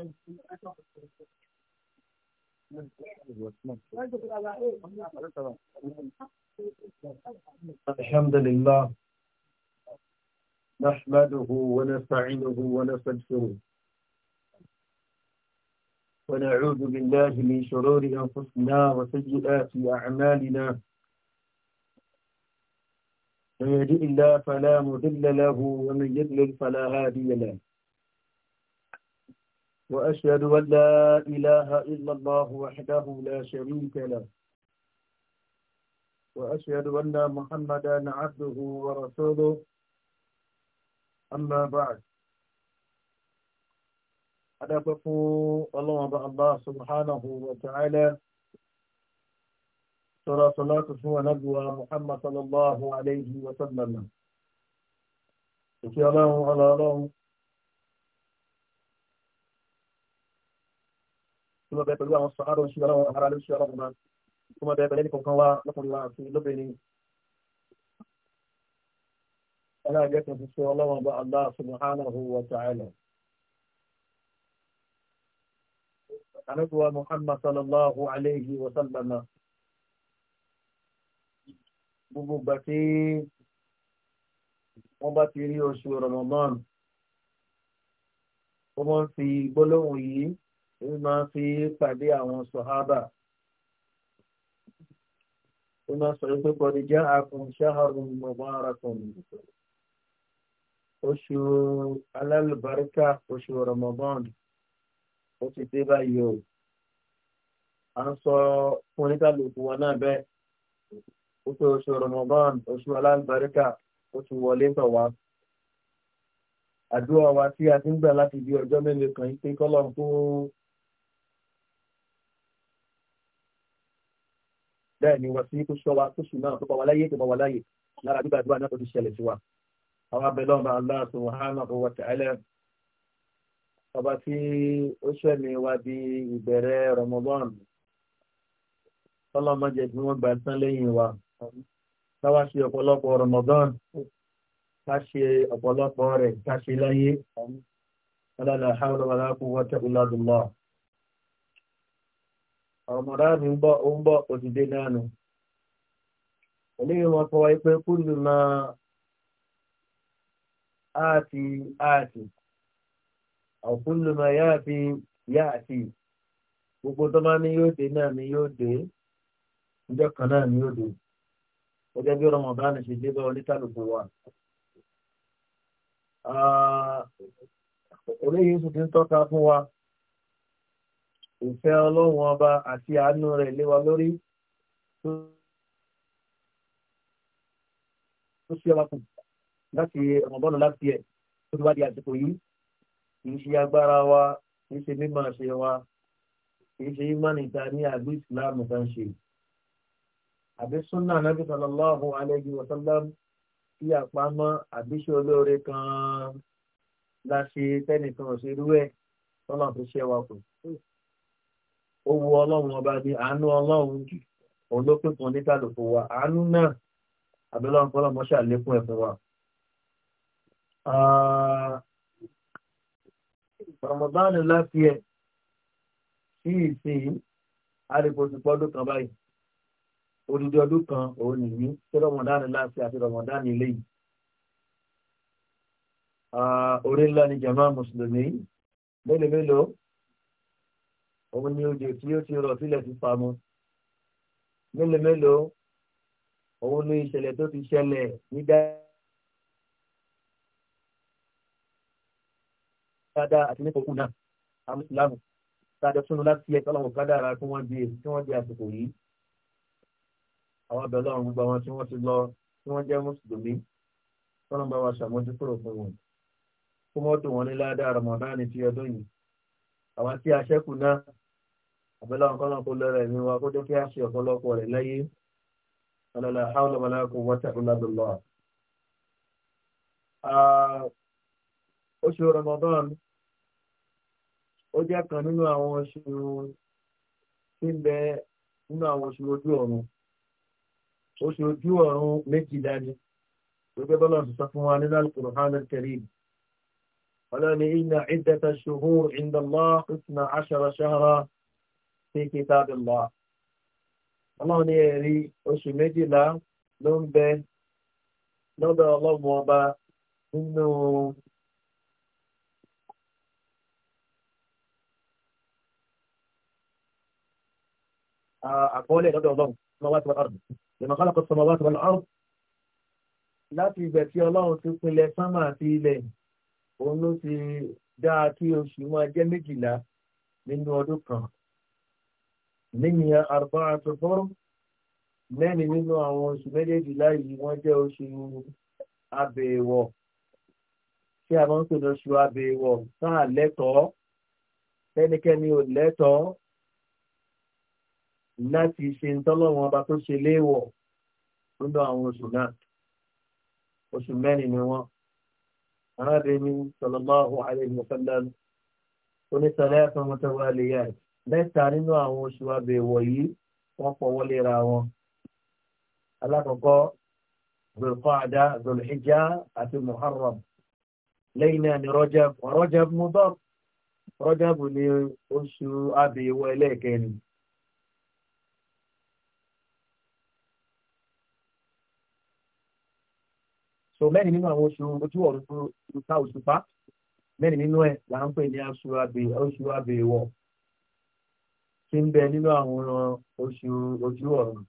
الحمد لله نحمده ونستعينه ونستغفره ونعوذ بالله من شرور أنفسنا وسيئات أعمالنا من يهدئ الله فلا مضل له ومن يضلل فلا هادي له وأشهد أن لا إله إلا الله وحده لا شريك له وأشهد أن محمدا عبده ورسوله أما بعد أنا الله الله سبحانه وتعالى ترى صلاة هو نبوة محمد صلى الله عليه وسلم وفي الله على الله tí wọ́n bẹ pẹ̀lú àwọn sọ̀rọ̀ oṣù ọlọ́run ara lóṣù ọlọ́run náà tí wọ́n bẹ pẹ̀lú ẹnì kọ̀ọ̀kan wá lọ́kùnrin wa àti lóbìnrin. aláàgẹ́ kan ti sọ ọlọ́run bá Allah subhanahu wa ta'ala. anabuwa Muhammad sallallahu alayhi wa sallama gbogbo gbà tí bá ti rí oṣù Ramadan wọ́n fi gbólóhùn yìí ń máa fi pàdé àwọn sọ̀hábà ó máa sọ pé kọ́ni jẹ́ àkùn ṣáhàrùn mọ̀mọ́rakùn oṣù alálùbáríkà oṣù ramadan ó ti dé báyìí o à ń sọ fún oníkàlùkù wọn náà bẹ́ẹ̀ ó pé oṣù ramadan oṣù alálùbáríkà ó ti wọlé tọ̀ wá àdúrà wa tí a ti ń gbà láti di ọjọ́ mélòó kan yìí pé kọ́lọ́n kó bẹ́ẹ̀ ni wọ́n sí kó sọ wa tó sùn náà tó pa wá láyé tó pa wá láyé lára gbígbà àdúrà náà tó ti ṣẹlẹ̀ sí wa. àwọn abẹ́lẹ́ ọba Allah subhanahu wa ta'ala ọba tí ó ṣẹ̀mí wa di ìbẹ̀rẹ̀ Ramadan tọ́lọ́mọdé tí wọ́n gbà tán lẹ́yìn wa káwá ṣe ọ̀pọ̀lọpọ̀ Ramadan ká ṣe ọ̀pọ̀lọpọ̀ rẹ̀ ká ṣe láyé. ọlọ́lá hàwùlọ́wọ́lá kú wọ́tẹ́ ìlàdùnmọ́ ọmọdáàmì ń bọ́ ó ń bọ́ òdìdé náà nù eléyìí wọn kọ́ wáyé pé kúlù máa áàtì áàtì ọ̀kúlù máa yáàtì yáàtì gbogbo tó bá ní yóò dé náà ni yóò dé ìjọ kan náà ni yóò dé gẹ́gẹ́ bí ọmọdáàmì ṣe dé bá oníkálùkù wa eléyìí sì ti ń tọ́ka fún wa òfẹ́ ọlọ́run ọba àti àánú rẹ̀ léwa lórí tó ṣe wa kù láti ọmọbọ́nà láti ẹ̀ tó ti wá di àsìkò yìí kì í ṣe agbára wa kì í ṣe mímọ̀ ṣe wa kì í ṣe ìmánìta ní àgbé ìsìláàmù kan ṣe àbí súnà nàbí sàlọ́láhù alẹ́gbẹ̀ wọ́sálàm tí àpamọ́ àbíṣe olóore kan láṣẹ tẹ́nìkan òṣèlú ẹ̀ tọ́lá tó ṣe wa kù owó ọlọ́run ọba ní àánú ọlọ́run òun ló pín fún oníkàlùkù wa àánú náà àbẹ́lọ́run fọlọ́mọṣà lékún ẹ̀fún wa. Ah, Ramadan láti ẹ̀ sí ìsìn àríkòsípọ́dún kan báyìí. Odidi ọdún kan òun nìyí tí Ramadan láti àti Ramadan ilé yìí. Ah, orí ńlá ni Jàmá Mùsùlùmí, mélòó mélòó òun ni òjò tí ó ti rọ̀ sílẹ̀ ti pamọ́ mélòó mélòó òun ni ìṣẹ̀lẹ̀ tó ti ṣẹlẹ̀ ní dáadáa àti ní kókó náà àmì ìsìlámù tàbí súnú láti ẹ̀ka ọlọ́run kádàrà tí wọ́n di tí wọ́n di àsìkò yìí àwọn ọ̀dọ́ ọlọ́run gbogbo àwọn tí wọ́n ti lọ tí wọ́n jẹ́ mùsùlùmí tọ́lọ́ bá wa ṣàmójú kúrò fún wọn kó mọ́tò wọn ní ládàá ramadan ti ọdún yìí àwọn tí a ṣẹ́kù náà àbẹ́lá nǹkan kó lẹ́rẹ̀ ní wa kó jẹ́ kí a ṣe ọ̀pọ̀lọpọ̀ rẹ̀ láyé ọ̀lọ́lá haúlọ́bàlá kò wọ́tà ọ̀làdùnlọ́ oṣù Ramadan ó jẹ́ kan nínú àwọn oṣù tí ń bẹ nínú àwọn oṣù ojú ọ̀run oṣù ojú ọ̀run méjì dání gbogbo bọ́lá ti sọ fún wa nínú al-Qur'an al ọlọ́ni inna iddata shuhur inda Allah 12 shahra sí kitabillah ọlọ́run ní ẹ̀rí oṣù méjìlá ló ń bẹ lọ́dọ̀ ọlọ́run ọba nínú àkọọ́lẹ̀ lọ́dọ̀ ọlọ́run samawati wal ard lima khalaqa samawati wal ard láti ibẹ̀ tí ọlọ́run ti pinlẹ̀ sánmà àti ilẹ̀ òun ló ti dáa kí oṣù máa jẹ́ méjìlá nínú ọdún kan níyàn àrùbá àtúntòrò mẹ́rin nínú àwọn oṣù méjèèjì láyìí wọ́n jẹ́ oṣù abẹ́ẹ̀wọ̀ tí a máa ń pè lóṣù abẹ́ẹ̀wọ̀ náà lẹ́tọ̀ọ́ ẹnikẹ́ni ò lẹ́tọ̀ọ́ láti ṣe ń tọ́lọ́wọ́n ọba tó ṣe léèwọ̀ nínú àwọn oṣù náà oṣù mẹ́rin ni wọ́n arábìnrin sọlọ́mọ́ àwọn àlejò fẹ́lẹ́ oníṣẹ́lẹ́ fún mọ́tò yára. mẹ́ta nínú àwọn oṣù abe yìí wọ́n pọ̀wọ́ léra wọn. alákọ̀ọ́kọ́ zulqaada zulhijja àti muharram lẹ́yìn náà ni rọ́jàb rọ́jàb mudar rọ́jàb ni oṣù abẹ̀wò ẹlẹ́ẹ̀kẹrin. so mẹ́rin nínú àwọn oṣù ojú ọ̀rùn fún ìta oṣù mẹ́rin nínú ẹ̀ là ń pè ní oṣù tí ń bẹ nínú àwọn oṣù ojú ọ̀run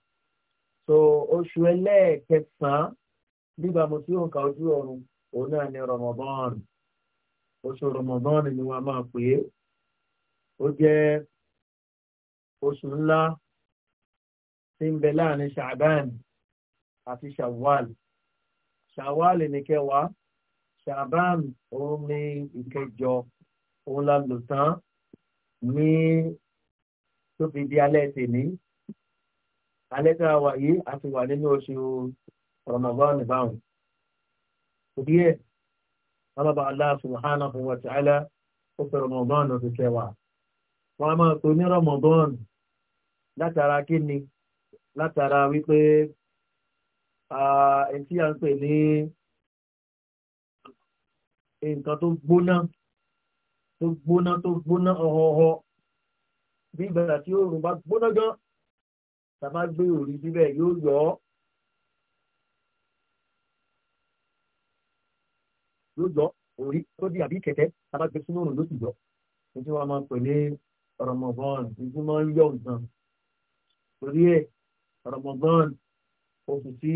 so oṣù ẹlẹ́ẹ̀kẹsàn-án níbàámu tí ó ń ka ojú ọ̀run òun náà ni rọmọbọ́ọ̀nù oṣù rọmọbọ́ọ̀nù ni wọ́n máa pè é ó jẹ́ oṣù ńlá tí ń bẹ láàrin ṣàbán àti ṣàwàl ṣàwàl ní kẹwàá ṣàbán òun ní ìkẹjọ òun la lò tán ní tó fi di alẹ́ tèmi alẹ́ tó wà yìí a ti wà nínú oṣù ramadan báwọn òbí ẹ̀ ọlọ́ba aláṣùmọ̀hánà fún wọ́n ti alẹ́ ó fẹ́ ramadan ló fi kẹwàá wọn a máa tó ní ramadan látara kí ni látara wípé etí à ń pè ní nǹkan tó gbóná tó gbóná tó gbóná ọ̀họ̀ọ̀họ̀ bí ìgbà tí oòrùn bá gbóná gan tàbá gbé òrí síbẹ̀ yóò yọ ọ́ yóò yọ òrí tó di àbí kẹ̀kẹ́ tàbá gbé sínú òrùn ló sì yọ ojú wa máa pè ní ọ̀rọ̀mọ̀gbọ́n ojú máa ń yọ nǹkan torí ẹ̀ ọ̀rọ̀mọ̀gbọ́n oṣù tí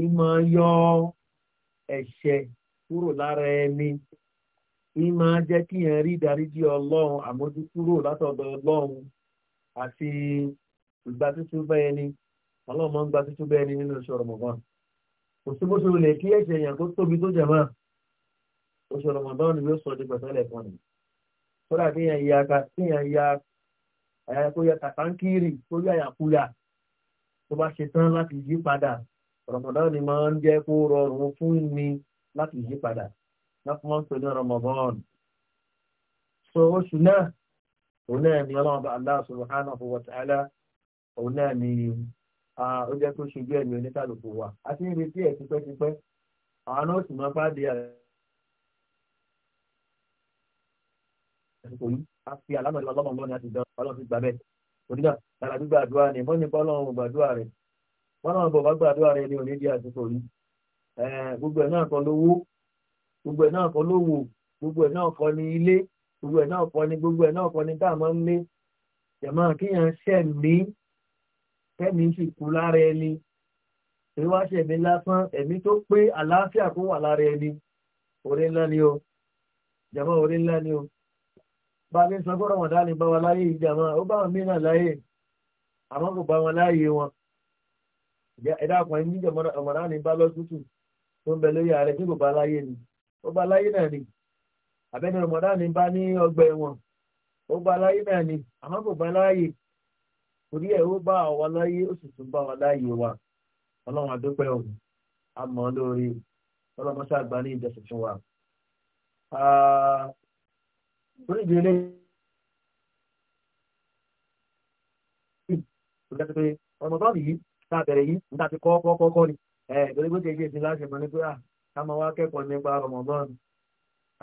í yọ ẹ̀ṣẹ̀ kúrò lára ẹni ní máa jẹ́ kí yẹn rí ìdáríjì ọlọ́run àmójúkúrò látọ̀dọ̀ ọlọ́run àti ìgbà tuntun bẹ́ẹ̀ ni ọlọ́run máa ń gba tuntun bẹ́ẹ̀ ni nínú oṣù ọ̀rọ̀mọ̀gbọ́n kò sí bó ṣe lè kí ẹ̀jẹ̀ èèyàn tó tóbi tó jẹ̀ máa oṣù ọ̀rọ̀mọ̀gbọ́n ni yóò sọ di pẹ̀sẹ́lẹ̀ fún mi kódà kí yẹn ya kí yẹn ya kó yẹ kàtàǹkìrì kó yà yàkúyà tó bá ṣe tán láti yí padà ọ̀rọ̀mọ̀gbọ́n ni máa ń jẹ́ kó rọrùn fún mi láti yí padà lọ́pọ̀ mọ́ pẹ̀lú Ramadan so oṣù náà òun náà ni ọlọ́run bá Allah subhanahu wa ta'ala òun náà ni ó jẹ́ kó ṣojú ẹ̀mí oníkàlùkù wa àti níbi tí ẹ̀ tipẹ́tipẹ́ àwọn náà sì máa pàdé àsìkò yìí a fi àlámọ̀ ìlú ọlọ́mọ lọ́ni àti ọlọ́run ti gbà bẹ́ẹ̀ onígbà lára gbígbà àdúrà ni mọ́ni bọ́ ọlọ́run gbàdúrà rẹ̀ wọ́n náà bọ̀ bá gbàdúrà rẹ̀ ní òní di àsìkò yìí gbogbo ẹ̀ náà kọ́ lówó gbogbo ẹ̀ náà kọ́ lówó gbogbo ẹ̀ náà kọ́ ní ilé gbogbo ẹ̀ náà kọ́ ní gbogbo ẹ̀ náà kọ́ ní tá a máa ń lé jẹ̀mọ́ kíyàn ṣẹ̀mí kẹ́mi sì kú lára ẹni èyí wá ṣẹ̀mí lásán ẹ̀mí tó pé àlàáfíà kó wà lára ẹni orí ńlá ni o jẹ̀mọ́ orí ńlá ni o bá a ní sọ fọ́rọ̀ wọn dání bá wa láyé ìjàmọ́ ó bá wọn mí láyé àmọ́ kò bá wọn láyé wọn ẹ̀dá ọkùnrin níjọ̀mọ́ ọmọdé ní bá lọ́sùtù tó ń bẹ lórí ààrẹ tí kò bá láyé ni ọba aláyé náà ni àbẹ́ni rọmọdá ni bá ní ọgbà ẹ̀wọ̀n aláyé náà ni àmọ́ kò bá láàyè torí ẹ̀ ó bá wa láàyè wa ọlọ́run àdúpẹ́ òun àmọ́ lórí ọlọ́mọṣẹ́ àgbà ní ìjọsìn fún wa. bẹ̀rẹ̀ yìí kọ́ kọ́ kọ́ kọ́ ni ẹ̀ẹ́dẹ́gbẹ́sẹ̀ láti ká máa wá kẹ́kọ̀ọ́ nípa Ramadan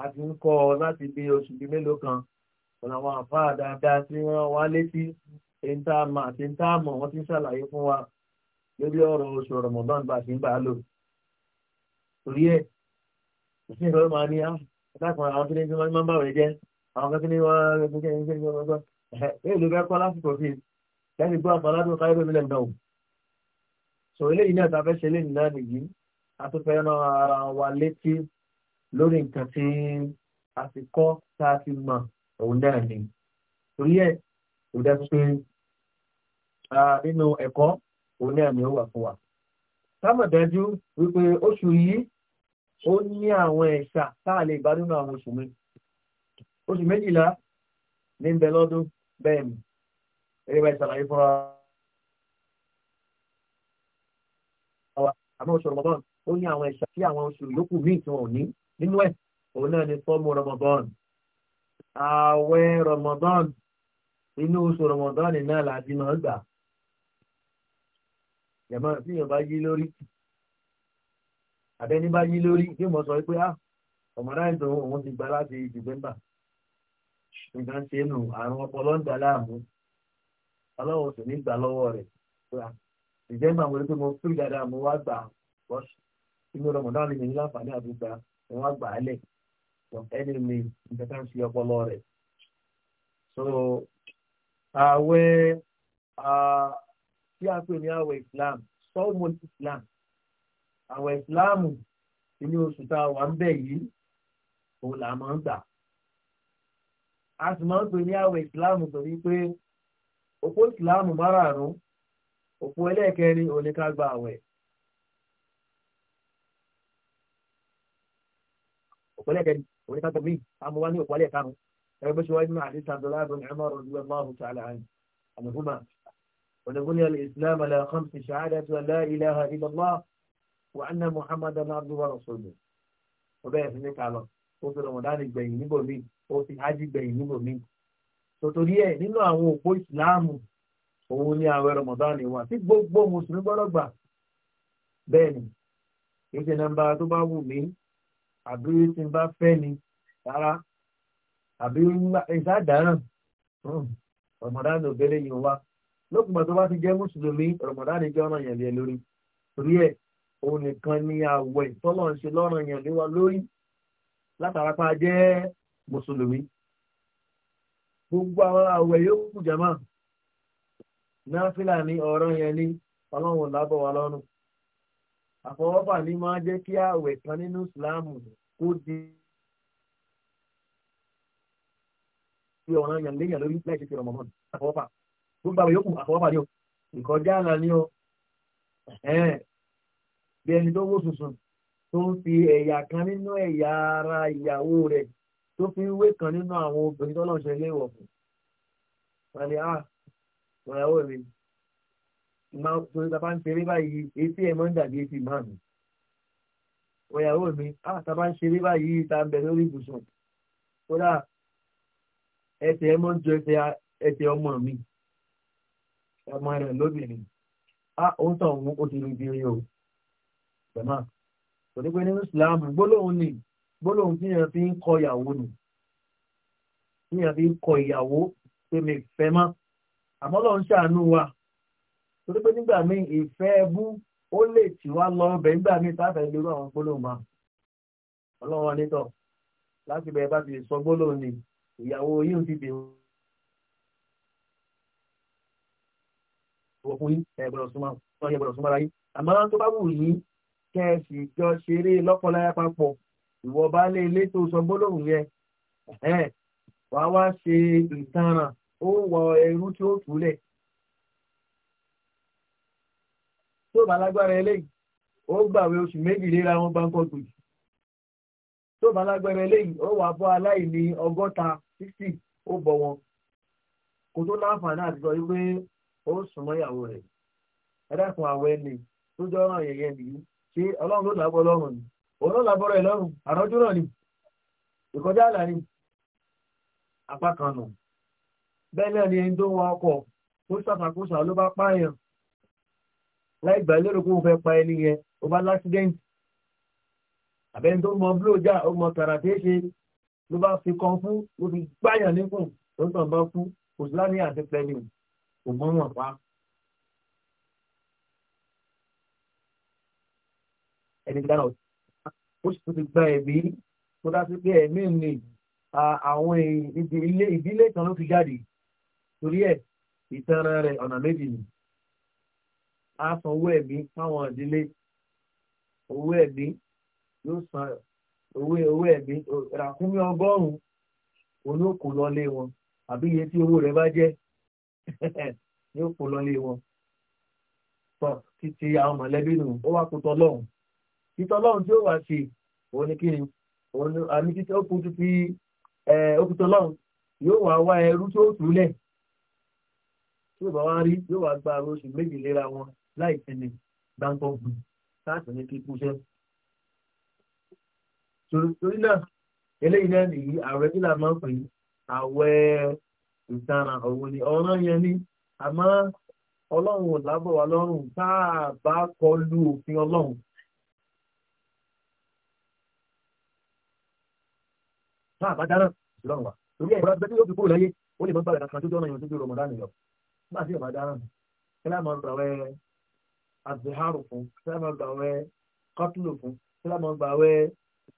àti ń kọ́ ọ láti bí oṣù bíi mélòó kan ọ̀nà àwọn àfáà dáadáa tí wọ́n wá létí ìntàmà àti ìntàmọ̀ wọ́n ti ń ṣàlàyé fún wa lórí ọ̀rọ̀ oṣù Ramadan bá ṣe ń bá a lò torí ẹ̀ kò sí ìrọ̀lẹ́ máa ní àtàkùn ah, àwọn kíni tí wọ́n máa ń bá wẹ̀ jẹ́ àwọn kíni wọ́n ń gbé ní kíni wọ́n gbọ́ ẹ̀ ló fẹ́ kọ́ lásìkò sí lẹ́yìn gbọ́ àfọládùn káyọ̀ lómi lẹ́nu náà so eléyìí náà ta fẹ́ ṣe lẹ́yìn náà nìyí atúfẹ́ rán ara wa létí lórí nǹkan tí a ti kọ́ tá a ti mọ̀ òun náà ni torí ẹ̀ kò dẹ́ pé nínú ẹ̀kọ́ òun náà ni ó wà fún wa. sábàdájú wípé oṣù yìí ó ní àwọn ẹ̀ṣà tá a lè bá àwọn oṣù mi oṣù méjìlá ní ń bẹ lọ́dún bẹ́ẹ̀ ni ẹ̀rẹ́ bá ìṣàlàyé fúnra wa àmọ́ oṣù rọ̀mọ́dọ́nù ó ní àwọn ẹ̀ṣà tí àwọn oṣù yòókù míì tí wọn ò ní nínú ẹ̀ òun náà ni fọ́ọ̀mù rọmọdán ààwẹ̀ rọmọdán inú oṣù rọmọdán náà láti máa gbà yàmọ́ tí yóò bá yí lórí àbẹ́ni bá yí lórí yóò mọ̀ sọ pé ah ọmọdé àìsàn òun ti gbà láti dìgbẹ́mbà nǹkan ṣe nù àrùn ọpọlọ ń dà láàmú ọlọ́wọ́ sì ní gbà lọ́wọ́ rẹ̀ ah, dìgbẹ́mbà mo rí pé mo fún ìdàdà mo wá gbà bọ́sù inú rọmọdán lè ní láǹfààní àdúgbà wọn á gbà á lẹ ẹni mi nǹkan so ààwẹ̀ a pè ní ààwẹ̀ islam sọmọ islam ààwẹ̀ islam inú oṣù tá a wà ń bẹ yìí òun là máa ń gbà a sì máa ń pè ní ààwẹ̀ islam torí pé òpó islam márààrún òpó ẹlẹ́ẹ̀kẹrin òpólẹ̀ kẹrin òun ní ká tóbi àmọ́ wá ní òpólẹ̀ karùn ẹgbẹ́ ṣe wáyé nínú àdìsí abdullahi abdul muhammad rọ̀dúwẹ̀ allahu ta'ala anahuma onaguni al-islam ala khamsi shahadatu la ilaha illallah wa anna muhammadan abduhu wa rasuluhu ó bẹ̀rẹ̀ sí ní kálọ̀ ó fi rọmọdánì gbẹ̀yìn níbò míì ó fi hajj gbẹ̀yìn níbò míì tòtòrí ẹ̀ nínú àwọn òpó ìsìláàmù òun ní àwẹ̀ rọmọdánì wà tí gbogbo mùsùlùmí gbọ́dọ̀ gbà bẹ́ẹ̀ ni kì àbí tí n bá fẹ́ ni rárá àbí ìsádàáràn hmm. rọmọdán ló bẹ́lẹ̀ yìí wá lókùnbọ̀ tó bá ti jẹ́ mùsùlùmí rọmọdán jẹ́ ọ̀nà yẹn lé lórí torí ẹ̀ òun nìkan ni àwẹ̀ tọ́lọ̀ ń ṣe lọ́rọ̀ yẹn lé wa lórí látara pa jẹ́ mùsùlùmí gbogbo àwọn àwẹ̀ yòókù jama náà fìlà ní ọ̀rọ̀ yẹn ní ọlọ́run lábọ̀ wa lọ́rùn àfọwọ́fà ni máa jẹ́ kí ààwẹ̀ kan nínú ìsìláàmù kó di fi ọ̀ràn yàn léyàn lórí láì ṣe fi ọmọ mọ́ni àfọwọ́fà gbogbo àwọn yòókù àfọwọ́fà ni o ìkọjá àlà ni o bí ẹni tó wó sùsùn tó ń fi ẹ̀yà kan nínú ẹ̀yà ara ìyàwó rẹ̀ tó fi wé kan nínú àwọn obìnrin tó lọ́n ṣe léwọ̀ fún. wọ́n ní à ah, ìyàwó mi máa tó bàbá ń ṣeré báyìí etí ẹ̀ máa ń dàbí etí máa mi. ọ̀yàwó mi á tàbá ń ṣeré báyìí ta ń bẹ̀ lórí ibùsùn kódà ẹsẹ̀ ẹ máa ń ju ẹsẹ̀ ọmọ mi ọmọ rẹ̀ lóbìnrin á ó tàn òun ó ti rí ibi rí o jẹ̀mọ́ kò ní pé nínú ìsìlámù gbólóhùn ni gbólóhùn tí yẹn fi ń kọ ìyàwó nù tí yẹn fi ń kọ ìyàwó pé mi fẹ́ mọ́ àmọ́ lọ́n ṣàánú wa torí pé nígbà míì ìfẹ́ ẹbú ó lè tì wá lọ ọbẹ̀ nígbà míì táfẹ́ lérò àwọn gbólóhùn máa ọlọ́wọ́n nítọ̀ láti bẹ̀rẹ̀ bá ti sọ gbólóhùn ni ìyàwó yìí ti dè wọ́n fún yín ẹ̀gbọ́dọ̀ súnmọ́ wọ́n yẹ gbọ́dọ̀ súnmọ́ ara yín àmọ́ tó bá wù yín kẹ́ ẹ sì jọ ṣeré lọ́kọláya papọ̀ ìwọ bá lé ilé tó sọ gbólóhùn yẹn wàá wá ṣe ìtanràn ó wọ ẹrú tí ó túlẹ̀ tó bá lágbára eléyìí ó gbàwé oṣù méjì léra wọn bá ń kọ́ gbòdì tó bá lágbára eléyìí ó wà bọ́ aláìní ọgọ́ta sixty ó bọ̀ wọn kò tó láǹfààní àti sọ wípé ó sùnmọ́ ìyàwó rẹ̀ ẹ dákun àwọ̀ ẹni tó jọ ọ̀ràn yẹ̀yẹ́ nìyí ṣé ọlọ́run ló làbọ̀ lọ́rùn ni òun ló làbọ̀ rẹ̀ lọ́rùn àrọ́jú náà ni ìkọjá àlà ni apá kan nù bẹ́ẹ̀ náà ni ẹni tó wọ ọkọ̀ tó ṣàfàkóṣà ló pààyàn láì gbà lérò pé o fẹ́ pa ẹni yẹn o bá lásìdẹ́ǹtì àbẹ́ni tó mọ blójà ó mọ kàràté ṣe ló bá fi kan fún ló fi gbáyàn níkùn tó ń tàn bá kú kò sí láti àti pẹ́ẹ́nì kò mọ́ wọn pa. ẹni dáná ó sì ti gba ẹ̀mí tó dá sí pé ẹ̀mí ni àwọn ìdílé ìdílé kan ló fi jáde torí ẹ̀ ìtanràn rẹ̀ ọ̀nà méjì nìyí á san owó ẹ̀bí fáwọn ìdílé owó ẹ̀bí yóò san owó owó ẹ̀bí ràkúnmí ọgọ́rùn-ún òun yóò kó lọ lé wọn àbí iye tí owó rẹ̀ bá jẹ́ yóò kó lọ lé wọn tọ títí àwọn mọ̀lẹ́bí nù ó wá kó tọlọ́hún títọ́lọ́hún tí ó wá sí òun ni kí ni àmì títí ó kú títí ó kú tọlọ́hún yóò wá wá ẹrú tí ó tí ó bá wá rí yóò wá gba oṣù méjì wọn láì tẹ̀lé gbàǹkọ̀ gbìn láti ní kí kúṣẹ́. torí náà eléyìí náà nìyí ààrẹ kí làá máa ń pè é àwẹ̀ ìtara òun ni ọ̀ràn yẹn ni àmọ́ ọlọ́run ò lábọ̀ wá lọ́rùn tá a bá kọ lu òfin ọlọ́run. tá a bá dáná ìrọ̀rùn wa torí ẹ̀ ìrọ̀rùn bẹ́ẹ̀ tó fi kúrò lẹ́yìn ó lè mọ́ bàrẹ̀ kan tó jọ́ ọ̀nà ìrìn tó fi rọmọdánù lọ. bá a sì rọmọdánù kí láà máa ń rọrẹ́ azuharu fún tí a máa gbà wẹ kọtùlù fún tí a máa gbà wẹ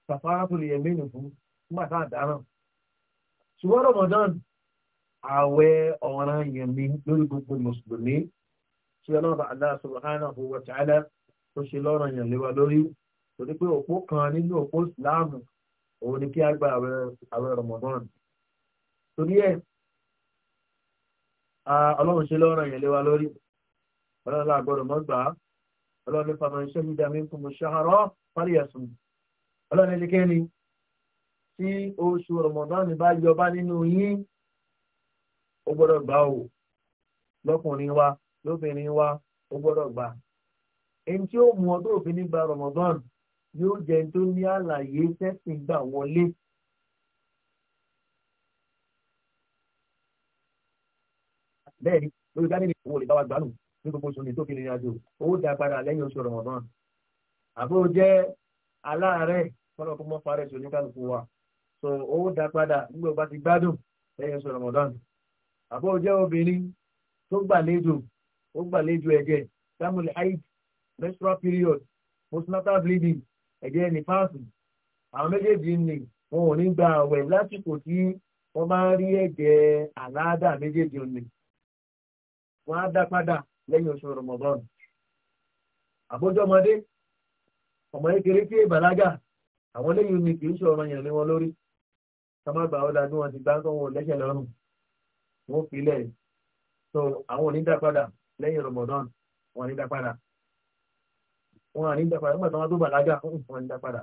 safarafulu yẹmínú fún nígbà tá a dáràn ṣùgbọ́n ramadan àwẹ̀ ọ̀ràn yẹmí lórí gbogbo mùsùlùmí tí ọlọ́run Allah subhanahu wa ta'ala tó ṣe lọ́rọ̀ yẹn léwa lórí torí pé òpó kan nínú òpó ìsìláàmù òun ni kí a gba àwẹ̀ ramadan torí ẹ̀ ọlọ́run ṣe lọ́rọ̀ yẹn léwa lórí ọlọ́run àgbọ̀dọ̀ mọ́ gbà á ọlọ́run nípa máa ń ṣe níbi àmì fún mi ṣàárọ̀ parí ẹ̀sùn ọlọ́run ẹni kẹ́ni tí oṣù rọmọdánù bá yọba nínú yín ó gbọ́dọ̀ gbà ó lọ́kùnrin wa lóbìnrin wa ó gbọ́dọ̀ gbà ẹni tí ó mú ọ tó òfin nígbà rọmọdánù yóò jẹ́ tó ní àlàyé sẹ́sìn gbà wọlé. bẹ́ẹ̀ ni lórí dání ni owó lè bá wa gbà nù. ní gbogbo oṣù ní tó kiri ìrìnàjò owó dá padà lẹ́yìn oṣù rọ̀mọ̀dán o jẹ́ aláàárẹ̀ kọ́lọ̀ kó mọ́ ní wa so owó dá padà nígbà bá ti gbádùn lẹ́yìn oṣù jẹ́ obìnrin tó gbàlejò ó gbàlejò ẹ̀jẹ̀ bleeding ẹ̀jẹ̀ àwọn méjèèjì ni wọn ò ní gba àwẹ̀ lásìkò tí wọ́n bá rí lẹ́yìn oṣù rọmọbọ́n àbójọ́ ọmọdé ọmọ kékeré tí ìbàlágà àwọn lẹ́yìn omi kì í ṣọ̀rọ̀ yàn lé wọn lórí sọmọgbà ọ̀dà bí wọn ti gbá tó wọn lẹ́sẹ̀ lọ́rùn wọn fi lẹ̀ so àwọn onídàpadà lẹ́yìn rọmọdọ́n wọn onídàpadà wọn onídàpadà nígbà tí wọn tó bàlágà wọn onídàpadà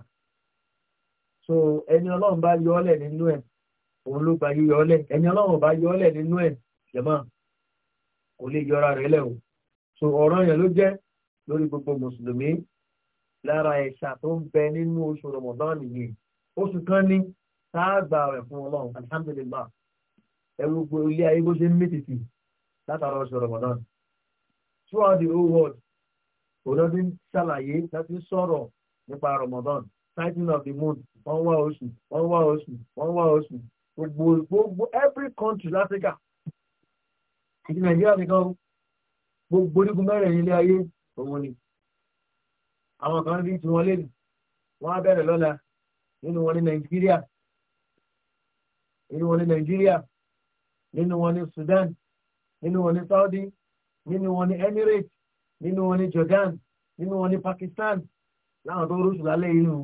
so ẹni ọlọ́run bá yọ ọ́lẹ̀ nínú ẹ̀ òun ló gba yíyọ ọ́lẹ̀ ẹni ọlọ́run bá yọ ọ́lẹ̀ nínú ẹ̀ jẹ̀mọ́ kò lè yọra rẹ̀ lẹ́wọ̀n so ọ̀rọ̀ yẹn ló jẹ́ lórí gbogbo mùsùlùmí lára ẹ̀ṣà tó ń bẹ nínú oṣù rọmọdán nìyí oṣù kan ní sáàgbà rẹ̀ fún ọlọ́run alhamdulilah ẹ̀rù gbogbo ilé ayé bó ṣe ń mítìtì látara oṣù rọmọdán throughout the whole world olóòdì ṣàlàyé láti sọ̀rọ̀ nípa rọmọdán sighting of the moon wọ́n wá oṣù wọ́n wá oṣù wọ́n wá oṣù gbogbo gbogbo every country láfíríkà ìdí nàìjíríà nìkan gbogbo orígun mẹ́rin ilé ayé òun ni àwọn kan rí tí wọ́n lé nù wọ́n á bẹ̀rẹ̀ lọ́la nínú wọn ní nàìjíríà nínú wọn ní nàìjíríà nínú wọn ní sudan nínú wọn ní saudi nínú wọn ní emirates nínú wọn ní jordan nínú wọn ní pakistan láwọn tó rúṣù lálẹ́ yìí nù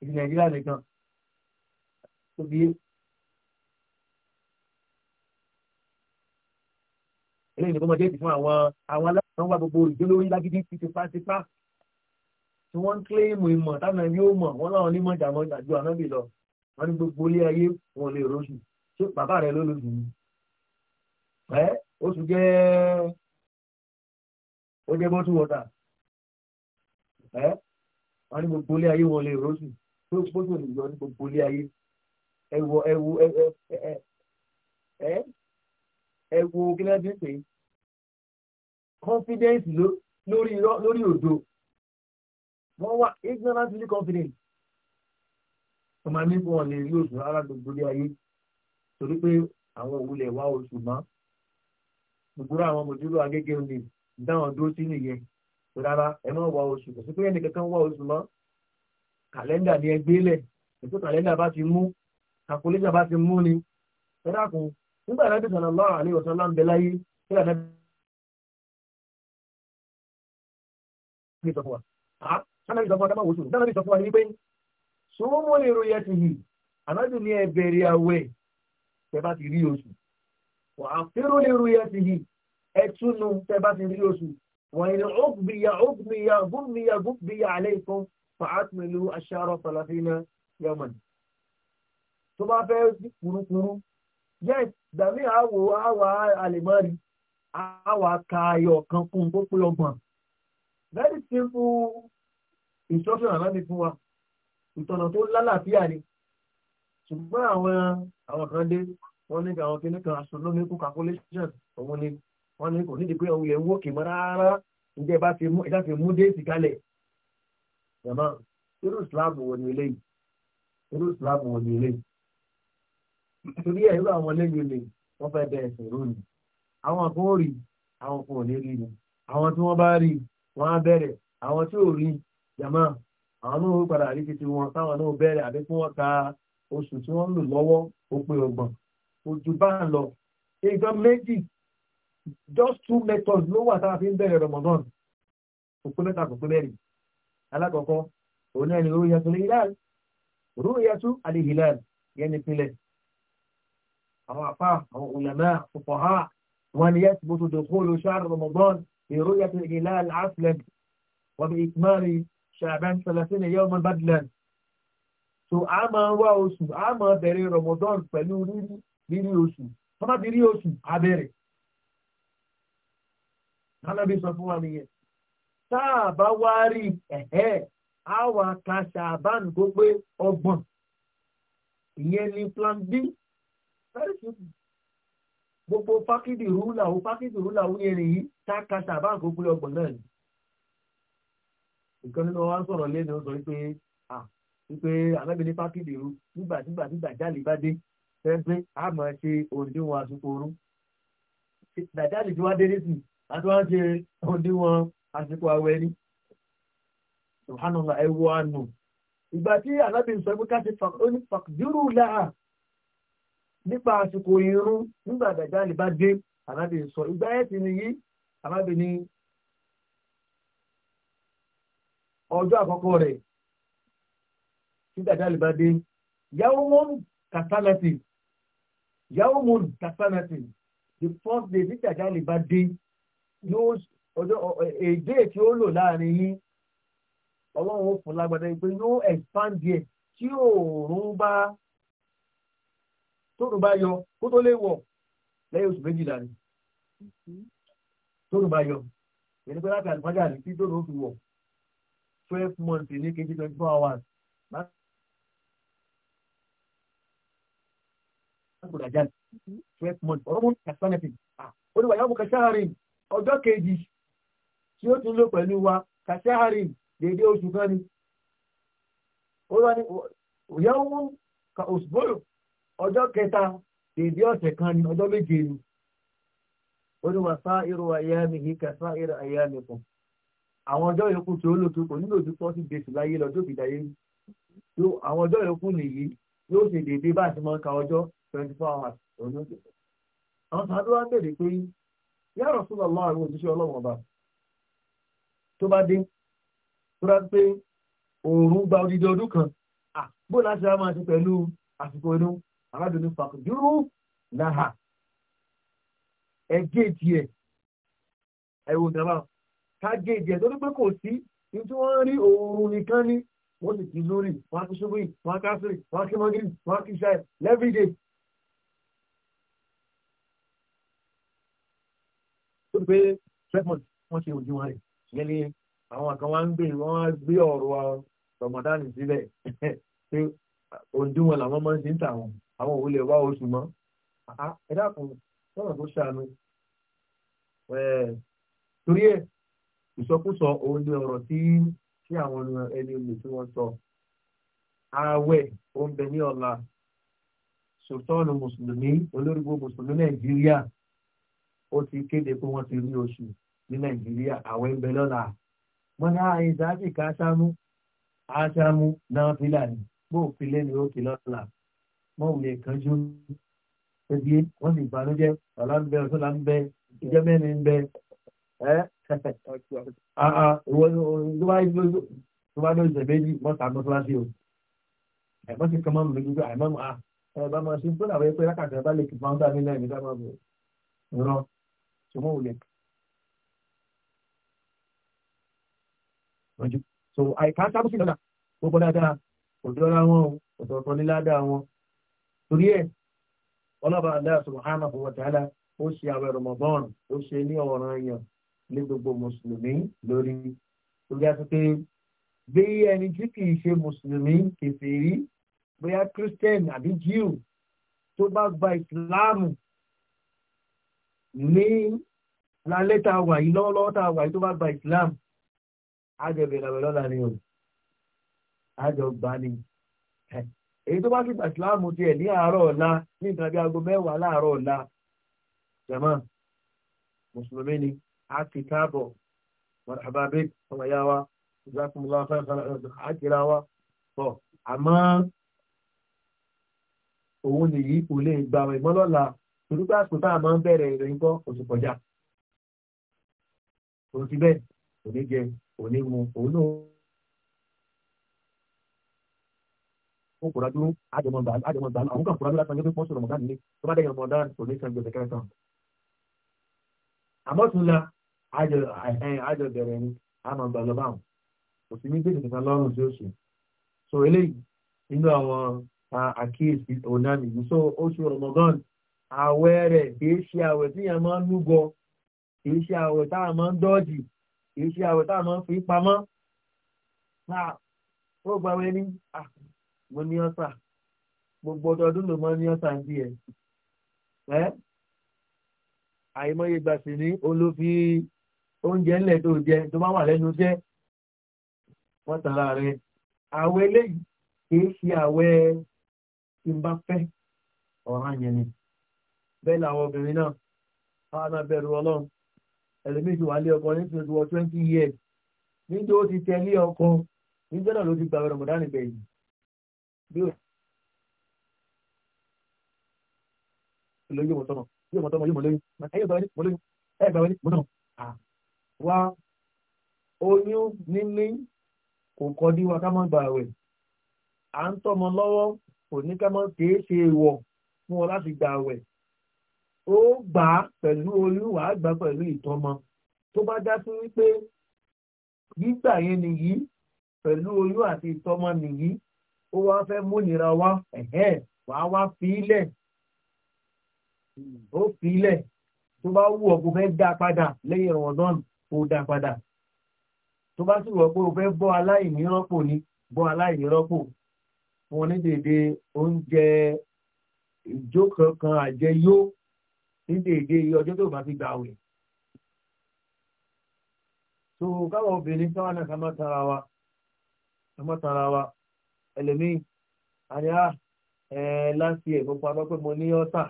ìdí nàìjíríà nìkan tóbi ní ìnìkọ́mọdé ti fún àwọn àwọn aláìsàn wà gbogbo ìdólórí lágídí ti tipátipá tí wọ́n ń kílèmù ìmọ̀ táwọn ẹni yóò mọ̀ wọ́n láwọn onímọ̀ ìjàmọ̀ ìjàjú ànábì lọ wọ́n ní gbogbo ilé ayé wọn lè rọ́ṣù ṣé bàbá rẹ ló lóṣù ni ẹ oṣù jẹ́ ó jẹ́ bọ́tù wọ́tà ẹ wọ́n ní gbogbo ilé ayé wọn lè rọ́ṣù tó gbóṣù nìyọ ní gbogbo ilé ayé ẹ wo ẹ wo ẹ ẹ ẹ ẹ wo kí ló dé pé confidence lórí lórí òdo wọ́n wà ignorantly confident ọmọ mi fún ọ lè rí oṣù rárá gbogbo ní ayé torí pé àwọn òwúlẹ̀ wá oṣù mọ́ gbogbo àwọn mòjúlò agége ń lè dáhùn dúró sí nìyẹn rárá ẹ má wá oṣù kò sí pé ẹnìkankan wá oṣù mọ́ kàlẹ́ndà ni ẹ gbélẹ̀ ètò kàlẹ́ndà bá ti mú kàkúlẹ́dà bá ti mú ni ẹ dákun nígbà náà bí sọ̀rọ̀ lọ́rùn àlẹ́ ìwọ̀sán láǹbẹ̀ láyé kí ní ìsọfún wa ànábì ìsọfún wa dámà wò sùn dánábì ìsọfún wa ní pé sùnmọ́ èrò yẹn ti yìí ànábì ní ẹbẹ̀rẹ̀ àwẹ̀ tẹ bá ti rí oṣù wà á fẹ́rọ èrò yẹn ti yìí ẹtúnu tẹ bá ti rí oṣù wà ní ọgbìyà ọgbìyà gúnmìyà gúnmìyà alẹ́ ìkan fàátùmẹ̀lú aṣáárọ̀ fàlàfínà yọmọ̀n tó bá fẹ́ kúrúkúrú yes dàmí àwò àwà àlèmọ́rí àwà kààyọ̀ kan fún tó pé ọgbọ̀n very simple instruction alábi fún wa ìtọ̀nà tó lálàáfíà ni ṣùgbọ́n àwọn àwọn kan dé wọ́n ní àwọn kìnnì kan astronomical calculation òun ni wọ́n ní kò nídìí pé òun yẹn ń wókè mọ́ rárá ǹjẹ́ ẹ bá ti mú ẹ̀dá ti mú déètì kalẹ̀ jàmá irú islam wo ni eléyìí irú islam wo ni eléyìí torí ẹ̀ irú àwọn eléyìí ni wọ́n fẹ́ bẹ ẹ̀sìn rú ni àwọn kan ò rí àwọn kan ò ní rí ni àwọn tí wọ́n bá rí wọ́n á bẹ̀rẹ̀ àwọn tí ò rí jàmá àwọn náà ó padà rí títí wọn táwọn náà bẹ̀rẹ̀ àbí kí wọ́n ka oṣù tí wọ́n ń lò lọ́wọ́ ó pé ọgbọ̀n ojú bá ń lọ nǹkan méjì just two methods ló wà tá a fi ń bẹ̀rẹ̀ ramadan kò pé mẹ́ta kò pé mẹ́rin alákọ̀ọ́kọ́ òun náà ni rúyàtú alihilal rúyàtú alihilal yẹn ni pinlẹ̀ àwọn àfa àwọn òlàmẹ́ àfọ̀fọ̀ ha wọn ni yẹn ti bó tó dòkó lóṣù ramadan برؤية الهلال الأسود وبإكمال شعبان ثلاثين يوما بدلا so a máa wá oṣù a máa bẹ̀rẹ̀ Ramadan pẹ̀lú rírí rírí oṣù tó bá ti rí oṣù a bẹ̀rẹ̀ alábi sọ fún wa nìyẹn tá a bá wá rí ẹ̀hẹ́ a wà ká ṣàbán tó pé ọgbọ̀n ìyẹn ni plan b very simple gbogbo fákìdì rúlà ó fákìdì rúlà ó yẹn nìyí tákàtà bá nǹkan kúlẹ̀ ọgbọ̀n náà ni. nǹkan nínú wa ń sọ̀rọ̀ lẹ́nu sọ wípé wípé àmẹ́bí ní pákìlì ru nígbà nígbà nígbà jáde bá dé fẹ́ẹ́ a máa ṣe òǹdíwọ̀n àsopọ̀rú. dàjáde tí wá dé nísì àti wọ́n ṣe òǹdíwọ̀n àsìkò àwẹ̀ ni. subhanallah ẹ wọ àánú. ìgbà tí àlábì sọ pé ká ṣe fàkìdírù láà nípa àsìkò irun nígbà dàjáde bá dé àlábì sọ ìgbà ẹ̀ sì nìyí arábìnrin ọjọ́ àkọ́kọ́ rẹ̀ tí dàda àlùbá dé yàwó mọ́nù kàtánàtì yàwó mọ́nù kàtánàtì the first day tí dàda àlùbá dé yóò ọjọ́ èdè tí ó lò láàrin yín ọlọ́run fún lágbàdá pé yóò expand díẹ̀ tí òòrùn bá tóòrùn bá yọ kó tó lè wọ̀ lẹ́yìn oṣù méjìlá ni. Mm-hmm tóòrùn bá yọ ẹni pé láti àlùfáàjà rí tí tóòrùn ó fi wọ̀ twelve months ní kejì twenty four hours láti àgbòdà jáde twelve months ọ̀rọ̀ mú kàtánẹ́tì ó ní wà yàwó kàṣáárì ọjọ́ kejì tí ó tún lò pẹ̀lú wa kàṣáárì dédé oṣù kan ni ó lọ ní yàwó ka òṣùbọ̀rọ̀ ọjọ́ kẹta dédé ọ̀sẹ̀ kan ni ọjọ́ méje ni oníwà sáírò àyàmì yìí kà sáírò àyàmì kan àwọn ọjọ́ yòókù tí ó lò tó kò nílò tó fọ́sí gbèsè láyé lọ́jọ́ ìdáyé àwọn ọjọ́ yòókù nìyí yóò ṣe déédéé bá àti máa ọjọ́ twenty four hours òun ló dé. àwọn sàádọ́ wa bèrè pé yàrá sùn lọ́wọ́ òṣìṣẹ́ ọlọ́wọ́n ọba tó bá dé tó pé òòrùn gba odidi ọdún kan bó láti ra máa ṣe pẹ̀lú àsìkò inú aládùn ẹ géètì ẹ̀ ẹ̀wò ìjọba ká géètì ẹ̀ tó ní pé kò sí ní tí wọ́n rí oòrùn nìkan ní wọ́n sì ti lórí wọ́n kí ṣubú wọ́n ká sí wọ́n kí mọ́gírì wọ́n kí ṣáì lẹ́fídẹ̀. tó pé tremont wọ́n ṣe òdiwọ̀n rẹ̀ yẹn ni àwọn kan wá ń gbé wọ́n wá gbé ọ̀rọ̀ rọmọdánì sílẹ̀ pé òdiwọ̀n làwọn máa ń ṣe ń tà wọn àwọn òwúlẹ̀ wá oṣù mọ́ ẹ dákun sọ̀rọ̀ tó ṣàánú torí ẹ̀ ìsọkúsọ òun ni ọ̀rọ̀ tí tí àwọn ẹni olè tí wọ́n sọ ààwẹ̀ oúnjẹ ní ọ̀la sultana mùsùlùmí olórí gbogbo mùsùlùmí nàìjíríà ó ti kéde pé wọ́n ti rí oṣù ní nàìjíríà ààwẹ̀ ń bẹ lọ́la wọn náà ah, ìdájì ká sámú àṣàmú náà fílà ní bó òfin lẹ́nu ó kì lọ́la mọ́wùlẹ̀ kanjú ebi wọ́n sì ìbànújẹ́ ọ̀la ń bẹ ọ̀tún là ń bẹ ìjọ mẹ́rin ń bẹ ẹ́ ìwọ ló bá yí ló bá lóyún ìṣẹ̀méjì wọ́n ta mọ́ṣáláṣí o ẹ̀mọ́ sì kàn máa ń lójú àìmọ́ à ẹ bá máa ṣe gbọ́dọ̀ àwọn ẹgbẹ́ lákàtà bá lè kí máa ń dá nílẹ̀ nígbà máa bọ̀ ìran ṣùgbọ́n ò lè. so àìká sábùsì lọ́la gbogbo dáadáa òdúrọ́lá wọn òtọ̀ọ̀tọ̀ nílá dáa wọn torí ẹ̀ ọlọ́ba Allah subhanahu wa ta'ala ó ṣe àwẹ̀ Ramadan ó ṣe ní ọ̀ràn èèyàn ní gbogbo mùsùlùmí lórí lórí àtúntò bí ẹni tí kìí ṣe mùsùlùmí kèfèrí bóyá christian àbí jew tó bá gba ìsìláàmù ní lálẹ́ tá a wà yìí lọ́wọ́lọ́wọ́ tá a wà yìí tó bá gba ìsìláàmù á jẹ bẹ̀rẹ̀ lọ́la ni o á jọ gbani èyí tó bá gbígbà ìsìláàmù tiẹ̀ ní àárọ̀ ọ̀la ní ìtàn bí aago mẹ́wàá láàárọ̀ ọ̀la jama mùsùlùmí ni a ti káàbọ̀ mọ̀tàbábí ọmọ ìyá wa ìzákùnmùlá àkìlá wa tọ̀ àmọ́ òun nìyí kò lè gbà wẹ̀ mọ́ lọ́la torípé àsìkò tá a máa ń bẹ̀rẹ̀ ìròyìn kọ́ oṣù kọjá òun ti bẹ́ẹ̀ òní jẹ òní mu òun náà. wọn kò dájú àjọmọ̀ gbà àjọmọ̀ gbà àwọn kan kò dájú láti ọjọ́ pé pọ́sù rọmọdán nílé tó bá dẹ̀yìn rọmọdán kò ní san gbèsè kẹta. àmọ́ tún la àjọ àjọ bẹ̀rẹ̀ ni àmọ̀ gbà lọ báwọn kò sí ní gbèsè kẹta lọ́rùn tí ó ṣe. so eléyìí nínú àwọn àkíyèsí onami yìí so oṣù rọmọdán àwẹ̀ rẹ̀ kìí ṣe àwẹ̀ tí yẹn máa ń lúgọ kìí ṣe àwẹ̀ táwọn máa ń dọ́ọ̀jì kìí ṣe àwẹ̀ táwọn máa ń fi pamọ́ mo ní ọ́sà gbogbo ọdọọdún ló mọ ní ọ́sà ń bí ẹ ẹ àìmọye gbà sí ní olófi oúnjẹ ńlẹ̀ tó jẹ tó bá wà lẹ́nu jẹ́ wọ́n tara rẹ̀ àwẹ̀ eléyìí kìí ṣe àwẹ̀ tí n bá fẹ́ ọ̀ràn yẹn ni bẹ́ẹ̀ làwọn obìnrin náà wọ́n á bẹ̀rù ọlọ́run ẹlòmíì wà lé ọkọ ní twenty twenty years níjó ti tẹ̀lé ọkọ níjọ́ náà ló ti gbàwé rọ̀mọ̀dánì bẹ̀yìn bí ó lè yóò mọ̀tọ́nà yóò mọ̀tọ́nà yóò mọ̀ lóyún ẹ̀yọ́ gbà wẹ́ni mọ̀ lóyún ẹ̀ gbà wẹ́ni mọ̀ tọ̀nà. wa oyún níní kò kọ́ ní wa ká má gbà wẹ̀ à ń tọ́mọ lọ́wọ́ kò ní ká má kéé ṣe wọ̀ fún ọ láti gbà wẹ̀ ó gbà pẹ̀lú oyún wàá gbà pẹ̀lú ìtọ́mọ tó bá dá sí wípé gbígbà yẹn nìyí pẹ̀lú oyún àti ìtọ́mọ nìyí ó wá fẹ́ múnira wá ẹ̀hẹ́ wàá wá fílẹ̀ ó fílẹ̀ tó bá wù ọ́ kó fẹ́ dá padà lẹ́yìn rọ̀ọ̀dán kó dá padà tó bá sì wọ̀ pé o fẹ́ bọ́ aláìní rọ́pò ni bọ́ aláìní rọ́pò wọn ní dèdè oúnjẹ ìjó kankan àjẹyó ní dèdè ọjọ́ tó bá fi gbà wẹ̀ so káwọn obìnrin káwọn náà ká má tara wa ká má tara wa ẹlòmíì àní à ah, ẹ láti ẹ̀ mo parọ́ pé mo ní ọ́tà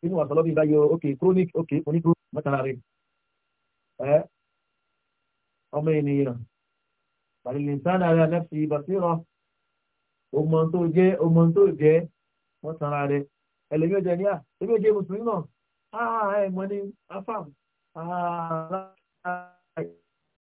nínú àtọ́lọ́bí ìbáyọ ok chronic ok oníkú mọ́tàlá rẹ̀ ẹ́ ọmọ ènìyàn bàlìlìsánà rẹ̀ nẹ́fì ìbàsírọ̀ ọmọ tó jẹ́ ọmọ tó jẹ́ mọ́tàlá rẹ̀ ẹlẹ́gbẹ́ jẹ́ ní à ah, ẹgbẹ́ jẹ́ mùsùlùmí náà ààrẹ mọ́ ah, ní afam ààrẹ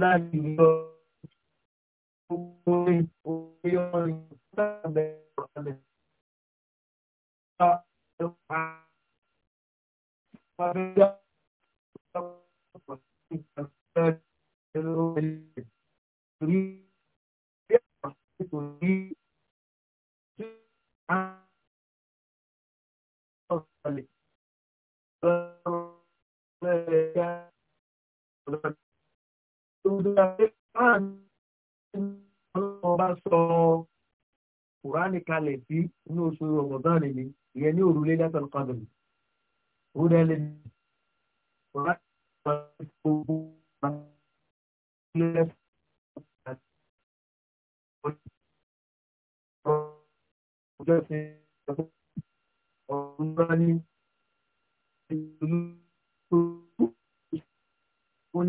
láti yọ orí orí ọrìn lábẹ́ ọ̀rẹ́. Thank you ọba sọ kùránì kalẹ̀ sí inú oṣù ọ̀gbọ̀n rẹ̀ ni ìyẹn ní òrùlé lẹ́tọ̀ọ́ kọ́dọ̀ ní òrùlé lè ní kùránì gbogbo ilẹ̀ ọjọ́ sí ọ̀rùn bá ní ìlú tó ń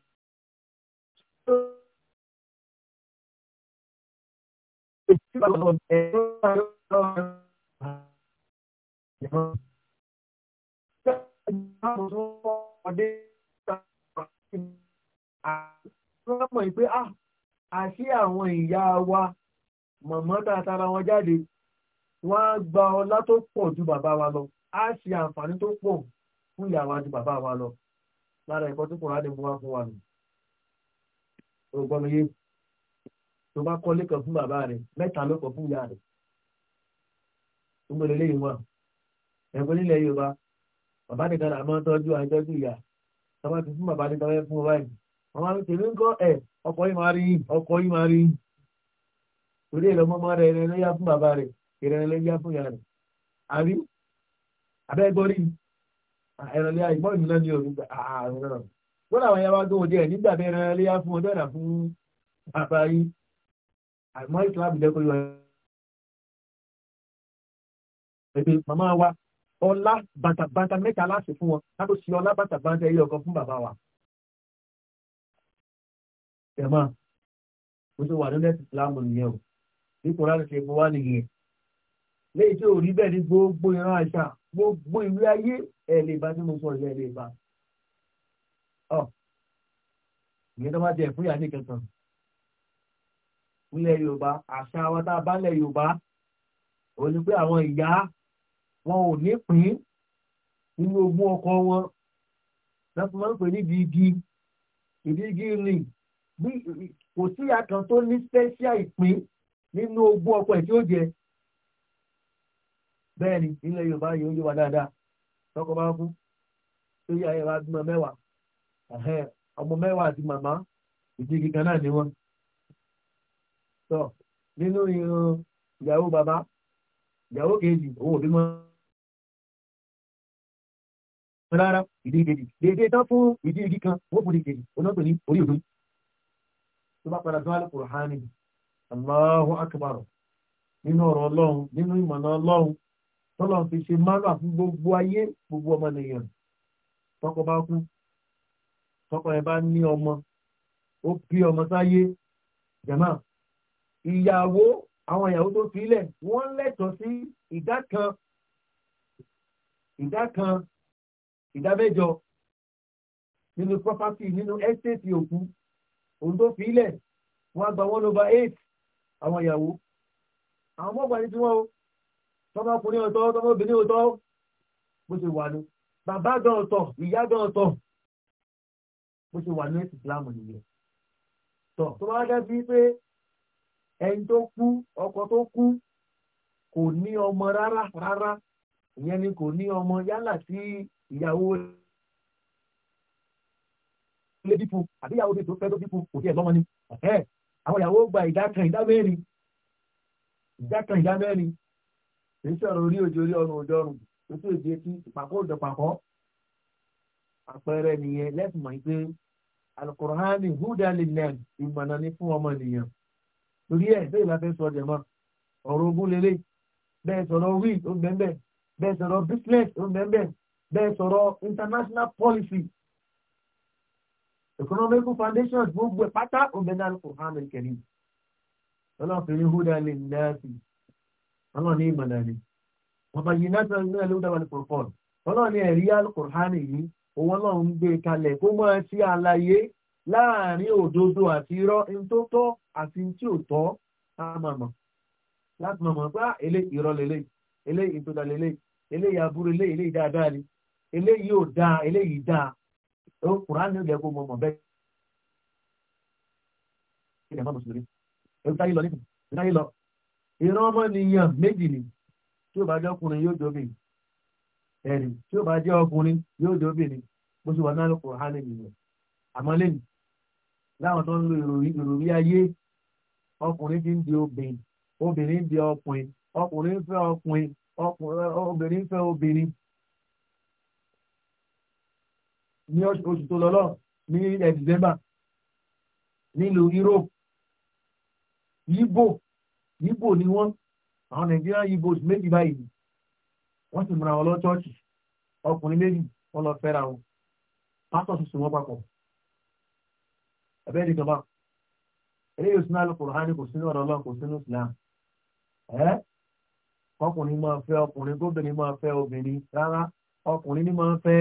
ọdẹ àmọ́ ìpé àṣí àwọn ìyá wa mọ̀mọ́ tààtàrà wọn jáde wọ́n á gba ọlá tó pọ̀ ju bàbá wa lọ á ṣe àǹfààní tó pọ̀ fún ìyá wa ju bàbá wa lọ lára ẹ̀kọ́ tó kùnrin á lè mú wá fún wa nù tó bá kọ́lé kan fún bàbá rẹ̀ mẹ́ta ló pọ̀ fún ìyá rẹ̀ tó gbọ́dọ̀ lé ìwọ̀n ẹ̀gbọ́n nílẹ̀ yorùbá bàbá nìkan là máa ń tọ́jú àjọjú ìyá tọ́wọ́ ti fún bàbá nìkan fún ọba yìí wọ́n máa ń tèmi ń kọ́ ẹ̀ ọkọ̀ yìí máa rí ọkọ̀ yìí máa rí torí ẹ̀ lọ́mọ́ rẹ̀ ẹ̀rẹ̀ ló yá fún bàbá rẹ̀ ẹ̀rẹ̀ ló yá fún ìyá rẹ̀ àbí abẹ́gbọ́rí ẹ̀rẹ̀ lé náà ní òru ààrùn náà wọ́n làwọn yàrá gbọ́ òde ẹ̀ nígbà bẹ́ẹ̀ ẹ̀rẹ̀ fún ọjọ́ ìdà fún bàbá yìí àmọ́ ìsìláàmù jẹ́ kó yọ ẹgbẹ́ màmá wa ọlá bàtàbàtà mẹ́ta láti fún wọn látò sí ọlá bàtàbàtà ẹyẹ ọkọ fún bàbá wa. ẹ̀mọ́ o ti wà nílẹ̀ ìsìláàmù nìyẹn o bí kò rárá ṣe fún wa nìyẹn léyìí tí ò rí bẹ́ẹ̀ ní gbogbo ìran àṣà gbogbo ìwé ayé ẹ̀ lè bá tí mo sọ ìyá ẹ̀ lè bá. ìyẹn tó bá jẹ fún ìyá ní kankan nílẹ̀ yorùbá àṣà wa tá a bá nílẹ̀ yorùbá ò ní pé àwọn ìyá wọn ò ní pín nínú ogún ọkọ wọn láti máa ń pè ní ìdígi ìdígi ni kò sí àkàn tó ní special ìpín nínú ogún ọkọ ẹ̀ tí ó jẹ bẹ́ẹ̀ ni nílẹ̀ yorùbá yìí ó yé wa dáadáa tọkọ bá kú tó yẹ ayẹyẹ wa bímọ mẹ́wàá ọmọ mẹ́wàá àti màmá ìdígi kan náà ni wọ́n sọ nínú irun ìyàwó bàbá ìyàwó kejì òun òbí mọ́ rárá ìdí ìkejì déédéé tán fún ìdí igi kan wọ́n kò ní ìkejì onápè ní orí òdún tó bá padà sọ́wọ́ alùpùpù hánì aláhùn akọbàrọ̀ nínú ọ̀rọ̀ ọlọ́run nínú ìmọ̀nà ọlọ́run tọ́lọ́run fi ṣe márùn-ún fún gbogbo ayé gbogbo ọmọ nìyẹn tọkọ bá kú tọkọ ẹ bá ní ọmọ ó bí ọmọ sáyé jẹ̀máà ìyàwó àwọn ìyàwó tó filẹ̀ wọ́n lẹ́tọ̀ọ́ sí ìdá kan ìdá kan ìdá mẹ́jọ nínú property nínú estate òkú òun tó filẹ̀ wọ́n á gba one over eight àwọn ìyàwó àwọn ọmọ ọgbàní tí wọ́n o tọmọkùnrin ọ̀tọ̀ tọmọbìnrin ọ̀tọ̀ bó ṣe wà ní bàbá gan ọ̀tọ̀ ìyá gan ọ̀tọ̀ bó ṣe wà ní ìsìlámù nìyẹn tọ tó bá dá sí pé ẹni tó kú ọkọ tó kú kò ní ọmọ rárá rárá ìyẹn ni kò ní ọmọ yálà sí ìyàwó ilé dípò àbí ìyàwó tó fẹ́ tó dípò kò tiẹ̀ lọ́mọ ni àwọn ìyàwó gba ìdá kan ìdá mẹ́rin ìdá kan ìdá mẹ́rin kì í sọ̀rọ̀ orí òjò orí ọrùn òjò ọrùn ojú èdè etí ìpàkọ́ pàkọ́ àpẹẹrẹ nìyẹn lẹ́sìn mọ̀ pé alukur'ani húdà lè nà ìmọ̀nà ni fún ọmọ nìyẹn torí ẹ̀ bẹ́ẹ̀ la fẹ́ sọ ọjà mọ́ ọ̀rọ̀ ogún lélẹ̀ bẹ́ẹ̀ sọ̀rọ̀ wíìd ó ń bẹ́ẹ̀ bẹ́ẹ̀ bẹ́ẹ̀ sọ̀rọ̀ business ó ń bẹ́ẹ̀ bẹ́ẹ̀ bẹ́ẹ̀ sọ̀rọ̀ international policy economic foundation gbogbo ẹ̀ pátá ó ń bẹ́ẹ̀ náà kò hàn mí kẹ́lí ọlọ́ọ̀fẹ́rin húdà lè nẹ́ẹ̀sì ọlọ́ọ̀ni ìmọ̀nà ni wọ́n bá yìí náà sọ̀rọ̀ nílẹ̀ lóòdà wà ní kòròkòrò ọlọ́ọ̀ni ẹ̀rí alukùrhánì yìí owó ọlọ́run gbé kalẹ̀ kó mọ́ ẹ sí àlàyé láàrin òdodo àti irọ́ ní tó tọ́ àti tí ò tọ́ á máa mọ̀ láti mọ̀ mọ̀ pé ilé ah, irọ́ lélẹ̀ ilé ìtòdà ìyàbúrò buru ilé ìdáadáa ni ilé yìí ò dáa ilé yìí dáa ó kùránì ó lẹ́kọ̀ọ́ mọ̀ mọ̀ bẹ́ẹ̀. ilé ìmọ̀ mùsùlùmí ewu táyé lọ nípìn táyé lọ ìran ọmọ nìyàn méjì ni tí ó bá jẹ́ ọkùnrin yóò dóbìn ẹ̀rì tí ó bá jẹ́ ọkùnrin yóò ni bó ṣe wà láwọn tó ń lo ìròrí ayé ọkùnrin ti ń di obìnrin obìnrin ń di ọkùnrin ọkùnrin ń fẹ́ ọkùnrin obìnrin ń fẹ́ obìnrin ní oṣù tó lọ́lọ́ ní ilẹ̀ december nílùú europe yíbò yíbò ni wọ́n àwọn nigerian yíbò méjì báyìí wọ́n sì múra wọn lọ chọ́ọ̀chì ọkùnrin méjì wọ́n lọ fẹ́ra wọn pásọ̀ tuntun wọn papọ̀ abẹ́ ní kaba eléyìí ò sínú alukùránì kò sínú ọ̀rọ̀ ọlọ́run kò sínú islam ẹ́ ọkùnrin máa fẹ́ ọkùnrin gómìnir máa fẹ́ obìnrin rárá ọkùnrin ní máa fẹ́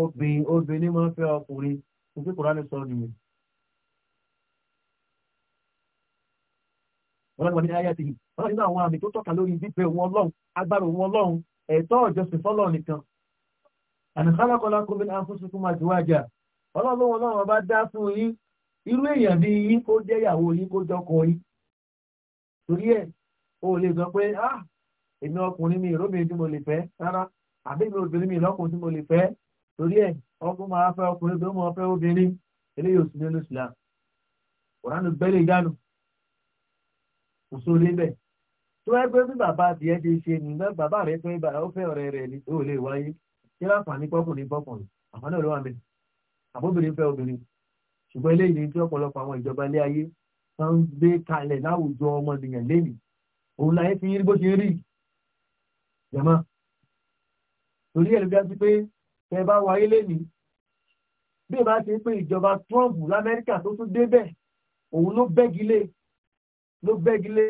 obìnrin obìnrin máa fẹ́ ọkùnrin títí kùránì sọ nìyẹn. wọ́n wọ́n ní ayé àti yìí wọ́n nínú àwọn àmì tó tọ́ka lórí bíbẹ̀ wọn ọlọ́run agbára wọn ọlọ́run ẹ̀tọ́ ìjọsìn fọ́lọ́ nìkan àníkálàkọ́lá kóbìnrin afúnṣe fún màjúwájà ọlọ́run ọlọ́run ọba dá fún yín irú èèyàn bí yín kó jẹ́ ìyàwó yín kó jọ́kọ yín torí ẹ̀ o lè sọ pé ah èmi ọkùnrin mi ìróbìnrin tí mo lè fẹ́ rárá àbí mi obìnrin mi ìlọ́kùnrin tí mo lè fẹ́ torí ẹ̀ ọkùnrin máa fẹ́ ọkùnrin tó máa fẹ́ obìnrin eléyìí oṣù nínú ìṣúná tó ẹ gbé bí bàbá ti ṣe bàbá rẹ fẹ́ ọ̀rẹ́ rẹ ni o wáyé kí àbóbìnrin fẹ́ obìnrin ṣùgbọ́n eléyìí ni tí ọ̀pọ̀lọpọ̀ àwọn ìjọba ilé ayé máa ń gbé kalẹ̀ láwùjọ ọmọnìyàn lẹ́nu òun láyé fi rí bó ṣe rí jẹ̀mọ́ torí ẹ̀ ló dá sí pé ẹ bá wáyé lẹ́nu bí ìbá ṣe pé ìjọba Trump lamẹ́ríkà tó tún débẹ̀ òun ló bẹ́gilé ló bẹ́gilé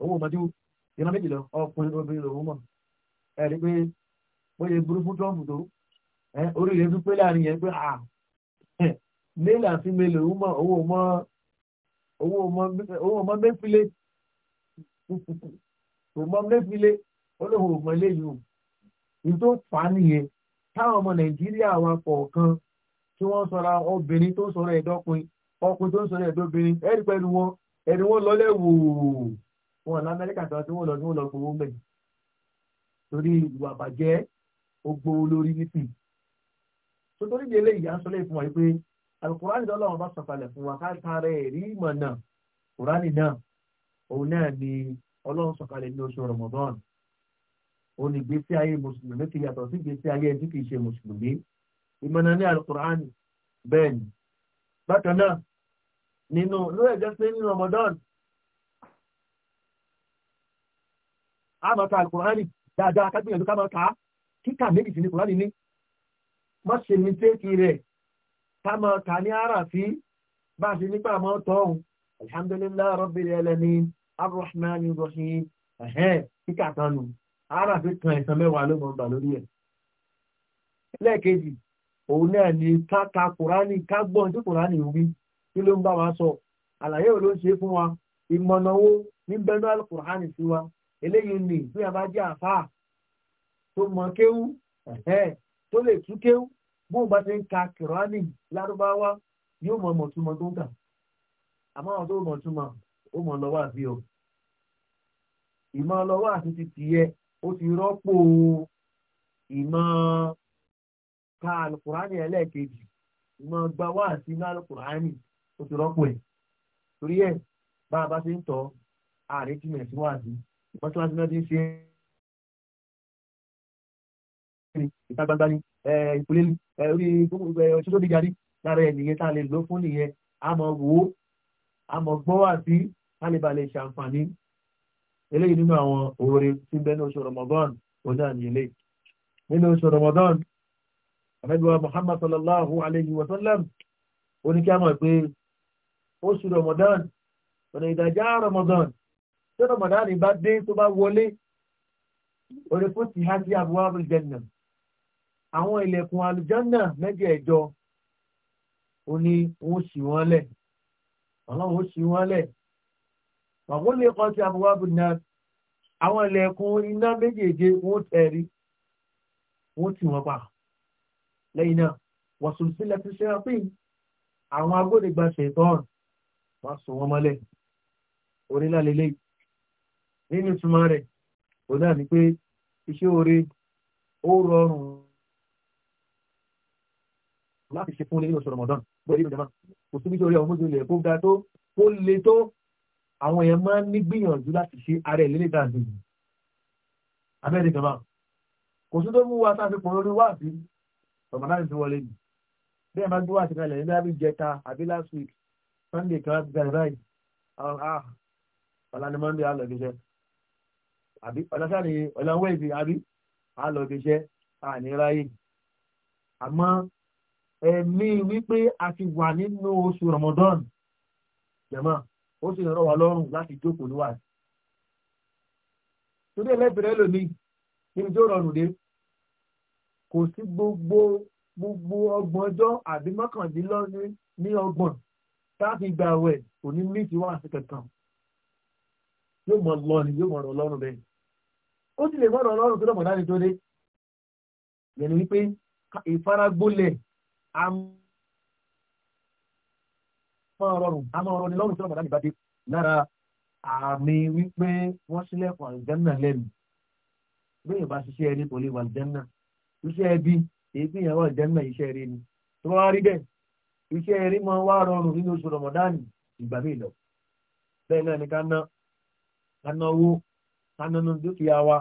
owó ọmọdé ìran méjì lọ ọkùnrin obìnrin lòun mọ̀ ẹ̀ rí pé bó ṣe burú fún trump tó orí ilé tún pé láàrin yẹn pé à mélòó àti mélòó mọ owó mọ owó mọ owó mọ mẹfìlẹ kò mọ mẹfìlẹ olóhùn ò mọ eléyìí o ìyí tó fà á nìyẹn táwọn ọmọ nàìjíríà wa kọ̀ọ̀kan tí wọ́n sọra obìnrin tó sọ̀rọ̀ ẹ̀dọ́kùnrin ọkùnrin tó ń sọ̀rọ̀ ẹ̀dọ́bìnrin ẹ̀rí pẹ̀lú wọn ẹ̀rí wọn lọlé wòó wọn ní tó ti lọ ní wọ́n lọ gbowó mẹ́rin torí ìwà bàjẹ́ ó gbówó lórí nípì sotori de eléyìí à ń sọ lẹ́yìn fún wa pé alukurani dọ́là wọn bá sọ̀kalẹ̀ fún wa ká tara ẹ̀rí ìmọ̀ náà kurani náà òun náà ni ọlọ́run sọ̀kalẹ̀ ní oṣù rọmọdọ́n òun ni gbèsè ayé mùsùlùmí ti yàtọ̀ sí gbèsè ayé ẹni tí kì í ṣe mùsùlùmí ìmọ̀nà ní alukurani bẹ́ẹ̀ ni bákan náà nínú lórí ẹ̀jẹ̀ pé nínú rọmọdọ́n a máa alukurani dáadáa ká gbìyànjú ká máa kà kíkà méjì sí ní kùránì ní má ṣe ní téèkì rẹ̀ ká máa kà ní ara sí bá a ṣe nígbà máa tọ́ ọ̀hún alhamdulillah rabbil alamin arrahmani rahim ẹ̀hẹ́ kíkà kan nù ara fi kan ẹ̀sán mẹ́wàá ló mọ̀ ń bà lórí ẹ̀. lẹ́ẹ̀kejì òun náà ni ká ka kùránì ká gbọ́n tí kùránì wí kí ló ń bá wa sọ àlàyé ò ló ń ṣe fún wa ìmọ̀nà ní bẹ́ẹ̀ náà kùránì sí wa eléyìí ni bí a bá jẹ́ àfáà tó mọ kéwú tó lè tú kéwú bó o bá ti ń ka kìrọ́ánì lárúbáwá yóò mọ ọmọ túmọ̀ tó ń kà àmọ́ àwọn tó mọ̀ túmọ̀ ó mọ̀ lọ́wọ́ àfi o ti tìyẹ ó ti rọ́pò ka alukurani ẹlẹ́ẹ̀kejì ìmọ̀ ní ti rọ́pò ẹ̀ torí bá a bá ti ń tọ́ tí sí kiri ìta gbangba ni ìpínlẹ̀ ni orí ṣoṣo níjà ni lára ẹ̀ nìyẹn tá a lè lò fún nìyẹn àmọ́ wò ó àmọ́ gbọ́ wà sí a lè balẹ̀ ṣàǹfààní eléyìí nínú àwọn òwúrẹ́ tí bẹ́ẹ̀ ní oṣù ramadan òun náà nìyẹn lé nínú oṣù ramadan àbẹ́gbẹ́wà muhammad sallallahu alayhi wa sallam oníkàmọ̀ pé oṣù ramadan ọ̀nà ìdájá ramadan tí ramadan bá dé tó bá wọlé orí fún ti hajj abuwa jannah àwọn ilẹ̀kùn alùjánà mẹ́jẹ̀ẹ̀jọ ó ní wọ́n ṣì wọ́n lẹ̀ ọlọ́run ó ṣì wọ́n lẹ̀ wọ́n lè kọ́ sí abúwábù náà àwọn ilẹ̀kùn iná méjèèje wọ́n tẹ̀rí wọ́n tì wọ́n pa lẹ́yìn náà wọ́n sùn sílẹ̀ fi ṣe rápìn àwọn agbódegbà ṣètọ́n wọ́n sùn wọ́n mọ́lẹ̀ orílẹ̀ nínú ìtumọ̀ rẹ̀ òun náà ni pé iṣẹ́ oore ó rọrùn láti ṣe fún nínú oṣù rọmọdán bọ́ọ̀lì ìjọba kò síbi tó rí ọmọ tó lè kó ga tó kó le tó àwọn èèyàn máa ń nígbìyànjú láti ṣe ara ẹ̀ lélẹ̀ dáadé yìí abẹ́rẹ́ ìjọba kò sí tó mú wa sáfi pọ̀ lórí wá sí rọmọdán ti wọlé yìí bí ẹ bá gbé wá sí kalẹ̀ nígbà bí jẹta àbí last week sunday kan ti kalẹ̀ báyìí ah ọ̀la ni monday á lọ ibi iṣẹ́ àbí ọ̀la sáré ọ̀la wẹ́ẹ̀dì àbí á lọ ibi iṣẹ́ àní ráyè àmọ́ ẹ̀mí wípé a ti wà nínú oṣù Ramadan jẹ̀mọ́ ó sì rọ̀ wá lọ́rùn láti jókòó níwà. torí ẹlẹ́bìrẹ́ lónìí níbi tí ó rọrùn dé kò sí gbogbo gbogbo ọgbọ̀n ọjọ́ àbí mọ́kàndínlọ́rin ní ọgbọ̀n táàbí gba àwẹ̀ òní méjì wá sí kankan yóò mọ̀ lọ ni yóò mọ̀ rọ̀ lọ́rùn bẹ́ẹ̀ ó sì lè mọ̀ rọ̀ lọ́rùn tó lọ́mọ̀dá ni tó dé yẹn ni wípé ìfaragbólẹ̀ àmọ́ ọrọ̀rùn àmọ́ ọrọ̀ ni lọ́rùn tí ọmọdé àgbàdé lára àmì wípé wọ́n sílẹ̀kùn àlùjẹ́nà lẹ́nu bẹ́ẹ̀ bá ṣiṣẹ́ ẹni kò lè wà àlùjẹ́nà iṣẹ́ ẹbí èyí fi hàn wà àlùjẹ́nà iṣẹ́ ẹrí ni tó bá rí bẹ́ẹ̀ iṣẹ́ ẹrí máa wá rọrùn nínú oṣù rọmọdánì ìgbà mi lọ bẹ́ẹ̀ náà ni ká ná ká náwó ká nánú dúkìá wa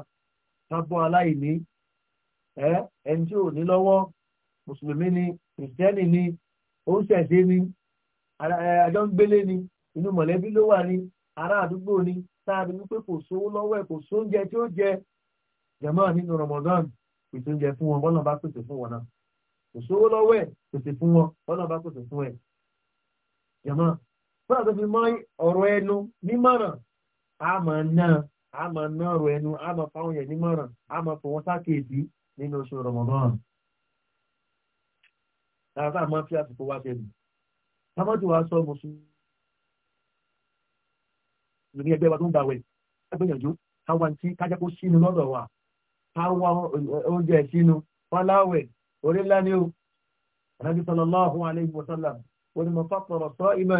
ká bọ́ aláìní ẹ ẹni tí ò ní lọ́wọ́ mùsùlùmí ni kìrìsìtẹ́nì ni ó ń ṣẹ̀ṣe ni àjọ ń gbélé ni inú mọ̀lẹ́bí ló wà ni ará àdúgbò ni sáàbí wípé kò sówó lọ́wọ́ ẹ̀ kò sóúnjẹ tí ó jẹ jẹ̀mọ́ nínú ramadan pèsè oúnjẹ fún wọn bọ́lá bá pèsè fún wọn náà kò sówó lọ́wọ́ ẹ̀ pèsè fún wọn bọ́lá bá pèsè fún ẹ̀ jẹ̀mọ́ fún àtúntò mọ́ ọ̀rọ̀ ẹnu nímọ̀ràn àmọ́ náà àmọ́ náà ọ̀rọ̀ ẹnu àmọ́ fáwọn yẹn nímọ̀ràn àmọ́ fún wọn sákèèdí ramadan tààtà máa fi àsìkò wá sẹ́nu támọ́jù wa sọ mùsùlùmí ẹgbẹ́ wa tó ń bá wẹ̀ ẹgbẹ́yànjú káwa ti kájá kó sínú lọ́dọ̀ wa káwa oúnjẹ sínú fọláwẹ̀ orí ńlá ni ó àdájú sọlọ lọ́hùn aléyìn wọ́sálà onímọ̀ fàkọ̀rọ̀ sọ ìmọ̀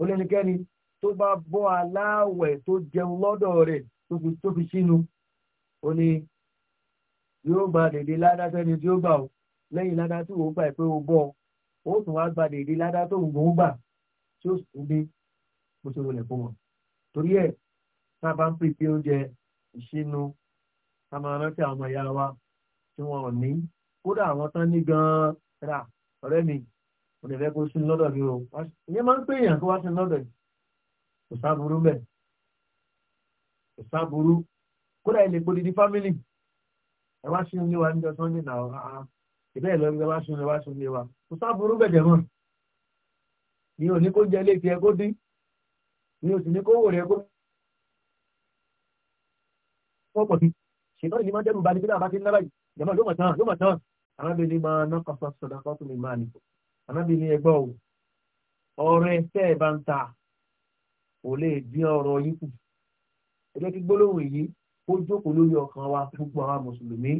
olẹ́nikẹ́ni tó bá bọ́ aláwẹ̀ tó jẹun lọ́dọ̀ rẹ̀ tó fi sínú ó ní yóò gba dèdè ládàá tí ó gbà ó lẹ́yìn ládá tí wọ́n gbà pé ó bọ́ ó tún wá gba dèdè ládá tó ń gbòó gbà tí ó sì dé bó ṣe wọlé fún wọn. torí ẹ̀ tá a bá ń pè pé oúnjẹ ìṣínú ká máa rántí àwọn ọmọ ìyá wa tí wọn ò ní kódà àwọn tán ní gan-an rà ọ̀rẹ́ mi kò lè fẹ́ kó sí lọ́dọ̀ mi o ìyẹn máa ń pè èèyàn kó wá sí lọ́dọ̀ yìí kò sáburú bẹ́ẹ̀ kò sáburú kódà ilé gbòdìdí fámìlì ẹ wá sí ilé wa níjọ sunday náà ìbẹ́ẹ̀ lọ nígbà wá súnlé wá súnlé wa kò sáburú bẹ̀jẹ̀ mọ́ ni ò ní kó jẹ ilé tiẹ̀ kó dín ni ò sì ní kó wò rẹ̀ kó pọ̀ sí ṣètò ìdí máa ń dẹ́rù bá ní pé àbá ti ń lára yìí ìjọba yóò mọ̀ tán yóò mọ̀ tán arábìnrin máa ná kọsọ sọdọ kọtù mi máa nìkọ arábìnrin ẹgbọ́ o ọrẹ tẹ́ bá ń ta kò lè dín ọrọ̀ yín kù ẹ kí gbólóhùn yìí ó jókòó lórí ọkàn wa gbogbo àwọn mùsùlùmí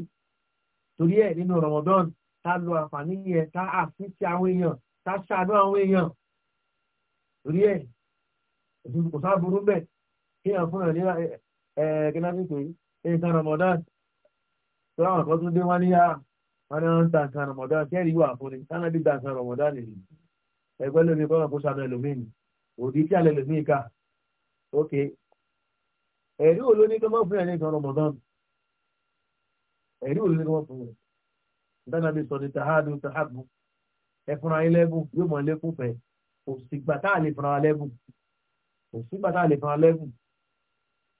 torí ẹ̀ nínú Ramadan tá lo àǹfààní yẹn tá àfíìsì àwọn èèyàn tá ṣàánú àwọn èèyàn torí ẹ̀ òṣèlú kò sáà burú bẹ́ẹ̀ kí èèyàn fún ẹ̀ ní ẹ̀ẹ́dẹ́gbẹ̀rún èyí kan ramadan tó àwọn kan tó dé wá níyà wọn ni wọn ń ta nǹkan ramadan kẹ́rì wà fún ni sáà bí gba nǹkan ramadan nìyí ẹgbẹ́ lómi kọ́ kó sànà ẹlòmíì ni òdì tí alẹ́ lòmíì ká ok ẹ̀rí òlóní kọ́ mọ́ fún ẹ̀ ní nǹkan ramadan ẹ̀rí òlóní kọ́ mọ́ fún ẹ̀ ìtànàbí sọ ní tahadu tahabu ẹfúnra yín lẹ́bùn yóò mọ̀ lẹ́kùn fẹ́ kò sígbà tá à lè fúnra lẹ́bùn kò sígbà tá à lè fúnra lẹ́bùn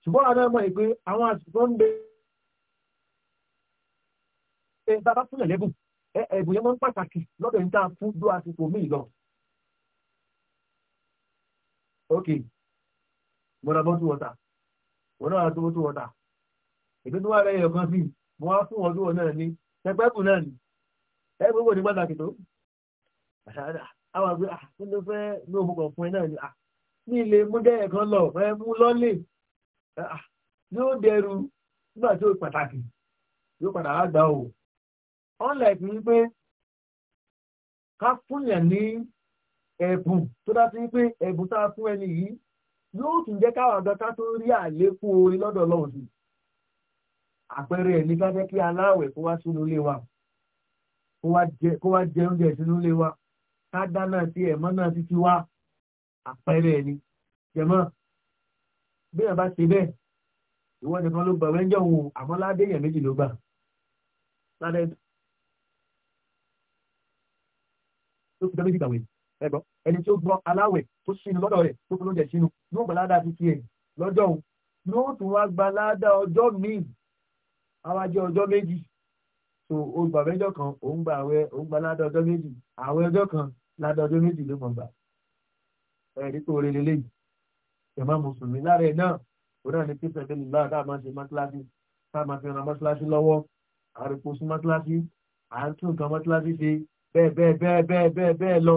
ṣùgbọ́n àwọn ọmọ ìpè àwọn àṣìṣọ́ ń bẹ ẹ bá bá fúnlẹ̀ lẹ́bùn ẹ̀bùn yẹn máa ń pàtàkì lọ́dọ̀ níta fún bí àsìkò míì lọ. ok mo ra bọ́tù wọ́tà mo náà ra tó bọ́tù wọ́tà ìpínlẹ̀ wà rẹ̀ yẹ̀ kan sí mo wá fún ọdún wọn náà ní pẹ́pẹ́pù náà ni ẹ gbogbo ní pàtàkì tó àwọn àgbẹ̀ àtúndó ah, fẹ́ ní òmùgọ̀ fún ẹ náà ni ní ah, ilé múdẹ́rẹ̀ kan lọ ẹ mú lọ́lẹ̀ ah, yóò dẹrù nígbà tí ó pàtàkì yóò padà wá gbà o ni pé ká ní ẹ̀bùn tó dá sí pé ẹ̀bùn tá a fún ẹni yìí yóò tún jẹ́ káwọn ká tó àpẹẹrẹ ẹ̀ ní ká jẹ́ kí aláwẹ̀ kó wá sínú ilé wa kó wá jẹ oúnjẹ sínú ilé wa ká dáná sí ẹ̀mọ́ náà títí wá àpẹẹrẹ ẹ̀ ní jẹ̀mọ́ bí ẹ̀ bá ṣe bẹ́ẹ̀ ìwọ nìkan ló gbà wẹ́ńjọ́ wo àmọ́ ládé èèyàn méjì ló gbà ládé tó fi jẹ́ méjì gbàwé ẹgbọ́ ẹni tí ó gbọ́ aláwẹ̀ tó sínú lọ́dọ̀ rẹ̀ tó fi lóúnjẹ sínú yóò gbà ládàá títí ẹ̀ lọ́jọ́ òun yóò tún wá gbà ládàá ọjọ́ míì àwa jẹ́ ọjọ́ méjì so olùgbàwẹ́jọ́ kan òun gba àwẹ̀ òun gba ládọ́ ọjọ́ méjì àwẹ̀ ọjọ́ kan ládọ́ ọjọ́ méjì ló mọ̀ gbà ẹ̀rí tó rere léyìí ìmọ̀ mùsùlùmí lára ẹ̀ náà òun náà ní pípẹ́ bẹ́ẹ̀ nígbà tá a máa ṣe mọ́tíláṣí tá a máa fi ran mọ́tíláṣí lọ́wọ́ àrùkù sí mọ́tíláṣí à ń tún nǹkan mọ́tíláṣí ṣe bẹ́ẹ̀ bẹ́ẹ̀ bẹ́ẹ̀ bẹ́ẹ̀ bẹ́ẹ̀ bẹ́ẹ̀ lọ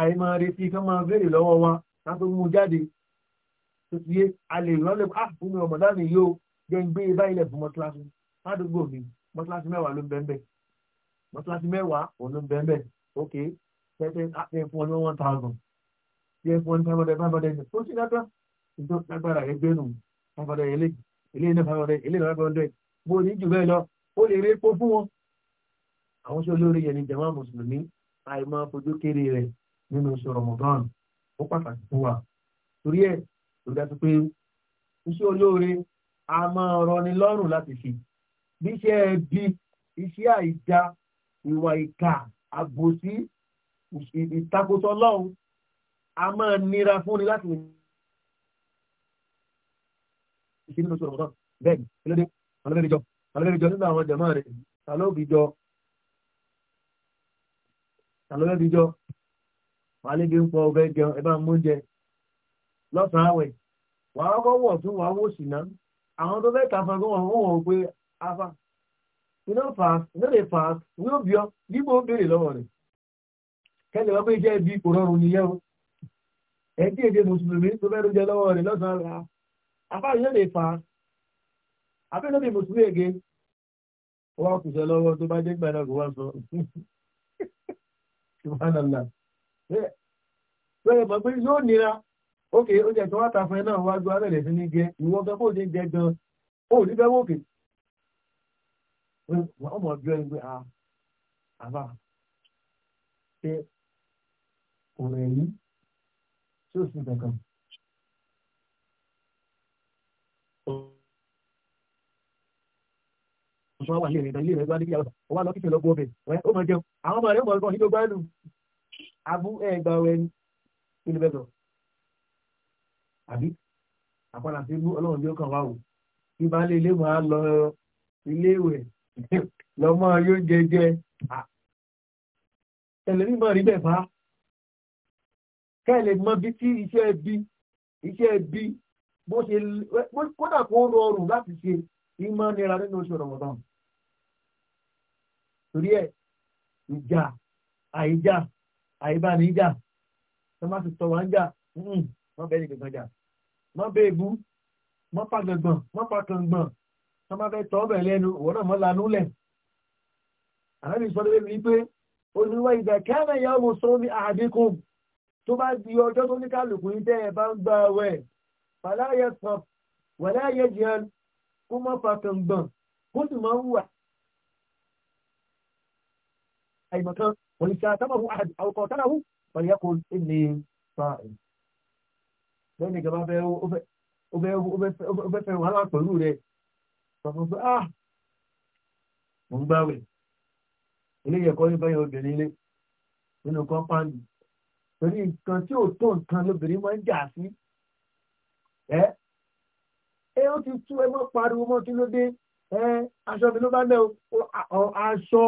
àyè máa retí kán máa béèrè lọ́wọ́ wa ká tó mú jáde tó ti yé a lè ah fún mi ọmọdé jẹ́ ń gbé e báyìí lẹ̀ fún mọ́tíláṣí ládùúgbò mi mọ́tíláṣí mẹ́wàá ló ń bẹ́ẹ̀ mọ́tíláṣí mẹ́wàá òun ló ń bẹ́ẹ̀ ok tẹ́tẹ́ àti fún ọ ní one thousand tí ẹ fún ọ ní five hundred five hundred tó sì dáadáa ìjọ lágbára rẹ gbé nù five hundred ilé ilé ní five hundred ilé ní five hundred bó ní jù bẹ́ẹ̀ lọ ó lè rí epo fún wọn. àwọn tí olórí yẹn ni jama mùsùlùmí àìmọ fojú kéré rẹ nínú oṣù rọmọdán ó pàtàkì fún wa torí ẹ ló dájú pé iṣẹ́ olóore a máa rọni lọ́rùn láti ṣe bí iṣẹ́ ẹbí iṣẹ́ àìjà ìwà ìkà àbòsí ìtakòtò ọlọ́run a máa nira fúnni láti ṣe nínú oṣù rọ̀mọ́tọ́ bẹ́ẹ̀ ni kílódé ọlọ́bẹ̀rẹ̀jọ ọlọ́bẹ̀rẹ̀jọ nínú àwọn jẹ̀mọ́ rẹ̀ tàlóbìjọ tàlóbẹ̀rẹ̀jọ wàlébí ń pọ ọbẹ̀ jẹun ẹ bá ń mú oúnjẹ lọ́sàn-án àwẹ̀ wàá kọ́ wọ̀ tún wàá wò sí náà àwọn tó fẹ́ ta fún ẹgbẹ́ wọn wọ́n pé afa you no fast you no dey fast we no bíọ́ yíbo béèrè lọ́wọ́ rẹ̀ kẹ́lẹ̀ wọ́n pé iṣẹ́ ibi kò rọrùn nìyẹn o ẹ̀ tí èdè mùsùlùmí tó fẹ́ lóúnjẹ lọ́wọ́ rẹ̀ lọ́sàn-án rà afa you no dey fast àbí no mùsùlùmí ègé wọ́n kù sọ lọ́wọ́ tó bá jẹ́ gbàdá kò wá sọ subhanallah bẹ́ẹ̀ bẹ́ẹ̀ mọ̀ pé yóò nira ókè ó jẹ́ tó wá ta fún ẹ náà wá gbọ́ abẹ́rẹ́ sí ní jẹ ìwọ gan kó o ṣe jẹ gan ó ní bẹ́ẹ̀ wòkè. wọ́n mọ̀ bí ẹni pé a àbá ṣe ọ̀rọ̀ ẹ̀yìn tí ó sì kankan. Ọ̀ṣọ́ wà ní ìrìnà ilé rẹ̀ gbá ní ìyàwó, ó wá lọ kíkẹ́ lọ gbọ́ ọbẹ̀, ó mọ̀ jẹun, àwọn ọmọ rẹ̀ mọ̀ ọgbọ́n nílò gbá ẹnu, abú ẹ̀gbà ọ̀rẹ́ ní ìlú bẹ́ẹ̀ àbí àpàdà tí bú ọlọ́run bí ó kàn wá o bí bá lè lè máa lọ ilé ìwẹ̀ lọ́mọ yóò jẹjẹ ẹlẹ́ni mọ̀ rí bẹ̀ fà á kẹ́lẹ̀ mọ bí tí iṣẹ́ bí iṣẹ́ bí bó ṣe kódà kó rọrùn láti ṣe ìmọ̀ nira nínú oṣù rọ̀mọ̀tàn torí ẹ̀ ìjà àìjà àìbánijà tọ́másì tọ́wọ́ ń jà wọ́n bẹ́ẹ̀ ní gbẹ̀gbọ́n jà wọ́n bẹ́ẹ̀ bú wọ́n pa gbẹ̀gbọ̀n wọ́n pa kàngbọ̀n wọ́n máa fẹ́ tọ́ ọbẹ̀ lẹ́nu òwò náà mọ́ lanú lẹ̀ àlọ́bí sọ lórí mi pé olùwà ìgbà kẹ́rẹ̀ yà mú sọ ní àdínkù tó bá di ọjọ́ tó ní kálùkù yìí tẹ́ ẹ bá ń gba ẹ̀ fàlàyé sàn wàláyé jẹun kó mọ́ fàkàngbọ̀n kó sì máa ń wù àìmọ̀kan òyìnbó àtàwọn àwòkọ̀ tánàwó pẹ̀lú ẹ̀kọ́ ní fa ẹ̀ lẹ́nu ìjọba fẹ́ ó fẹ́ fẹ́ wàhálà pẹ̀lú rẹ̀ sọ̀rọ̀ fún ah mo ń gbáwẹ̀ ilé ẹ̀kọ́ ní báyọ̀ obìnrin ilé nínú kọ́pánì torí nǹkan tí ò tó nǹkan lóbìnrin máa ń jà sí ẹ́ ẹ ó ti tú ẹ mọ́ pariwo mọ́ kí ló dé ẹ aṣọ mi ló bá lẹ́ o aṣọ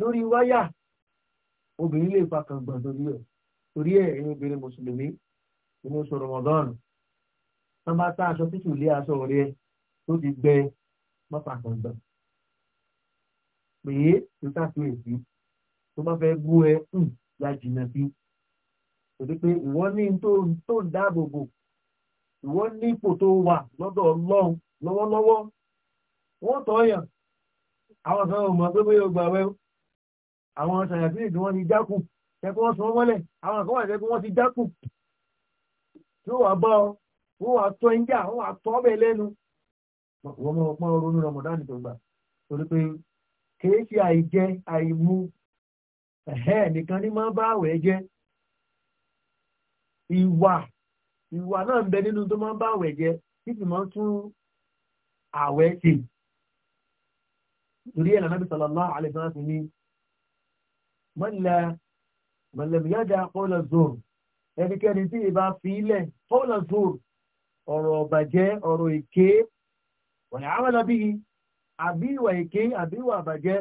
lórí wáyà obìnrin lè fa kàngbọ̀n lórí ẹ̀ torí ẹ̀ ẹ̀yin obìnrin mùsùlùmí inú oṣù rọmọdọ́ọ̀nù wọ́n bá tá aṣọ títù lé aṣọ rẹ tó ti gbẹ mọ́fàkàn gbà pé tó ṣàkíyèsí tó bá fẹ́ gún ẹ ya jìnnà sí torí pé ìwọ ní tó ń dáàbò bò ìwọ ní ipò tó wà lọ́dọ̀ ọlọ́run lọ́wọ́lọ́wọ́ wọ́n tọ́ yàn àwọn kan ò mọ̀ pé bóyá o gbà wẹ́ o àwọn ṣàyàfíìsì wọn ti dákù ṣẹ́kọ́ wọn sọ wọ́n àwọn kan wà ṣẹ́kọ́ wọn ti dákù wọ́n wà bá ọ wọ́n wà tọ́ a jà wọ́n wà tọ́ ọbẹ̀ lẹ́nu wọ́n mọ̀ pọ́n ronú rọmọdánì tó gbà torí pé kìí ṣe àìjẹ àìmu ẹ̀hẹ́ nìkan ní máa bá àwẹ̀ jẹ́ ìwà ìwà náà ń bẹ nínú tó máa bá àwẹ̀ jẹ́ títí máa awa tún àwẹ̀ ṣe torí ẹ̀ lànàbí jẹ́ zoro ẹnikẹ́ni tí ìbá fi ilẹ̀ fọ́ọ̀lọ̀ zoro ọ̀rọ̀ ọ̀bàjẹ́ ọ̀rọ̀ èké wọ̀nyí àwọn ọ̀bí àbí ìwà èké àbí ìwà àbàjẹ́.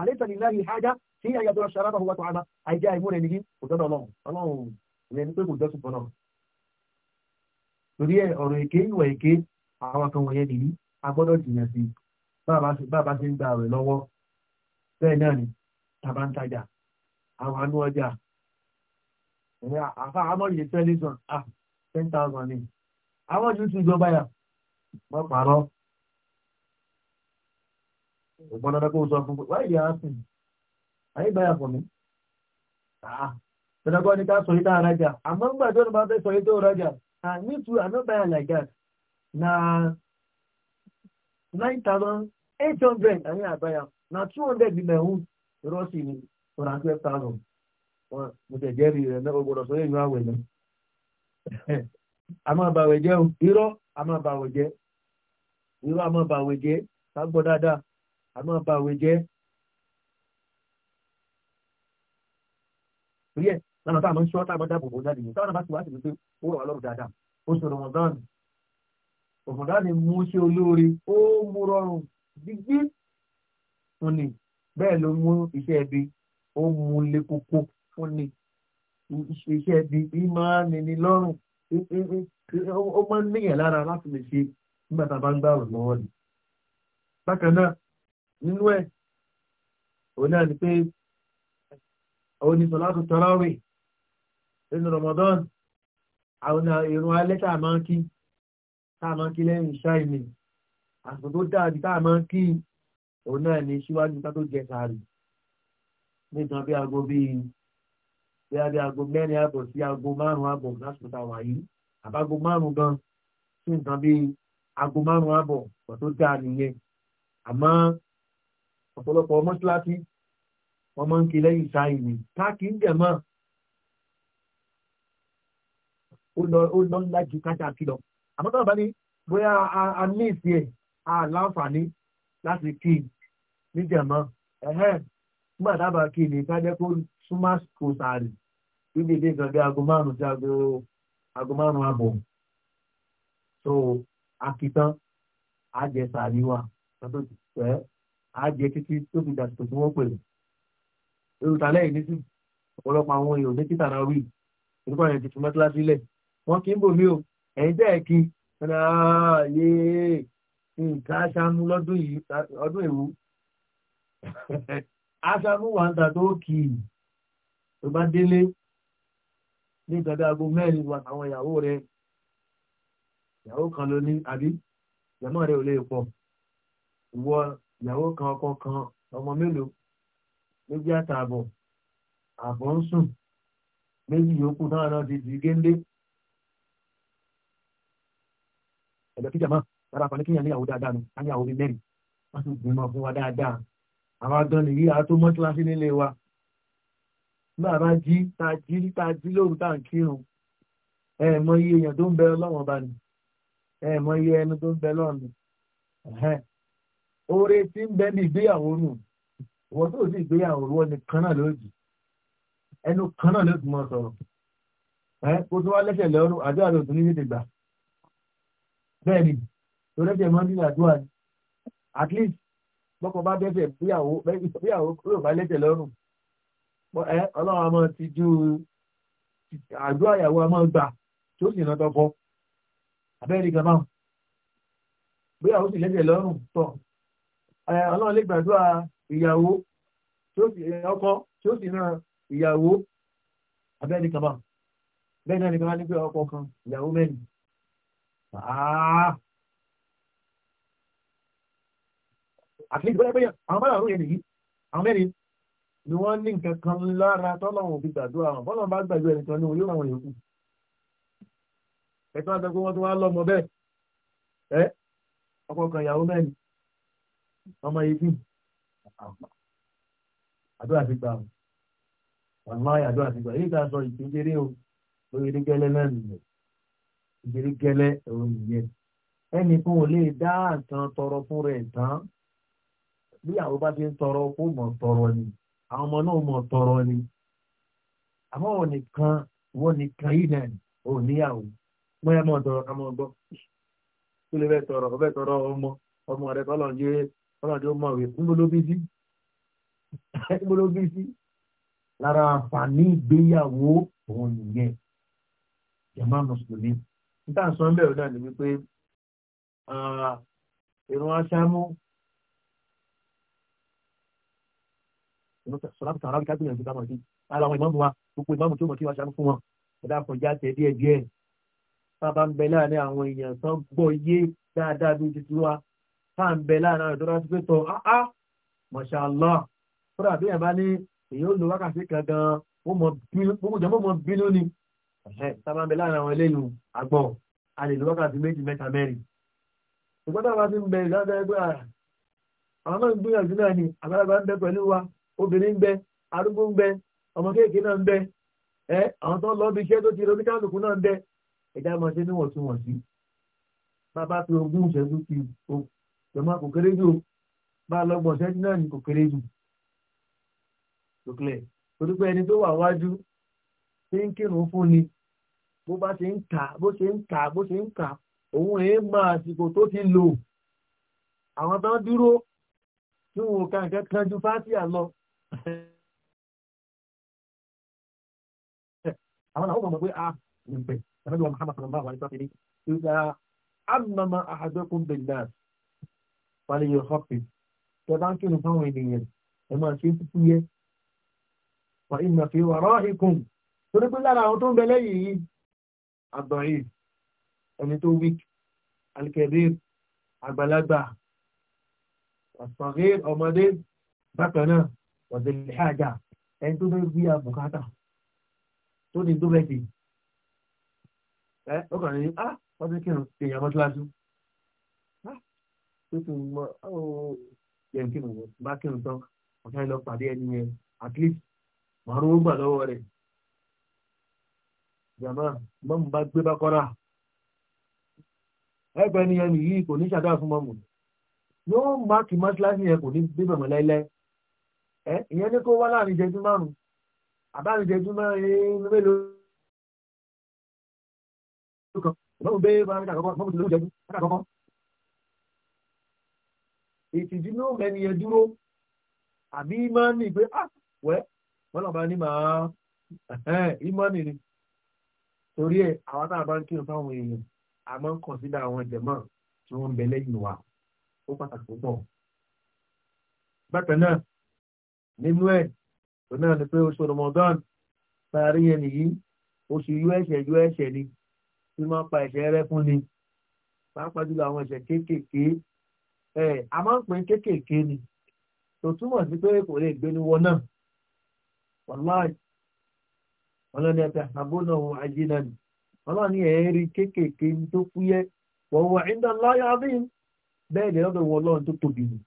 Àlétà ní láyé hájá tí àyà tó ṣe arábà wọ́tò àmà àìjá ìmú rẹ̀ nìyí kò tọ́dọ̀ ọlọ́run ọlọ́run rẹ̀ ní pé kò jọ́sùn fọ́nà. Torí ẹ̀ ọ̀rọ̀ èké ìwà èké àwọn kan wọ̀nyẹn nìyí a jìnà sí bá a bá ṣe ń gba rẹ̀ lọ́wọ́ bẹ́ẹ̀ náà ni tàbá ń tajà àwọn àánú ọjà ẹ̀rẹ́ àfá àmọ́rìyẹ tẹ́lẹ̀sàn à 10,000 ní àwọn yóò tún ìjọba yà wọ́n pààrọ̀ ọ̀gbọ́n dandan kó sọ fún wáyé yà á sìn ayé báyà fún mi ah, dandan kó ní ká sọ yìí tá a àmọ́ nígbà tó ní bá fẹ́ sọ yìí tó rajà à ní tu àná báyà like na 9,800 àní àbáyà na 200 ní mẹ́hún rọ́ọ̀sì ni. one and twelve thousand mo o gbọ́dọ̀ sọ èèyàn àwẹ̀ náà a máa bàwẹ̀ jẹ́ o irọ́ a máa bàwẹ̀ jẹ́ irọ́ a máa bàwẹ̀ jẹ́ ká gbọ́ dáadáa a máa bàwẹ̀ jẹ́ torí ẹ̀ lọ́nà tá a máa ń ṣọ́ tá a máa dáàbò bò jáde yìí táwọn náà bá ti wá sí pé ó rọ̀ wá lọ́rùn dáadáa ó sọ̀rọ̀ wọn dáàbò òfòdá ni mú ṣe olóore ó mú rọrùn gbígbí òní bẹ́ẹ̀ ló mú iṣẹ́ ẹbí ó mú lé koko fún ni iṣẹ́ ibi bí máa ní ní lọ́rùn ó máa ń níyàn lára láti lè ṣe nígbà tá a bá ń gbà ọ̀rọ̀ lọ́wọ́ ni. bákan náà nínú ẹ̀ òun náà ni pé àwọn oníṣọ́lá tó tọrọ rè nínú ramadan àwọn ìrún alẹ́ tá a máa ń kí tá a máa ń kí lẹ́yìn iṣẹ́ ìmì àsìkò tó dáa ju tá a máa ń kí òun náà ni síwájú ká tó jẹ sáré nígbà bí aago bíi bí a bí aago mẹ́rin àbọ̀ sí aago márùn-ún àbọ̀ lásìkò tá a wà yìí àbágo márùn-ún gan sí nǹkan bíi aago márùn-ún àbọ̀ pọ̀ tó dáa nìyẹn àmọ́ ọ̀pọ̀lọpọ̀ mọ́ṣáláṣí ọmọ ń kí lẹ́yìn sáyìn ni káàkiri ń dẹ̀ mọ́ ó lọ ńlá ju kájà kí àmọ́ tó bá ní bóyá a ní ìsì ẹ̀ a láǹfààní láti kí níjẹ̀mọ́ ẹ̀hẹ́n nígbà tábà kí ni ká jẹ́ kó súnmọ́ kò sàárì níbi ìdí nǹkan bí aago márùn sí aago márùn-ún so akitan àjẹ sàárì wa tó ti pẹ́ àjẹ títí tó fi dàsìkò tí wọ́n pè é èrò tàlẹ́ yìí nísìn ọ̀pọ̀lọpọ̀ àwọn èèyàn ní títà náà rí nípa ẹ̀yìn tuntun mẹ́tílá sílẹ̀ wọ́n kì í bò mí o ẹ̀yìn tẹ́ kí ah, nǹkan aṣáánú lọ́dún yìí ọdún èwú aṣàmú wà ń ta tó kì í tó bá délé ní ìtàdé aago mẹ́rin wà àwọn ìyàwó rẹ ìyàwó kan ló ní àbí ìyàmọ́ rẹ ò lè pọ̀ ìwọ ìyàwó kan ọkọ kan ọmọ mélòó méjì àtààbọ̀ àbọ̀ ń sùn méjì yòókù náà náà ti di géńdé ẹ̀dọ̀ kíjà máa rárá fani kíyàn níyàwó dáadáa ni a níyàwó mẹ́rin wọ́n ti gbìmọ̀ fún wa dáadáa àwọn agan nìyí àtó mọ́tíláṣí nílé wa bàbá jí ta jí ta jí lóru tá à ń kírun ẹ mọ iye èèyàn tó ń bẹ ọlọ́wọ́n bá ní ẹ mọ iye ẹnu tó ń bẹ lọ́ọ̀nù oore tí ń bẹ ní ìgbéyàwó nù wọ́n tó sì ìgbéyàwó wọ́n ni kan náà lójì ẹnu kan náà lójì mọ́ sọ̀rọ̀ ẹ kó tó wá lẹ́sẹ̀ lọ́rùn àdúrà lòdù ní tètè gbà bẹ́ẹ̀ ni tó lẹ́sẹ̀ mọ́ nílẹ̀ àdúrà ni at least bọ́kọ bá dẹ́sẹ̀ bíyàwó bíyàwó kúrò bá lẹ́sẹ̀ lọ́rùn ẹ ọlọ́run a máa ti ju àjọ àyàwó a máa gbà tí ó sì ná tọkọ abẹ́rẹ́ gan náà bíyàwó sì lẹ́sẹ̀ lọ́rùn tọ̀ ẹ ọlọ́run lè gbàdúrà ìyàwó tí ó sì ọkọ tí ó sì ná ìyàwó abẹ́rẹ́ gan náà bẹ́ẹ̀ náà ni kan wá ní pé ọkọ kan ìyàwó mẹ́rin. àti ìgbẹ́ pé àwọn mẹ́rin àrùn yẹn nìyí àwọn mẹ́rin ni wọ́n ní nǹkan kan lára tọ́lọ́run fi gbàdúrà wọn bọ́lọ́run bá gbàdúrà ẹni kan ní òun yóò ràn wọn yòókù ẹ̀tọ́ àti pé wọ́n tún wá lọ́mọ bẹ́ẹ̀ ẹ ọkọ kan ìyàwó mẹ́rin ọmọ eighteen àdúrà ti gbà wọn máa yà àdúrà ti gbà èyí ká sọ ìkékeré o lórí ní gẹ́lẹ́ náà nìyẹn ìkékeré gẹ́lẹ́ òun bí àwọn bá ti ń tọrọ kó mọ̀ tọrọ ni àwọn ọmọ náà mọ̀ tọrọ ni àmọ́ wọn nìkan wọn nìkan yìí náà ò níyàwó wọn yà mọ̀ tọrọ ká mọ̀ gbọ́ kí ló fẹ́ tọrọ ọ fẹ́ tọrọ ọmọ ọmọ rẹ tọ́lọ̀ ń jẹ́ tọ́lọ̀ tó mọ̀ wí ńgbólóbí sí lára àǹfààní ìgbéyàwó òun nìyẹn jàmá mùsùlùmí níta sọ náà ni wípé ìrún aṣáámú sọláàtù tààrà wíkà gbìyànjú ká máa di ara àwọn ìmáàmù wa gbogbo ìmáàmù tí ó mọ̀ kí wọ́n ṣàánú fún wọn ẹ̀dá kọjá tẹ̀ díẹ̀ díẹ̀ bàbá ń bẹ láàrin àwọn èèyàn tán gbọ́ yé dáadáa bí títí wa tá à ń bẹ láàrin àwọn ìdọ́rọ̀ tó tọ̀ áá mọ̀ṣálá fúnra bí ẹ̀ bá ní èyí ó lo wákàtí kan gan gbogbo jẹ́ mọ̀ bínú ni tábà ń bẹ láàrin àwọn eléyìí àgbọ̀ a wákàtí méjì mẹ́ta mẹ́rin ìgbọ́dọ̀ wa ti ń bẹ ìdájọ́ ẹgbẹ́ ah, àwọn náà ń náà ni àgbàlagbà ń bẹ pẹ̀lú wa obìnrin ń bẹ arúgbó ń bẹ ọmọ kéèké náà ń bẹ ẹ àwọn tó lọ bí iṣẹ́ tó ti rí oníkálukú náà ń bẹ ẹ̀dá máa ṣe níwọ̀ntúnwọ̀nsí bàbá fi ogún ìṣẹ́jú fi jọmọ kò kéré jù bá lọ́gbọ̀n ìṣẹ́jú náà ní kò kéré jù tókìlẹ̀ torí pé ẹni tó wà wájú tí ń kírun fún ni bó bá ṣe ń kà bó ṣe ń kà bó ṣe ń kà òun èé mọ àsìkò tó ti lò àwọn tán dúró tí wọn ò ka nǹkan kan ju fásíà lọ àwọn àwọn ọmọ pé a ah, lè bẹ̀ ẹ̀rọ ìwà Muhammad sallallahu alaihi wa sallam ìgbà àmàmà àhàdókùn bẹ̀dà wàlẹ̀ yóò họ́pì tó ń kírun fáwọn ènìyàn ẹ̀ máa ṣe fífú yẹ wà ìmọ̀ fi wà rọ́ọ̀hìnkùn torí pé lára àwọn tó ń bẹ lẹ́yìn yìí àgbọ̀nyìn ẹni tó wík alikẹ́bíir àgbàlagbà àsọ̀rẹ́ ọmọdé bákan náà ọ̀sẹ̀ ìṣáájà ẹni tó fẹ́ bí abùkátà tó ní tó fẹ́ ṣe ẹ ó kàn ní ah wọ́n ti kírun èèyàn mọ́ kíláàsì ah tó tún mọ ọ́ yẹn kírun bá kírun tán ọ̀sẹ̀ lọ pàdé ẹni yẹn at least màá rówó gbà lọ́wọ́ rẹ̀ jàmá mọ́mù bá gbé bá kọ́ra ẹgbẹ́ ni ẹni yìí kò ní ṣàdá fún mọ́mù yóò máàkì mọ́ṣáláṣí yẹn kò ní gbé bẹ̀mọ̀ láíláí ìyẹn ní kó wá láàrin ìjẹ́jú márùn-ún àbárin ìjẹ́jú márùn-ún mélòó kan lọ́run bẹ́ẹ̀ bá níta àkọ́kọ́ mọ́mú ti lóun jẹ́jú níta àkọ́kọ́. ìtìjú ní òun ẹni yẹn dúró àbí ìmọ̀ọ́nì pé à wẹ́ wọ́n lọ́ba ní màá ìmọ̀ọ́nì ni torí ẹ̀ àwọn táwọn bá ń kírun fáwọn èèyàn a máa ń kọ̀sídà àwọn jẹ̀mọ́ tí wọ́n ń bẹ lẹ́yìn wa ó pàtàkì púpọ̀. bákan náà nínú ẹ̀ náà ni pé oṣù Ramadan parí yẹn nìyí oṣù yú ẹ̀ṣẹ̀ yú ẹ̀ṣẹ̀ ni tí ma pa ẹ̀ṣẹ̀ rẹ fún ni pàápàá jùlọ àwọn ẹ̀ṣẹ̀ kéékèèké ẹ̀ a máa ń pè kéékèèké ni tó túmọ̀ sí pé kò lè gbé ní wọn náà wàláì ọlọ́ni àbónà ni ọlọ́ni ẹ̀ẹ́rí kéékèèké tó fúyẹ́ wọ̀wọ̀ ìdánláyà bí bẹ́ẹ̀ ni ọ̀dọ̀ wọn tó tóbi ni.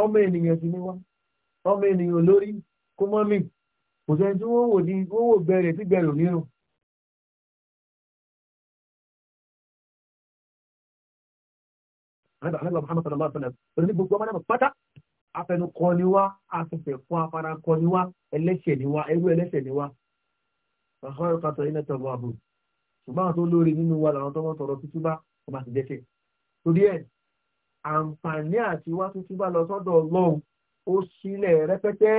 ọmọ ènìyàn sì ni wá ọmọ ènìyàn lórí kó mọ́ mi kò sẹ́ni tí wọ́n wò ní wọ́n wò gbẹ̀rẹ̀ tí gbẹ̀rẹ̀ ò ní rùn. Àlẹ́bà Mùhàmmad sallallahu alaihi wa sallam ní gbogbo ọmọdé pátá afẹnukọ ni wá afẹfẹ fún afarakọ ni wá ẹlẹ́ṣẹ̀ ni wá ẹrú ẹlẹ́ṣẹ̀ ni wá. Àkọ́rọ̀ kàtọ́ iná tọ̀bọ̀ àbò. Ṣùgbọ́n àwọn tó lórí nínú wa làwọn tó wọ́n tọrọ tútú bá ọmọ àtijẹ́ṣẹ̀. Torí ẹ̀ àǹfààní àti wá tuntun bá lọ sọ́dọ̀ ọlọ́run ó sílẹ̀ rẹpẹtẹ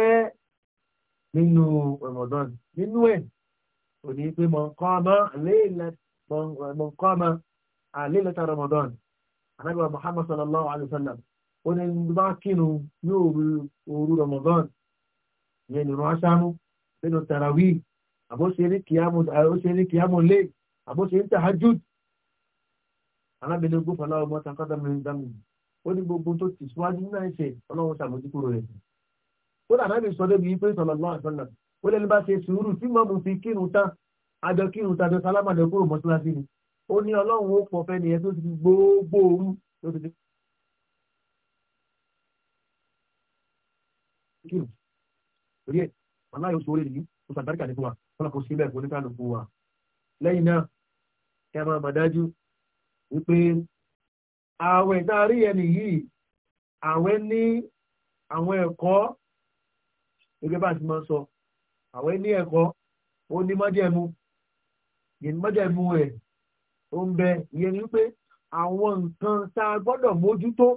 nínú Ramadan nínú ẹ̀ kò ní pé mọ̀nkọ́mọ́ àlélẹ́ta Ramadan anábíwá Muhammad sallallahu alayhi wa sallam ó ní bá kírun ní òru Ramadan yẹn nínú aṣáánú nínú tarawí àbóṣeré kìámù lé àbóṣeré tahajud anábìnrin gbófàlá ọmọ takọ́dàmì ó ní gbogbo tó ti síwájú nínú ẹ̀ṣẹ̀ ọlọ́run ṣàmójúkúrò rẹ̀ ó dà náà lè sọ débi pé sọ̀rọ̀ lọ́wọ́ àṣọ́nà ó lẹ́nu bá ṣe sùúrù tí mọ́mù fi kírun tán àjọ kírun tán àjọ sálámà lè kúrò mọ́ṣáláṣí ni ó ní ọlọ́run ó pọ̀ fẹ́ni ẹ tó ti gbogbo òru ló ti kírun torí ẹ̀ màlá yóò sọ̀rọ̀ yìí kò sàgbáríkà ní fún wa kọ́lá kò sí ààwẹ̀ tá a rí ẹni yìí ààwẹ̀ ní àwọn ẹ̀kọ́ gẹ́gẹ́ bá a ti máa sọ ààwẹ̀ ní ẹ̀kọ́ ó ní májẹ̀mú yẹn májẹ̀mú ẹ̀ ó ń bẹ yẹn ni pé àwọn nǹkan tá a gbọ́dọ̀ mójútó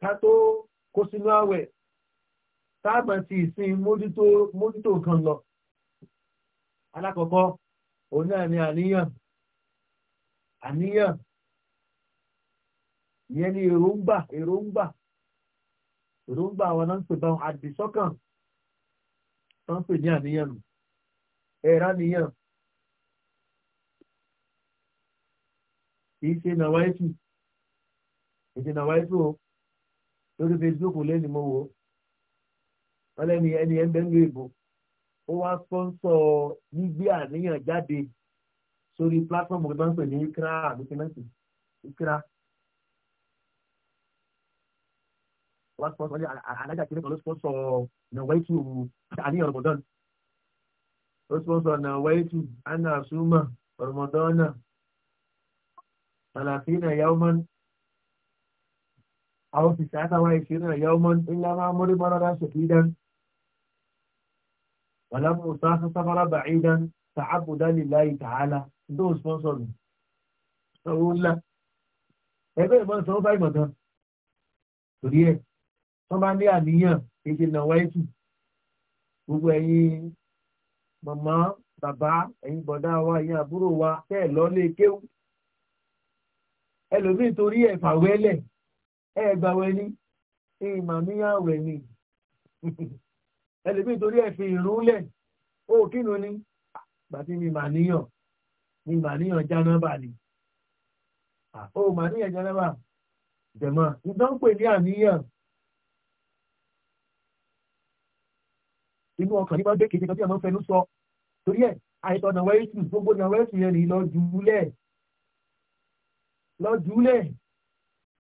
ká tó kó sínú ààwẹ̀ tá a máa ti ìsìn mójútó mójútó nǹkan lọ alákọ̀ọ́kọ́ òun náà ni àníyàn. aniya ìyẹn ni èròǹgbà èròǹgbà èròǹgbà àwọn náà ń pè báwọn àdìsọ́kàn tó ń pè ní àníyàn nù ẹ̀rá níyàn o lórí facebook lẹ́nu mo wò ó lẹ́ni ẹni ẹ̀ ń bẹ́ẹ̀ ń lo ìbò sórí platform tó ń pè ní ikra àbí kìnnìkì ikra wọ́n sponsor ní alájà kìnnìkì ló sponsor na wáyé tù àníyàn rọmọdán ló sponsor na way to anna suma rọmọdánà àlàfínà yauman àwọn fìsà àtàwọn àìsíràn yauman ńlá máa mórí mọ́rọ́dá ṣèkídán ولم أسافر سفرا بعيدا تعبدا لله تعالى those sponsor mi sanwó ńlá ẹgbẹ́ ìmọ̀ sanwó bá ìmọ̀ kan torí ẹ̀ wọ́n bá ní àníyàn èdè náà wáyé tù gbogbo ẹ̀yin màmá bàbá ẹ̀yin bọ̀dá wa ẹ̀yin àbúrò wa tẹ́ ẹ̀ lọ lé kéwù ẹlòmíì torí ẹ̀ fàwẹ́lẹ̀ ẹ̀ gbàwẹ́ ní ìmọ̀ níyàwó ẹ̀mí ẹlòmíì torí ẹ̀ fi ìrúnlẹ̀ ó kínú ni gbàtí mi mà ni màníyàn jánábà ni ó màníyàn jánábà jẹ̀mọ́ ìdán pè ní àníyàn inú ọkàn ní bá gbé kéde kan tí àwọn fẹnu sọ torí ẹ àìsàn náà wẹ́ẹ́sì gbogbo náà wẹ́ẹ́sì yẹn ni lọ jùúlẹ̀ lọ jùúlẹ̀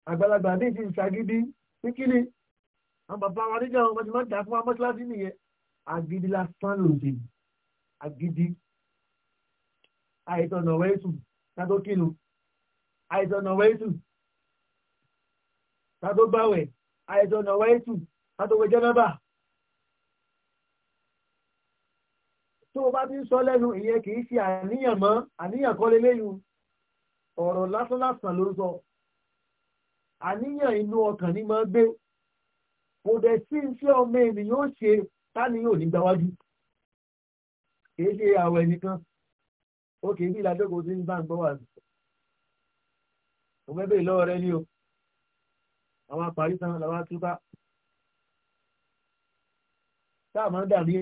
àgbàlagbà ní ìdí ìṣàgídí pé kí ni àwọn bàbá wa níjà wọn ti máa ń dà fún wa mọ́tíláṣí nìyẹn agídí lásán lòdì agídí àìsàn ọ̀nà wẹ́ẹ̀tù tátó kínu àìsàn ọ̀nà wẹ́ẹ̀tù tátó gbàwẹ̀ àìsàn ọ̀nà wẹ́ẹ̀tù tátó wẹ jẹ́nàbà. tó o bá ti ń sọ lẹ́nu ìyẹn kì í ṣe àníyàn mọ́ àníyàn kọ́ lélẹ́yìn ọ̀rọ̀ lásánlásán ló ń sọ àníyàn inú ọkàn ní máa gbé kò dẹ̀ sí iṣẹ́ ọmọ ènìyàn ó ṣe táníyàn ò ní gbáwájú kì í ṣe àwẹ̀ nìkan ó kì í bí ìlàjọ́ kò sí ní báńgbọ́ wà sí. òun ẹgbẹ́ ìlọ́wọ́ rẹ ní o àwọn apàrí tán làwọn atúbá tá a máa ń dà ní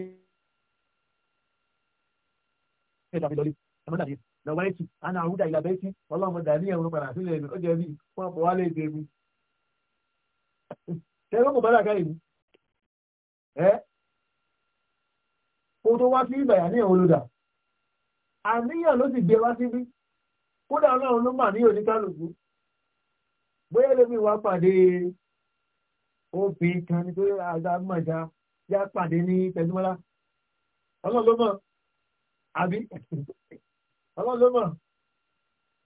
ẹ̀dà ìlọlẹ̀ a máa ń dà ní lọ́wọ́ ẹ̀tì àná àwùdà ìlàbẹ́ sí ọlọ́mọ dà ní ẹ̀rọ padà sílẹ̀ ẹ̀mí ó jẹ́ bí wọ́n pọ̀ wálé ìgbé mi. tẹ́lẹ̀ kò bá dà káyìí ẹ́ kó tó wá sí ìgbà yà ní ẹ̀rọ àníyàn ló sì gbé wá síbí kódà ọlọ́run ló mà níyàn oníkálùkù bóyá lómi wá pàdé obìnrin kan ní pé àgbà mọ̀já yá pàdé ní tẹ̀síwọ́lá ọlọ́run ló mọ̀ àbí ọlọ́run ló mọ̀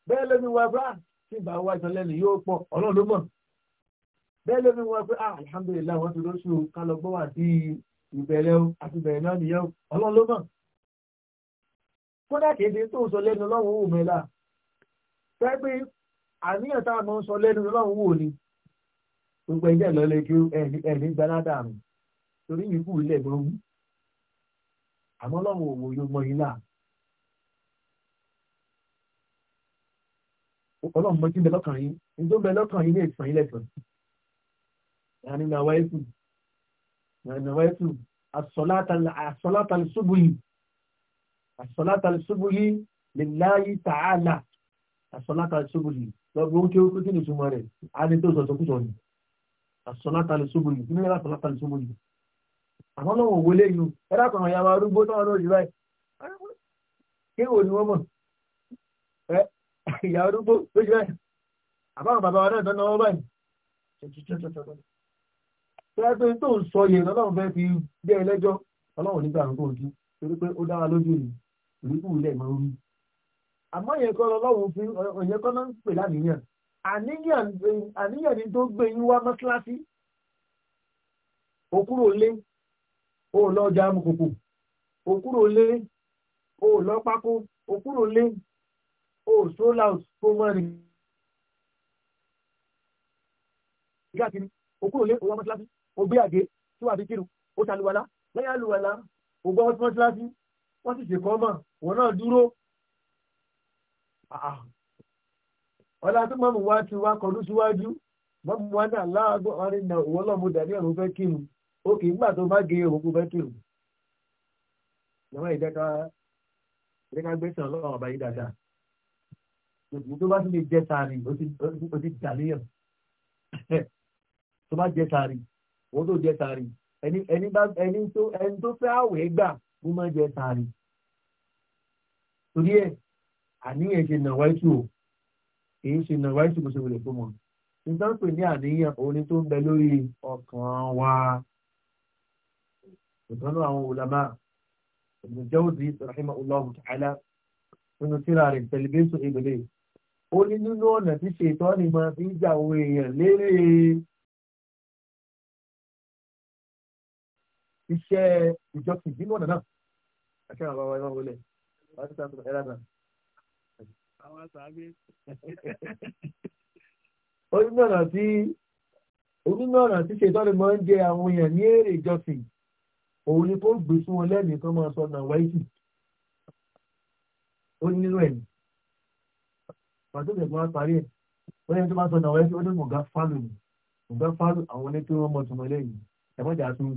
bẹ́ẹ̀ lómi wá bá tí ìgbà wá ìtàn lẹ́nu yóò pọ̀ ọlọ́run ló mọ̀ bẹ́ẹ̀ lómi wá pé alhamdulilayi wọ́n ti lóṣù kálọ̀gbọ́n àti ìbẹ̀rẹ̀ àti ìbẹ̀rẹ̀ náà nìyẹn ọlọ́run ló mọ̀. kódà kéde tó ń sọ lẹ́nu lọ́wọ́ wò mẹ́la fẹ́ pé àníyàn tá a mọ̀ ń sọ lẹ́nu lọ́wọ́ ni gbogbo ẹjẹ́ lọ lè ju ẹ̀ẹ́dì gbanádà mi torí ìkú ilẹ̀ gan wú àmọ́ lọ́wọ́ yóò mọ ilá ọlọ́run mọ́ tí ń bẹ lọ́kàn yín àṣọláta ṣubúlì lillahi ta'ala àṣọláta ṣubúlì lọ́gbọ̀ ó kéwú kí ni túmọ̀ rẹ̀ á ní tó sọ̀tọ̀ kúsọ̀ ni àṣọláta ṣubúlì kí ni àṣọláta ṣubúlì àmọ́ lọ́wọ́ wo lé yìí ẹ dákùnrin àyàwó arúgbó tó wà lórí báyìí kéwò ni wọ́n mọ̀ ẹ ìyàwó arúgbó lójú báyìí àbáwọn bàbá wa náà tán náà wọ́n báyìí tẹ́lẹ̀ tó ń sọ yẹn lọ́lọ́run fẹ́ fi dé ẹlẹ́jọ́ ọlọ́run nígbà tó ń kí torí pé ó dára lójú yìí lójú ilẹ̀ máa ń rú. àmọ́ ìyẹn kọ́ lọ́wọ́ fi ìyẹn kọ́ náà ń pè láníyàn àníyàn ni tó gbé yín wá mọ́ṣáláṣí òkúrò lé ó lọ ọjà amukoko òkúrò lé ó lọ pákó òkúrò lé ó sólà tó mọ́rin. ìgbà kiri òkúrò lé òwò mọ́ṣáláṣí ó gbé àgé tí wàá fi kírun ó ṣàlùwàlá lẹ́yìn àlùwàlá ògbọ́n mọ́ṣáláṣí wọ́n sì ṣèkọ́ mọ̀ wọn náà dúró. Ah, ọ̀la tó mọ̀mù wá ti wá kọ̀ọ̀dún síwájú mọ̀mù wá ní aláàgbọ̀ ọ̀rẹ́ na òwò lọ́mú dàní ẹ̀rù fẹ́ kírun ó kì í gbà tó gé fẹ́ kírun. ìjọba ìdẹ́ka ìdẹ́ka ọlọ́run ọba yìí dáadáa tó bá lè jẹ ó ti dàníyàn tó bá jẹ tó jẹ ẹni tó fẹ́ àwẹ̀ gbà mo máa jẹ tààrí torí ẹ àníyàn ṣe nà wáìtù o èyí ṣe nà wáìtù bó ṣe wọlé fún wọn nǹkan pè ní àníyàn orin tó ń bẹ lórí ọkàn wa ìtọ́nú àwọn olàmá ìjọ́wọ́sí rahima allah ta'ala nínú tíra rẹ̀ tẹlifíṣọ̀ ìgbèlè ó ní nínú ọ̀nà tí ṣètọ́ ni máa fi ń jà àwọn èèyàn lérè iṣẹ́ ìjọsìn nínú ọ̀nà náà. Àṣẹ àwọn ọmọ ẹ̀rọ wọlé. Wọ́n ti sàkóso ẹ̀rọ náà. Àwọn sàbí. Onínú ọ̀nà tí onínú ọ̀nà tí ṣètọ́ni máa ń jẹ àwọn èèyàn ní èrè ìjọsìn òun ni kó gbé fún wọn lẹ́mìí kan máa sọ náà wáyé sí. Ó nínú ẹ̀yìn. Pàtó ìgbà wọn parí ẹ̀. Wọ́n yẹn tó máa sọ náà wáyé sí ó ní mọ̀gá fálù ni. Mọ̀gá fálù àwọn oní tí wọ́n mọ̀ tùmọ̀ lẹ́yìn. Ẹ̀mọ́jà tún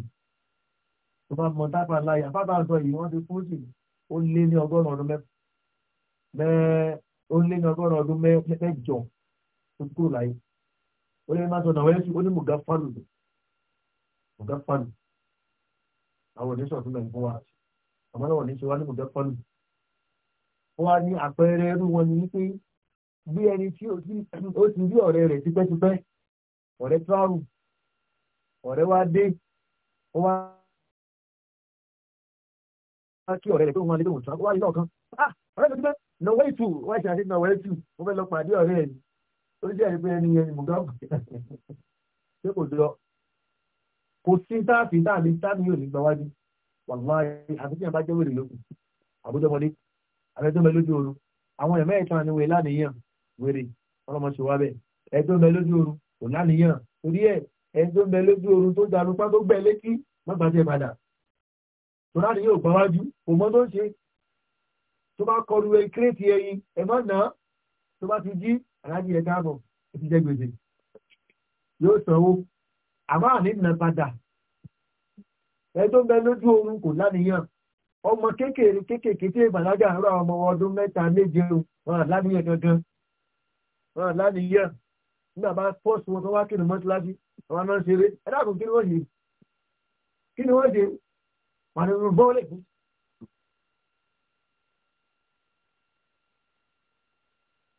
tó bá mọ dábàá láyà bàbá sọ yìí wọ́n ti kú sí ó lé ní ọgọ́rùn ọdún mẹ́ ó lé ní ọgọ́rùn ọdún mẹ́jọ tó kúrò láyé ó lé má sọ náà wẹ́ẹ́sì ó ní mùgá fánù mùgá fánù àwọn oníṣọ̀ tó mẹ́rin fún wa àmọ́ náà wọ́n ní ṣe wá ní mùgá fánù wọ́n á ní àpẹẹrẹ irú wọn ni wípé bí ẹni tí ó ti rí ọ̀rẹ́ rẹ̀ tipẹ́tipẹ́ ọ̀rẹ́ tíráàrù ọ̀rẹ́ wá dé wọ́n kí ọ̀rẹ́ rẹ̀ pé wọ́n lé lóhùn tán wá ilé ọ̀kan ah ọ̀rẹ́ mi ti fẹ́ nọ̀wé tù wọ́n ṣe àṣẹ nọ̀wé tù mo fẹ́ lọ pàdé ọ̀rẹ́ ẹ̀ ó jẹ́ ẹni pé ẹni ẹni mùgá ṣé kò jọ kò sí táàfin táàmì táàmì yóò ní gbáwájú wàláì àti tí a bá jẹ́ wèrè lókun àbújọmọdé àbẹ́tọ́mẹ lójú ooru àwọn ẹ̀mẹ́ ìtàn ni wèrè láníyàn wèrè ọlọ́mọṣẹ wa bẹ́ẹ̀ ẹ̀ẹ́dọ́mẹ lójú ooru kò láníyàn torí ẹ̀ ẹ̀ẹ́dọ́mẹ lójú ooru tó darúgbá tó gbẹ létí má bàtẹ́ padà tòláàrí yóò gbọ́n wájú kò mọ́ tó ń ṣe tó bá kọlu ẹ kírètì ẹyin ẹ má nà á tó bá ti jí aláàjì ẹ káàbọ̀ ẹ ti jẹ gbèsè yóò sanwó àmọ́ àní nà padà ẹ tó ń bẹ lójú oorun kò lánìyàn ọmọ kéékèèrè kéékèèké tí ìbàlágà ń rọ ọmọ ọdún mẹ́ta méje wọn lánìyàn gangan wọn lánìyàn nígbà bá pọ́ọ̀sì wọn tó wá kí ni mọ́tíláṣí àwọn náà ṣeré ẹ dákun kí ni wọ́n ṣe kí ni wọ́n ṣe mana ni bó lè kú.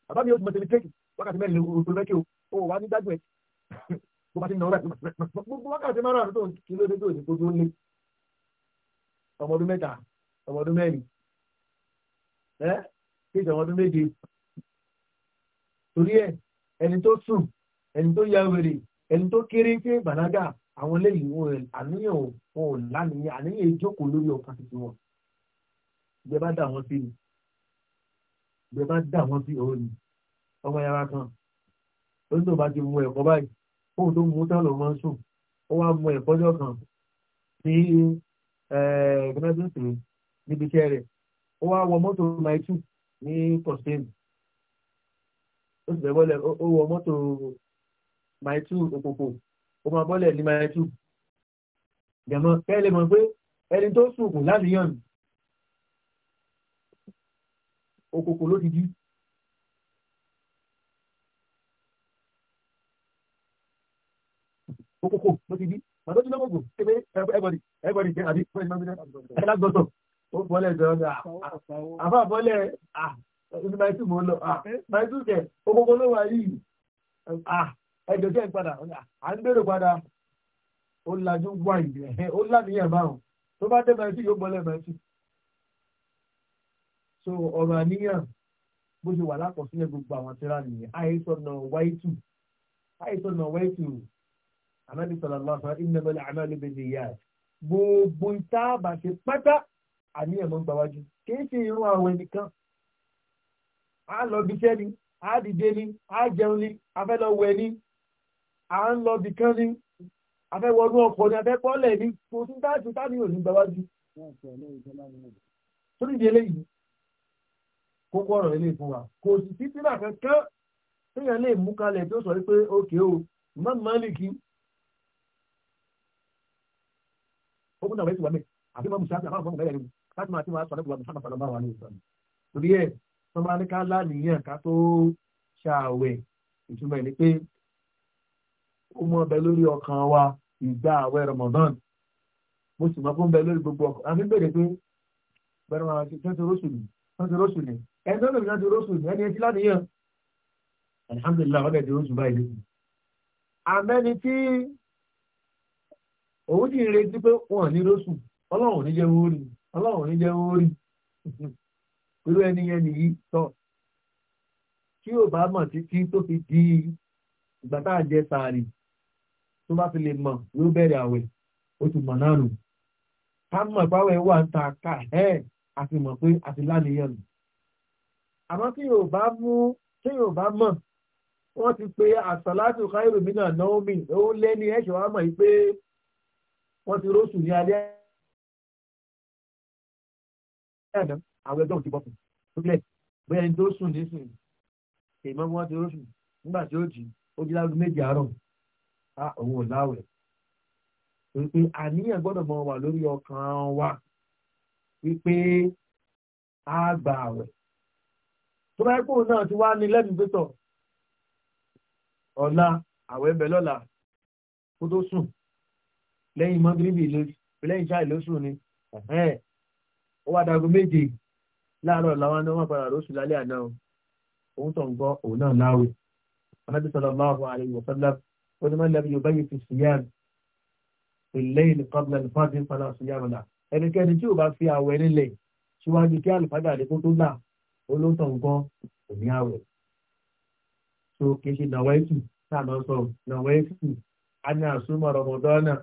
bàbá mi ò mọ̀ tẹ̀lé kéèkì wákàtí mẹ́rin lóòótọ́ lẹ́kì o ó wà ní dájú ẹ̀ bó bá ti nà ọ́ rẹ̀ gbogbo wákàtí márùn àdúgbò kí ló dé tó ní gbogbo lé ọmọ ọdún mẹ́ta ọmọ ọdún mẹ́rin ẹ kéèkì ọmọ ọdún méje torí ẹ ẹni àwọn eléyìí wọn àníyàn ò lánìyàn àníyàn ìjókòó lórí ọkàn tuntun wọn ìgbẹ́ bá dà wọ́n sí ni ìgbẹ́ bá dà wọ́n sí òun ni ọmọ yàrá kan ó ní òbá ti mu ẹ̀kọ́ báyìí fóun tó mú tán ló máa ń sùn ó wá mu ẹ̀kọ́ jọ kan sí ẹ̀ẹ́dẹ́gbẹ́sì níbi iṣẹ́ rẹ̀ ó wá wọ mọ́tò maitu ní kọ̀sìn ó sì bẹ̀ wọlé ó wọ mọ́tò maitu òpópó ó máa bọ́lẹ̀ ní máa tú ìjàmọ́ kẹ́lẹ̀ mọ̀ pé ẹni tó sùnkùn láti yàn òkòkò ló ti jí òkòkò ló ti jí màtó ti lọ́gbọ̀gbọ̀ ṣe pé everybody everybody jẹ́ àbí fún ẹni máa ń bí lágbọ́tọ̀ ó bọ́lẹ̀ jọ ọ́nà ah, ah, àbá bọ́lẹ̀ ah ìdí máa tú mọ́ lọ ah máa tú kẹ̀ òkòkò ló wà yìí ah. ẹjọ́ jẹ́ ìpadà à ń bèrè padà ó lajú wá ìlú ẹ̀ ó láníyàn márùn tó bá dé mẹ́sì yóò gbọ́ lẹ́mẹ́sì. so ọ̀rọ̀ àníyàn bó ṣe wà lákọsílẹ̀ gbogbo àwọn tíra nìyẹn àìsọ̀nà wáìtù ànábi gbogbo pátá àníyàn mọ́ gbàwájú kì í ṣe irun àwọn ẹnìkan á lọ bíṣẹ́ ni á dìde ni á jẹun ni lọ ni à ń lọ bì kan ní afẹ́wọ́nú ọkọ̀ ní afẹ́kọ́lẹ̀ ní kò tún táàtì táàtì ò ní gbáwájú. tó nídìí eléyìí kókó ọ̀rọ̀ ilé fún wa kò sì sí sílà kankan téèyàn lè mú kalẹ̀ tó sọ pé òkè o Imam Maliki ó kún náà wẹ́ẹ́ sì wà mẹ́ àbí mọ́mú sáfì àbáwọn fọ́nmù mẹ́rẹ̀ẹ́rin láti máa ti máa sọ̀rọ̀ ìwà mùsàlùmá sọ̀rọ̀ báwa ní ìsọ̀rọ̀ torí ẹ̀ tó máa ní ká láàníyàn ká tó ṣàwẹ̀ ìtumọ̀ ẹ̀ ni pé ó mọ ọbẹ̀ lórí ọkàn wa ìgbà àwẹ̀ ramadan mo sì mọ fún bẹ lórí gbogbo ọkàn àfi bèrè pé bẹ̀rẹ̀ wọn ti tẹ́tí róṣù ni tẹ́tí róṣù ni ẹni tó lòdì láti róṣù ni ẹni etí láníyàn alihamudulilayi ọ̀dẹ̀ ti róṣù báyìí lẹ́yìn. àmẹ́ni tí òun ti retí pé wọn ní róṣù ọlọ́run ò ní jẹ́ wọ́n rí ò ní jẹ́ wọ́n irú ẹni yẹn nìyí tọ tí ò bá mọ̀ títí tó fi di ìgbà tá a jẹ sàárì tó bá fi lè mọ̀ yóò bẹ̀rẹ̀ àwẹ̀ ó ti mọ̀ náà nù ká mọ̀ báwẹ̀ wà ń ta ká ẹ̀ àti mọ̀ pé àti lánìyàn nù àmọ́ tí yóò bá mú tí yóò bá mọ̀ wọ́n ti pe àsàlátù káyọ̀rọ̀ mi náà náà mi ó lé ní ẹ̀ṣọ́ wa mọ̀ yìí pé wọ́n ti róṣù ní alẹ́ àná àwọn ẹgbẹ́ òtí bọ́kùn sílẹ̀ bẹ́ẹ̀ ni tó sùn nísìnyí èèmọ́ wọn ti róṣù nígbà tí ó jì ó jí lágùn méjì àárọ̀ á òun ò láwẹ̀ wípé àníyàn gbọ́dọ̀ mọ wà lórí ọkàn wa wípé á gbà àwẹ̀ tó bá kó náà ti wá ní lẹ́nu pé tọ̀ ọ̀la àwẹ̀ ń bẹ lọ́la kó tó sùn lẹ́yìn mọ́gíríbì lẹ́yìn ṣáà ló sùn ni ó wá dago méje láàárọ̀ làwọn náà wọ́n padà lóṣù lálẹ́ àná òun tó ń gbọ́ òun náà láwẹ̀ anábìsọ̀rọ̀ máa wà àríwọ̀ fẹ́lẹ́ onímọ̀ lẹ́bi yorùbá yìí fi siyam ìlẹ́yìn kọ́bílẹ̀ nípàdé padà siyam là ẹnikẹ́ni tí ò bá fi àwẹ̀ nílẹ̀ síwájú kí àlùfáàjà àdékò tó là olóòtọ̀ nǹkan kò ní àwẹ̀. so kì í ṣe nàwẹ́tù tá a lọ sọ nàwẹ́tù a ní àsúmọ̀ rọmọdọ́nà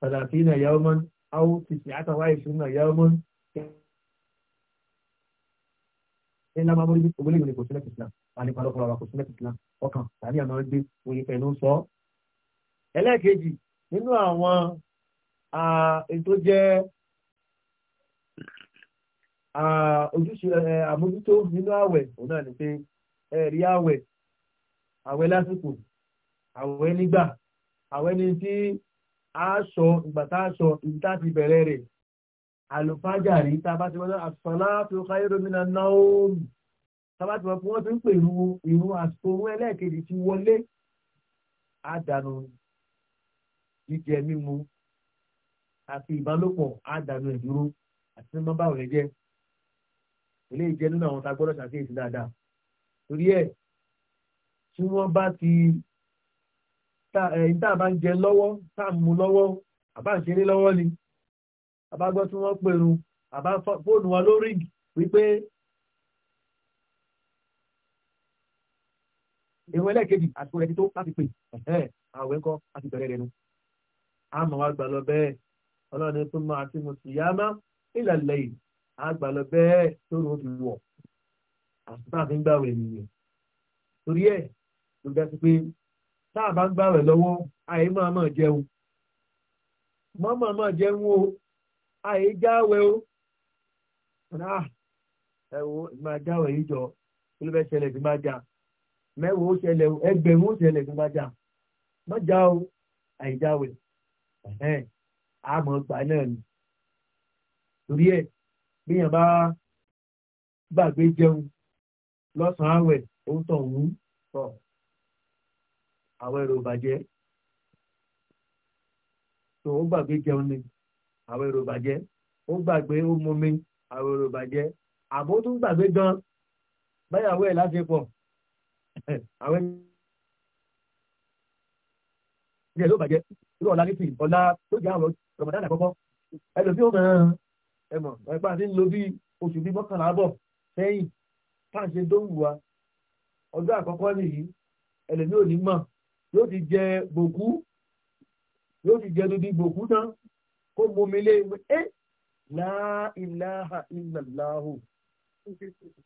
tàlàfínà yawman aw tìsí àtàwá ìṣúná yawman ẹ̀ lámàmúrí ògbólé ìwé kò sílẹ̀ kìsìlá wà ní pàlọ́pàlọ́ wà kìsìlá ọkàn tàbí àmọ́ gbé oye pẹ̀lú sọ. ẹlẹ́ẹ̀kejì nínú àwọn ètò jẹ́ ojúṣe àmójútó nínú àwẹ̀ òun náà ni pé ẹ̀rí àwẹ̀ àwẹ̀ lásìkò àwẹ̀ nígbà àwẹ̀ ni tí a sọ ìgbà tá a sọ ibi tá a ti bẹ̀rẹ̀ rẹ̀ àlùfáàjà rí tá a bá ti wọ́n náà àfọlá tó káyọ̀rọ̀ mi náà náà ó rù sábàtì wọn fún wọn ti ń pè ìrú ìrú àsìkò owó ẹlẹ́ẹ̀kejì ti wọlé àdànù jíjẹ mímu àti ìbálòpọ̀ àdànù ìdúró àti mímọ́ báwo lè jẹ́ ilé ìjẹ nínú àwọn tá a gbọ́dọ̀ ṣàkíyèsí dáadáa torí ẹ̀ tí wọ́n bá ti tá bá ń jẹ lọ́wọ́ tá a mú lọ́wọ́ àbá ń ṣeré lọ́wọ́ ni àbá gbọ́ tí wọ́n pèrò àbá fóònù wa lórí wípé ìrún ẹlẹ́ẹ̀kejì àsìkò rẹ̀ ti tó láti pè ẹ̀hẹ́ àwẹ̀ ńkọ́ láti bẹ̀rẹ̀ rẹ̀ nu. àmọ́ wa gbà lọ bẹ́ẹ̀ ọlọ́run tó máa tí mo sì yá má ìlàlẹ́ yìí àgbà lọ bẹ́ẹ̀ tóru ó fi wọ̀ àsìkò àfi ń gbàwẹ̀ nìyẹn. torí ẹ̀ ló bẹ́ẹ̀ sí pé tá a bá ń gbàwẹ̀ lọ́wọ́ àyè máa máa jẹun mọ́ máa máa jẹun o àyè jáwẹ̀ o ah, ẹ wo ìgbà jáwẹ̀ yìí jọ kí ló fẹ́ ṣẹlẹ̀ ìgbà mẹ́wàá ó ṣẹlẹ̀ ẹgbẹ̀rún ó ṣẹlẹ̀ tó bá já má já o àìjáwé àmọ́ gbà náà ni torí ẹ̀ bíyàn bá gbàgbé jẹun lọ́sàn-án àwẹ̀ ó ń tàn wú tọ̀ àwọn èrò bàjẹ́ tó ó gbàgbé jẹun ni àwọn èrò bàjẹ́ ó gbàgbé ó mumi àwọn èrò bàjẹ́ àbó tó gbàgbé gan báyàwó ẹ̀ láṣepọ̀ àwọn ẹni ẹ̀ ló bàjẹ́ irú ọ̀la nífi ọ̀la tó jẹ́ àwọn rọ̀mọ̀dán àkọ́kọ́ ẹlòmí ò máa ẹ mọ̀ ẹgbẹ́ àti ńlọ bí oṣù bí mọ́kànlá bọ̀ sẹ́yìn fáǹṣe tó ń wùwá ọjọ́ àkọ́kọ́ nìyí ẹlòmí ò ní mọ̀ yóò ti jẹ gbòkú yóò ti jẹ dúdú gbòkú tán kó momi lé ẹ láìláha ìlàláhù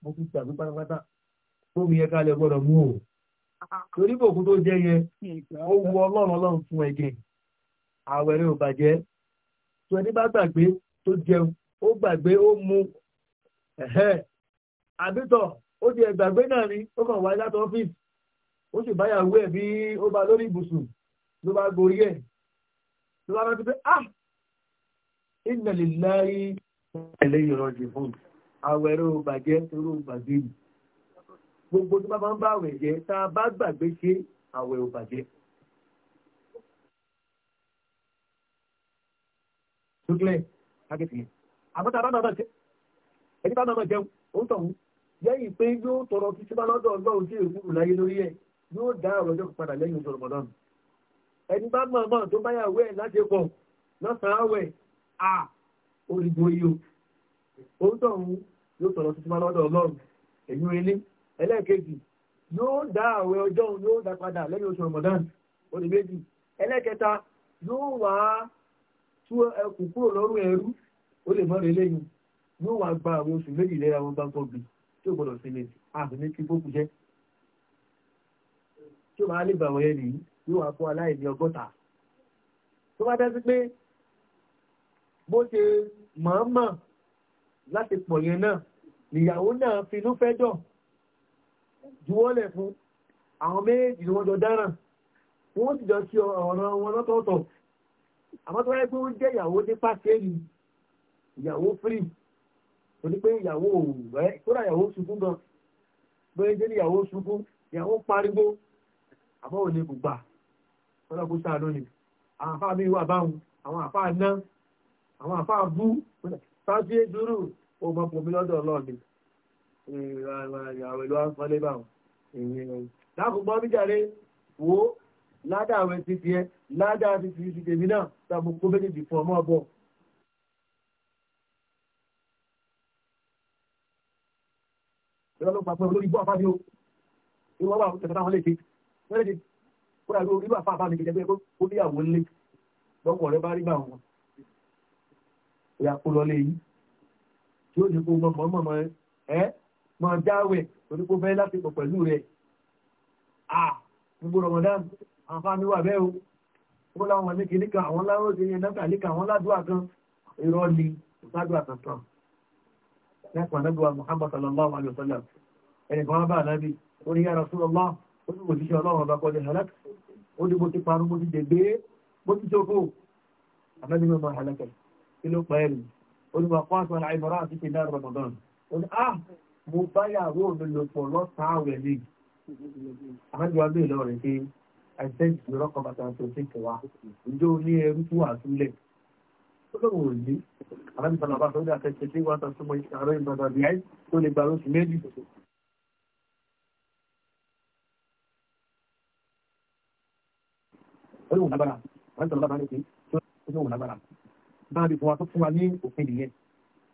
mo ti gbàgbé pátápátá omi yẹn kalẹ̀ gbọ́dọ̀ mú o torí bòkú tó jẹ́ yẹn ó wu ọlọ́run ọlọ́run fún ẹ̀jẹ̀ àwẹ̀ rẹ̀ ò bàjẹ́ tó ẹni bá gbàgbé tó jẹun ó gbàgbé ó mu àbítọ̀ ó di ẹgbàgbé náà ni ó kàn wáyé láti ọ́fíìsì ó sì báyàwó ẹ̀ bí ó bá lórí ibùsùn ló bá gorí ẹ̀ ló bá rántí pé ah inna lillahi ẹlẹ́yìn rọ̀jì fún àwẹ̀rẹ̀ ò bàjẹ́ toró gbàgbé yìí gbogbo tó bá máa ń bá àwẹ̀ jẹ́ tá a bá gbàgbé ṣe àwẹ̀ ò bàjẹ́. Súklẹ̀ Akẹ́kẹ̀ẹ́. Àbúta bá máa jẹ́, ẹni bá máa jẹun, ó ń tọ̀hún. Lẹ́yìn pé yóò tọrọ kí sí bá lọ́dọ̀ ọlọ́run sí ìrùkúrù láyé lórí ẹ̀, yóò dá ọ̀rọ̀ ọjọ́ padà lẹ́yìn oṣù Rọ̀mọ̀dán. Ẹni bá máa máa tó bá yàwó ẹ̀ láti pọ̀ lọ́sàn-án àwẹ̀, à, orígbó yìí o. Ó ń tọ̀hún yóò tọrọ kí sí bá lọ́dọ̀ ọlọ́run, ẹ̀yìn ilé, ẹlẹ́ẹ̀kejì yóò dá àwẹ̀ ọjọ́ òun yóò dá padà lẹ́yìn oṣù ramadan òní méjì ẹlẹ́ẹ̀kẹta yóò wá tú ẹkùn kúrò lọ́rùn ẹrú ó lè mọ́rin lẹ́yìn yóò wá gba àwọn oṣù méjì lẹ́yìn àwọn bá ń kọ́ gbìn tí ò gbọ́dọ̀ sílẹ̀ àti ní kí fókù jẹ́ tí ó máa lè bàwọ̀ yẹn nìyí yóò wá fún aláìní ọgọ́ta tó bá dá sí pé bó ṣe mọ̀ọ́mọ̀ láti pọ̀ yẹn náà nìyàwó náà finú fẹ́ dọ̀ juwọ́lẹ̀ fún àwọn méjì ni wọ́n jọ dára wọ́n sì jọ sí ọ̀rọ̀ wọn lọ́tọ̀ọ̀tọ̀ àmọ́ tó yẹ pé ó jẹ́ ìyàwó ní pàṣẹ́yì ìyàwó free torí pé ìyàwó rẹ̀ kódà ìyàwó sunkún gan bóyá jẹ́ ìyàwó sunkún ìyàwó pariwo àmọ́ ò ní gbùgbà ọlọ́kùn sáà lónìí àwọn àfáà mi wà báwọn àwọn àfáà ná àwọn àfáà bú sáà sí dúró òun mọ̀ pòmí lọ́dọ̀ ọlọ́ọ̀dún àwọn ìlú àǹfọ́lé bá wọn èyí ẹ̀rọ lákùnbọ́n níjàre wo ládà àwọn ti tiẹ̀ o ìwọ́n wà tẹ̀sán táwọn lè ṣe wọ́n lè ṣe kó dàbí irú àfáàfáà mi kìí jẹ́ pé ó níyàwó lé lọ́kọ̀ rẹ bá rí bá wọn ìyàpò lọ lé yìí tí ó ní máa jáwẹ̀ onípo fẹ́ láti pọ̀ pẹ̀lú rẹ̀ ah gbogbo ramadan àǹfààní wà bẹ́ẹ̀ o wọ́n láwọn ní kìíní kan àwọn láwọn òṣèré náà ní kan àwọn ládùúgbà kan irọ́ ni ládùúgbà kankan lẹ́kùn muhammad sallallahu alayhi wa sallam ẹni kan bá ànábì ó ní yára sọ́rọ̀ lọ́ ó ní òṣìṣẹ́ ọlọ́run ọba kọjá halak ó ní mo ti parun mo ti dègbé mo ti ramadan ó ah mo báyàwó mi lò pọ̀ lọ́sàn-án àwẹ̀ mi. àmọ́jú wa bèèrè lọ́rẹ̀ pé àìsẹ́ ìṣòro ọkọ̀ bàtà tó ti kẹ̀ wá ǹjẹ́ o ní ẹrú tó wà sílẹ̀. ó lóun ò ní àmọ́jú sọ̀rọ̀ bá sọ́jà kẹsẹ̀ tí wọ́n tán súnmọ́ ìṣàrọ̀ ìbàdàn bíi tó lè gbà lóṣù méjì. ó lóun lágbára àwọn ìṣòro bàbá rẹ̀ pé ó lóun lágbára. báyìí fún wa tó fún wa ní òfin nìyẹn.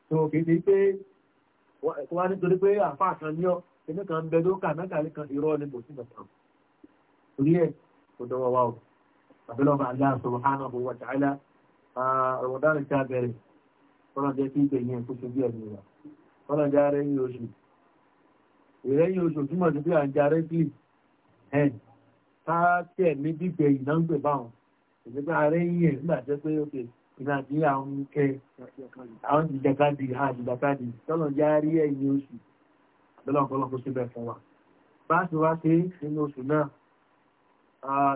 tó kì í ṣe pé tó wá nítorí pé àfáà fa ní ọ ẹni kan bẹ tó kà kan irọ́ ni kò sí kankan orí ẹ̀ kò dọ̀wọ́ wa o àbẹ́lọ́mọ Allah a bẹ̀rẹ̀ ọ̀nà jẹ́ kí ìgbẹ̀yìn ẹ̀kú ṣe bí ẹ̀mí wa ọ̀nà jẹ́ ara ẹ̀yìn oṣù ìrẹ́yìn oṣù túmọ̀ sí bí à ń jẹ́ ara ẹ̀kí ẹ̀ ká tẹ̀ mí bí ìgbẹ̀yìn báwọn ara ẹ̀yìn ẹ̀ nígbà jẹ́ pé ìgbàdí àwọn kẹ àwọn ìjàkadì ha ìjàkadì tọ́lọ̀ já rí ẹ̀yìn oṣù àbẹ́lọ́pọ̀lọ́ kó síbẹ̀ fún wa bá ṣe wá sí nínú oṣù náà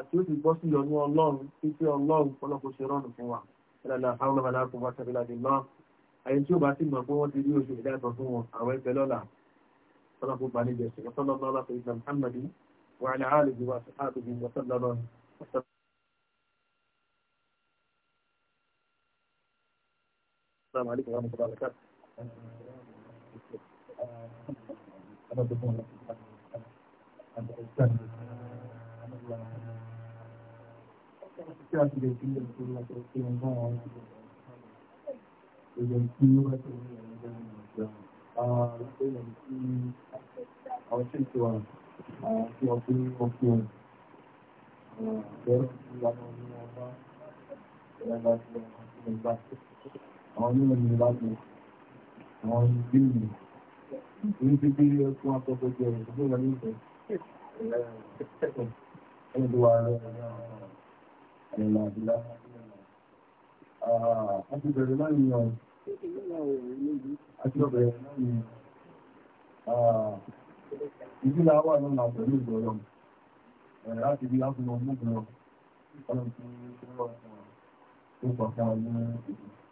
tí ó ti bọ́ sí ìyọnú ọlọ́run títí ọlọ́run pọ́lọ́pọ̀ ṣe rọ́nù fún wa ẹ̀lẹ́lẹ́ àwọn ọlọ́mọdé kò wá tẹ̀lé láti lọ àyè tí ó bá sì mọ̀ pé wọ́n ti rí oṣù ìdájọ́ fún wọn àwọn ẹgbẹ́ lọ́la pọ́lọ́pọ̀ bá níbi ẹ̀sìn lọ́sọ́lọ́lọ́ السلام عليكم ورحمة الله وبركاته Thank you àwọn nínú mi láti àwọn bíìlì ní ti bí fún akọ́kọ́ jẹ́ ẹ̀rọ tó wà ní ìfẹ́ ẹ̀rọ tó wà rẹ̀ ẹ̀rọ àdìlá. Ah, a ti bẹ̀rẹ̀ náà ní ọ̀rọ̀ a ti bẹ̀rẹ̀ náà ní ah, ìdílé àwọn àwọn àwọn pẹ̀lú ìgbọ̀rọ̀ láti bí láti mọ mú gbọ̀rọ̀ ọ̀rọ̀ tó ń bọ̀ fún àwọn ìgbọ̀rọ̀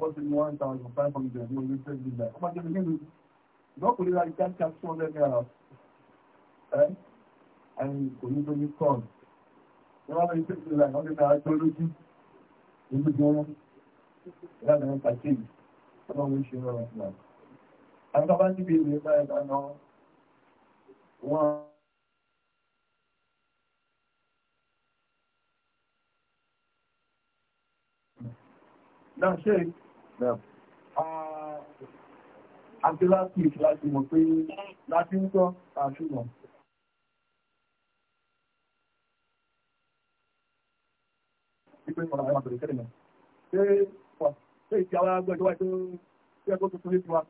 wọ́n one thousand five hundred ní orí fẹ́ gbígbà ó máa jẹ́bi nínú ìdọ́kùnrin láti ká ká two hundred naira ẹ́ ẹni kò ní tó ní kọ́ọ̀n ní wọ́n fi fẹ́ gbígbà wọ́n ti náà tó lójú níbi tí wọ́n yára ní pàkíyì ọlọ́run ń ṣe rọrùn fún wa. àwọn bá níbi ìwé báyìí dáná wọ́n. Now, Àti ah, láti ìfìláti mọ̀ pé láti ń tọ́ àṣùgbọ̀n. Ìpé ìfọ̀nà àwọn àbẹ̀rẹ̀ kẹ́lẹ̀ náà. Ṣé ìtì àwọn agbẹ́jọ́ wáyé tó ṣe ẹgbẹ́ tuntun ní tiwa?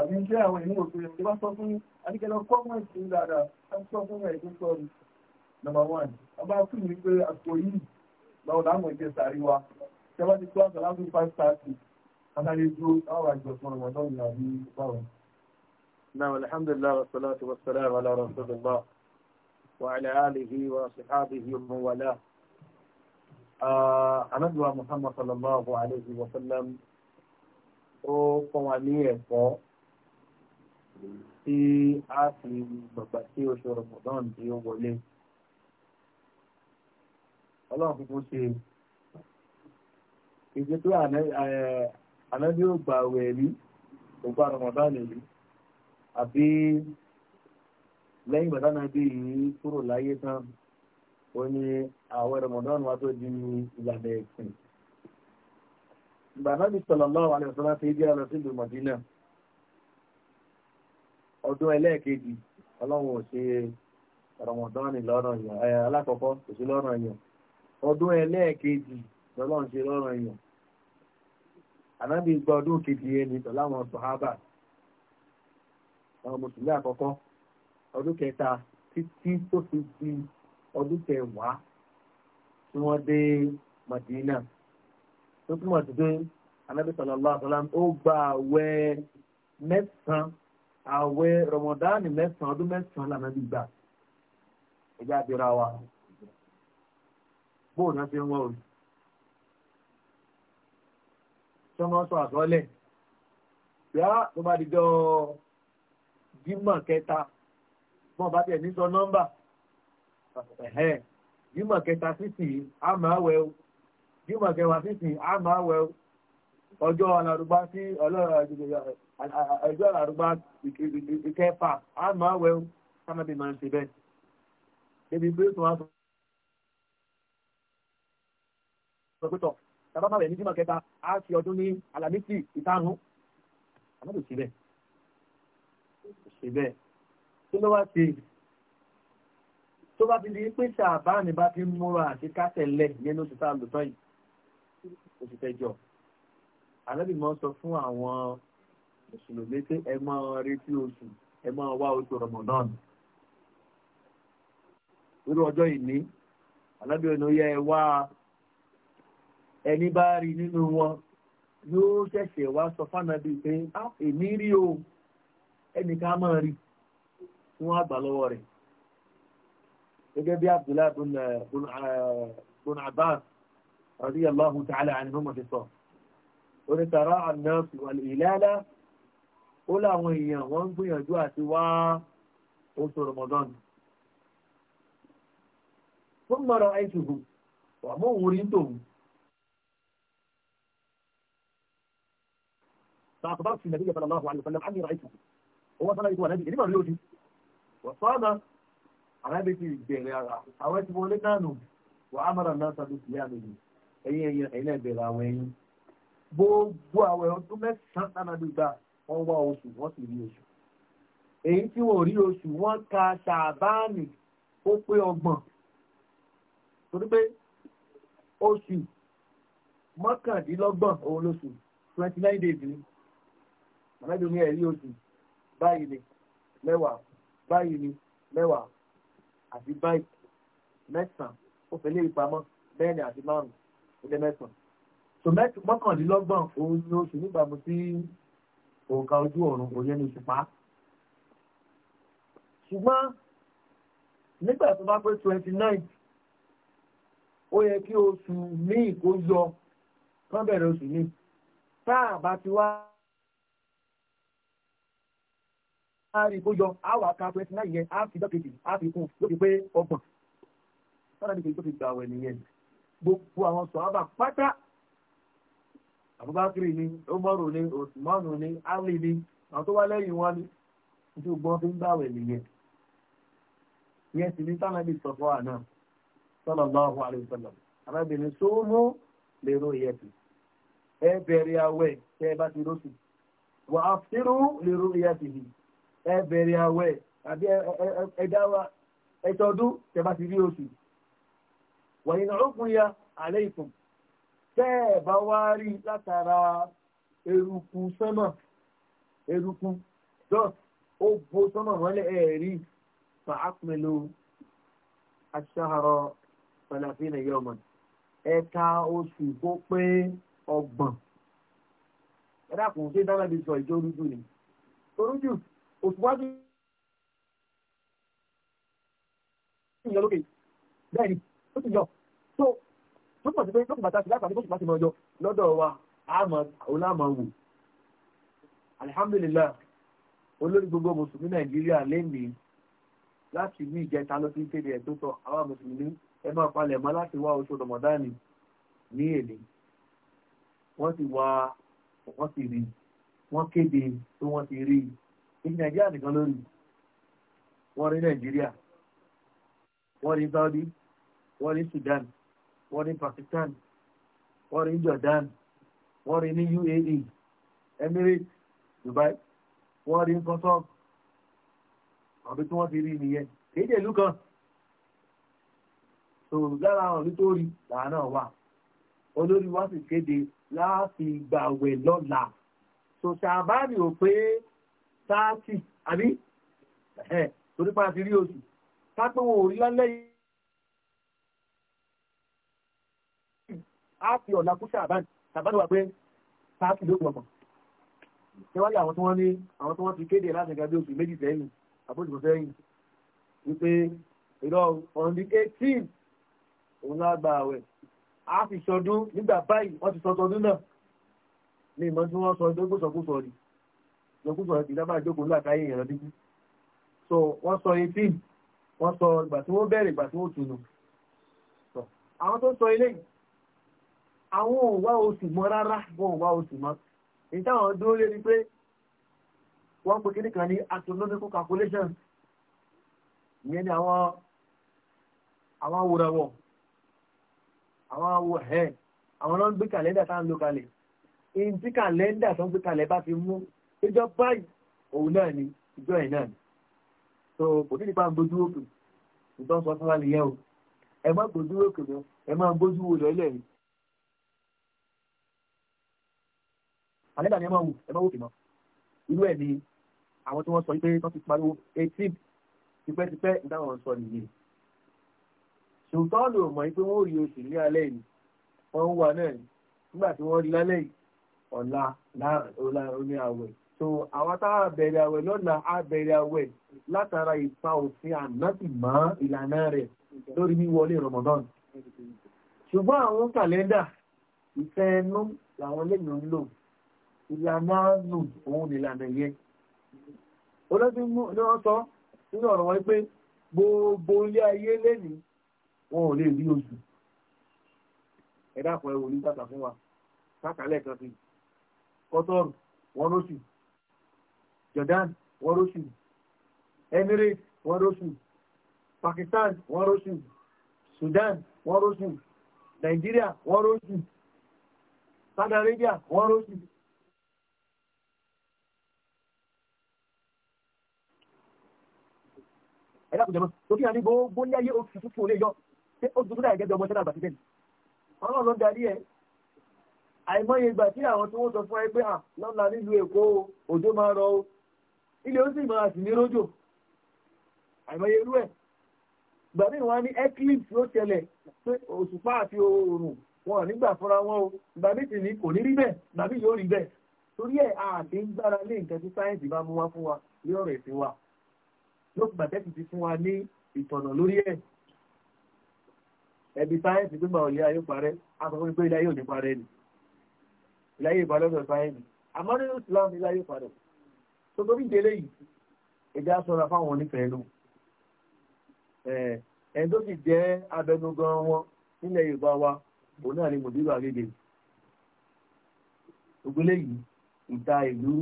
Àbí ń jẹ́ àwọn ìmú òfin ìjọba sọ fún Adékẹ́lọ Kọ́mọ̀ẹ́sì dáadáa, ẹ sọ fún ẹ̀ tó sọ number one ọba fún mi pé àpò yìí lọ́wọ́ láwọn ìgbésàrí wa ṣẹ́wọ́n ti tó àgbàlagbé five thirty نعم الحمد لله والصلاة والسلام على رسول الله وعلى آله وصحابه ومن والاه أندوى محمد صلى الله عليه وسلم وقواني ẹ̀kọ́ tí a fi gbàgbà tí oṣù Ramadan tí ó wọlé ọlọ́run fífún ṣe ìgbé ànábì ò gbà àwẹ̀ rí kò gba Ramadan rí àbí lẹ́yìn ìgbà tánábì yìí kúrò láyé tán ó ní àwẹ̀ Ramadan wa tó di ìlànà ẹ̀sìn ìgbà ànábì sallallahu alaihi wasallam ti jẹ́ lọ sí ìlú ọdún ò ṣe Ramadan yàn kò sí yàn ọdún ṣe ànábì gba ọdún kejì ẹni pẹ̀lú àwọn sọ̀hábà àwọn mùsùlùmí àkọ́kọ́ ọdún kẹta títí tó fi di ọdún kẹwàá tí wọ́n dé Madina tó túmọ̀ sí pé ànábì sallallahu alaihi wasallam ó gba àwẹ̀ mẹ́sàn-án àwẹ̀ rọmọdáàni mẹ́sàn-án ọdún mẹ́sàn-án lànàbì gbà ẹ̀jẹ̀ àbíra wa bóun náà fi ń wọ́n òsì. tó máa yá tó bá dìjọ́ kẹta mọ̀ bá tẹ̀ ní sọ nọ́mbà jímọ̀ kẹta sísì á máa o jímọ̀ kẹwàá sísì á máa o ọjọ́ alárúgbá sí ọjọ́ alárúgbá ìkẹfà á máa o sábàbí máa ń ṣe tó wá sọ tàbá máa rẹ̀ ní jímọ̀ kẹta á fi ọdún ní alamisi ìtanu àmọ́ kò sí bẹ́ẹ̀ kò sí bẹ́ẹ̀ tó ló wá sí tó bá ti di pé sàbáàní bá ti múra àti kásẹ̀lẹ̀ nínú oṣù tá a lò tán yìí oṣù kẹjọ àlẹ́bí mọ́ sọ fún àwọn mùsùlùmí pé ẹ máa retí oṣù ẹ máa wá oṣù ramadan irú ọjọ́ ìní àlẹ́bí ọ̀nà yẹ ẹ wá ẹni bá rí nínú wọn yóò ṣẹ̀ṣẹ̀ wá sọ fánàbí pé ah, èmi rí o ẹnìkan máa rí tí wọ́n àgbà lọ́wọ́ rẹ̀ gẹ́gẹ́ bí abdullahi bin eh, eh, abbas radiyallahu ta'ala anhuma ti sọ onítàrá ànáàfì ìlàlá ó láwọn èèyàn wọ́n ń gbìyànjú àti wá oṣù ramadan fún mọ́ra àìsùhù wà mọ́ òun rí tòun فأخبرت النبي صلى الله عليه وسلم أني رأيته هو صلى الله عليه وسلم لوجي وصام على في الجيرة حوات مولدانه وأمر الناس بصيامه أي أي أي بلاوين gbogbo àwọn ẹ̀rọ tó mẹ́sàn-án tánàbí gbà wọ́n wá oṣù wọ́n sì rí oṣù èyí tí wọ́n rí oṣù wọ́n ka ṣàbáàmì ó pé ọgbọ̀n torí pé oṣù mọ́kàndínlọ́gbọ̀n òun lóṣù twenty nine days ni àmẹ́lò ní ẹ̀rí oṣù báyìí ni mẹ́wàá báyìí ni mẹ́wàá àti báyìí mẹ́sàn-án ó fẹ́ lé ìpamọ́ mẹ́rin àti márùn-ún ó lé mẹ́sàn-án. so mọ́kàndínlọ́gbọ̀n òun ni oṣù níbàámu sí òǹkà ojú ọ̀run òye ni oṣù pa. ṣùgbọ́n nígbà tó bá pé twenty nine ó yẹ kí oṣù míì kó yọ kán bẹ̀rẹ̀ oṣù míì tá a bá ti wá. a rí awa ka a wà ká twenty nine yẹn a fi dọ́kejì a fi kún lókè pé ọgbọ̀n tó gbogbo àwọn sọ̀rọ̀ pátá abubakar ni ọmọrù ni òsùmọ́nù ni ali ni àwọn tó wá lẹ́yìn wọn ni nítorí gbọ́n fi ń gbà wẹ̀ nìyẹn yẹn sì ní sànàbì sọ àná sọlọ bá wà lè sọlọ arábìnrin tó mú lérò yẹn ẹ bẹ̀rẹ̀ awẹ́ ẹ bá ti wà á lérò yẹn ẹ bẹ̀rẹ̀ àwẹ̀ àbí ẹ̀dáwà ẹ̀tọ́dún tẹ̀bá ti rí oṣù wọ̀nyí náà ó fún ya àlẹ́ ìfún tẹ́ ẹ̀ bá wá rí látara eruku sánmà eruku dọ́t ó bo sánmà rí oṣù pé ọgbọ̀n kò ń ṣe dáná bí sọ ìjọ ni òṣùwájú ìyọ lókè bẹ́ẹ̀ ni ó ti yọ tó tó pọ̀ sí pé lókùn bàtà sí láti àdébòsùn bá ti mọ̀ ọjọ́ lọ́dọ̀ wa àmọ́ olámọ̀ wò alihamdulilayi olórí gbogbo mùsùlùmí nàìjíríà lẹ́nìí láti ní ìjẹta ló fi ń kéde ẹ̀ tó sọ àwọn mùsùlùmí ẹ máa palẹ̀ mọ́ láti wá oṣù rọmọdánì ní èlé wọ́n ti wá wọ́n ti rí wọ́n kéde tó wọ́n ti rí i ní nàìjíríà nìkan lórí wọ́n rí Nigeria, wọ́n rí saudi wọ́n rí sudan wọ́n rí pakistan wọ́n rí jordan wọ́n rí ní uae emirates dubai wọ́n rí kọ́sọ́ọ̀kù àbí tí wọ́n ti rí nìyẹn kéde ìlú kan so lára àwọn ìlú tó rí làánà wà olórí wa sì kéde láti gbàwẹ̀ lọ́la so ṣàbáàmì ò pé sáàtì àbí ẹ̀ torí pa àti rí oṣù tápẹ́ wọn ò rí lálẹ́ yìí á fi ọ̀la kú ṣàbán ṣàbán wà pé sáàtì ló pọ̀ mọ̀ níwájú àwọn tí wọ́n ní àwọn tí wọ́n ti kéde láti gàbí oṣù méjì sẹ́yìn àbójútó sẹ́yìn wípé ìrọ̀ on the eighteen òun lágbà àwẹ̀ á fi sọdún nígbà báyìí wọ́n ti sọ sọdún náà ní ìmọ̀ tí wọ́n sọ ẹgbẹ́ gbọ́sọ̀gbọ́sọ̀ ni lọ́kùnkùn àti ìdábà ìjókòó látàáyé ìrọ̀ dídí so wọ́n sọ eighteen wọ́n sọ ìgbà tí wọ́n bẹ̀rẹ̀ ìgbà tí wọ́n tunu àwọn tó sọ ilé àwọn ò wá oṣù mọ́ rárá wọn ò wá oṣù mọ́ èyí táwọn dúró lé ni pé wọ́n pe kíní kan ní astronomical calculation ìyẹn ni àwọn àwọn awòràwọ̀ àwọn awò ẹ̀ àwọn náà ń gbé kàlẹ́ndà tá ń lo kalẹ̀ èyí tí kàlẹ́ndà tó ń gbé kalẹ̀ bá ti mú ìjọ báyìí òun náà ni ìjọ ẹ̀ náà ni so kò ní nípa gbójú òkè ìtọ́ sọ fún wa nìyẹn o ẹ má gbójú òkè mọ ẹ má gbójú wo lọ́lẹ̀ mi. àlẹ́ dàní ẹ má wò ẹ má wò kì mọ́ irú ẹ̀ ni àwọn tí wọ́n sọ pé wọ́n ti pariwo etí tipẹ́tipẹ́ ìdáhùn sọ nìyẹn ṣùgbọ́n lò mọ̀ pé wọ́n rí oṣù ní alẹ́ yìí wọ́n ń wà náà nígbà tí wọ́n rí lálẹ́ yìí ọ̀la ní àwẹ̀ so àwọn tá a bẹ̀rẹ̀ àwẹ̀ lọ́la a bẹ̀rẹ̀ àwẹ̀ látara ìpa òfin ànábì mọ́ ìlànà rẹ̀ lórí wíwọlé Ramadan ṣùgbọ́n àwọn kàlẹ́ndà ìfẹ́ ẹnu làwọn lẹ́yìn ń lò ìlànà nù òun nìlànà yẹn olóṣù ní wọ́n sọ nínú ọ̀rọ̀ wọn pé gbogbo ilé ayé lẹ́nìí wọn ò lè rí oṣù ẹ̀dá àpọ̀ ẹ̀wò ní bàtà fún wa káàkálẹ̀ kan sí kọ́tọ́rù wọn lóṣù Jordan wọ́n róṣù Emirates wọ́n róṣù Pakistan wọ́n róṣù Sudan wọ́n róṣù nigeria wọ́n róṣù Saudi Arabia wọ́n róṣù. ẹ̀dá kò jẹ́ mọ́ tó kí a ní gbogbo ní ayé oṣù tuntun olè yọ pé ó dúdú láì gẹ́gẹ́ ọmọ àgbà ìgbà tí àwọn tí wọ́n sọ fún nílùú èkó òjò máa rọ ilé ó sì máa sì ní rójò àìmọye irú ẹ̀ ìgbà míì wọ́n ní eclipse ló ṣẹlẹ̀ pé òṣùpá àti oòrùn wọn ò nígbà fúnra wọn o ìgbà míì sì ní kò ní rí bẹ́ẹ̀ ìgbà míì yóò rí bẹ́ẹ̀ torí ẹ̀ àti ń gbára lé nǹkan tí sáyẹ́ǹsì bá mú wá fún wa ní ọ̀rọ̀ ẹ̀sìn wa ló gbà tẹ́sì ti fún wa ní ìtọ̀nà lórí ẹ̀ ẹ̀bi sáyẹ́ǹsì gbígbà òlé ayé parẹ́ akọ̀kọ́ pé ilé ayé ò ní parẹ́ ni ilé ayé ìparẹ́ ọ̀sẹ̀ sáyẹ́ǹsì àmọ́ nínú Islam ilé ayé parẹ́ tó tóbi délé yìí ẹ̀dá sọ́ra fáwọn onífẹ̀ẹ́ lò ẹ̀ tó sì jẹ́ abẹnugan wọn nílẹ̀ Yorùbá wa òun náà ni mòdìrú àgègè gbogbo eléyìí ìta ìlú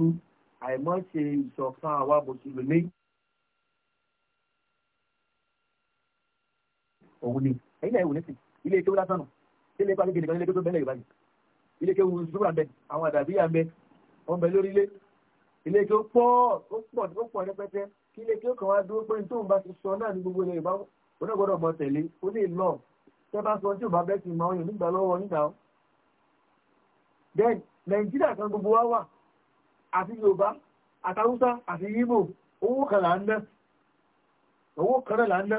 àìmọ́ ṣe ìṣọ̀kan àwa mùsùlùmí òun ni ẹ̀yìn náà ìwò ní sí ilé ìkéwú lásán nù ilé ìkéwú àgègè nìkan ilé ìkéwú tó bẹ́ẹ̀ lẹ́yìn báyìí ilé ìkéwú zúwúrà bẹ́ẹ̀ àwọn àdàbíyà bẹ́ẹ̀ wọ́n bẹ lórílẹ̀ ilé tó pọ̀ tó pọ̀ tó pọ̀ rẹpẹtẹ kí ilé tó kàn wá dúró pé tóun bá ti sọ náà ní gbogbo ilẹ̀ ìbá òun gbọ́dọ̀ mọ tẹ̀lé ó lè lọ tẹ́ bá sọ tí ò bá bẹ́ẹ̀ ti mọ òyìn nígbà lọ́wọ́ nígbà ó. then nàìjíríà kan gbogbo wa wà àti yorùbá àtàwùsá àti yíbò owó kan là ń ná owó kan náà là ń ná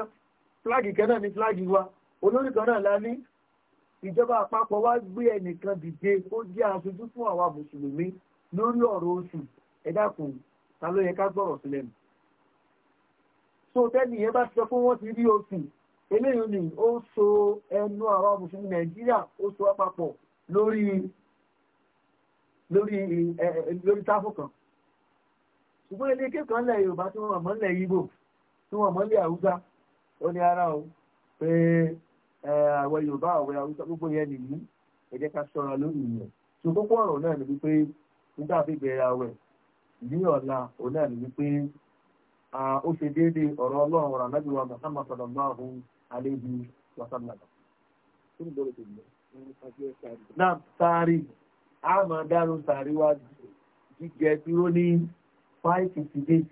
fúláàgì kan náà ní fúláàgì wa olórí kan náà la ní ìjọba àpapọ̀ wa gbé ẹnìkan dìde ó jẹ́ aṣojú fún àwa mùsùlùmí lórí ọ̀rọ̀ oṣù ẹ dákun ta ló yẹ ká gbọ́rọ̀ sí so tẹ́lì yẹn bá ti sọ fún wọ́n ti rí oṣù eléyìí ni ó so ẹnu àwọn mùsùlùmí nàìjíríà ó so papọ̀ lórí lórí lórí táfù kan ṣùgbọ́n ilé kékan lẹ̀ yorùbá tí wọ́n mọ̀ lẹ̀ ibo tí wọ́n mọ̀ lẹ̀ haúsá ó ní ara o pé àwọ̀ yorùbá àwọ̀ haúsá gbogbo yẹn nìyí ẹ ká ṣọ́ra lórí ìyẹn ṣùgbọ́n pọ̀ ọ̀rọ̀ náà ni wípé nígbà bíbẹ̀rẹ̀ àwẹ̀ ní ọ̀la òun náà ní wípé ó ṣe déédéé ọ̀rọ̀ ọlọ́run ọ̀rọ̀ anábì wa Muhammad sallallahu alayhi wa sallam. náà sáárì a máa dárò sáárì wa jíjẹ dúró ní five fifty eight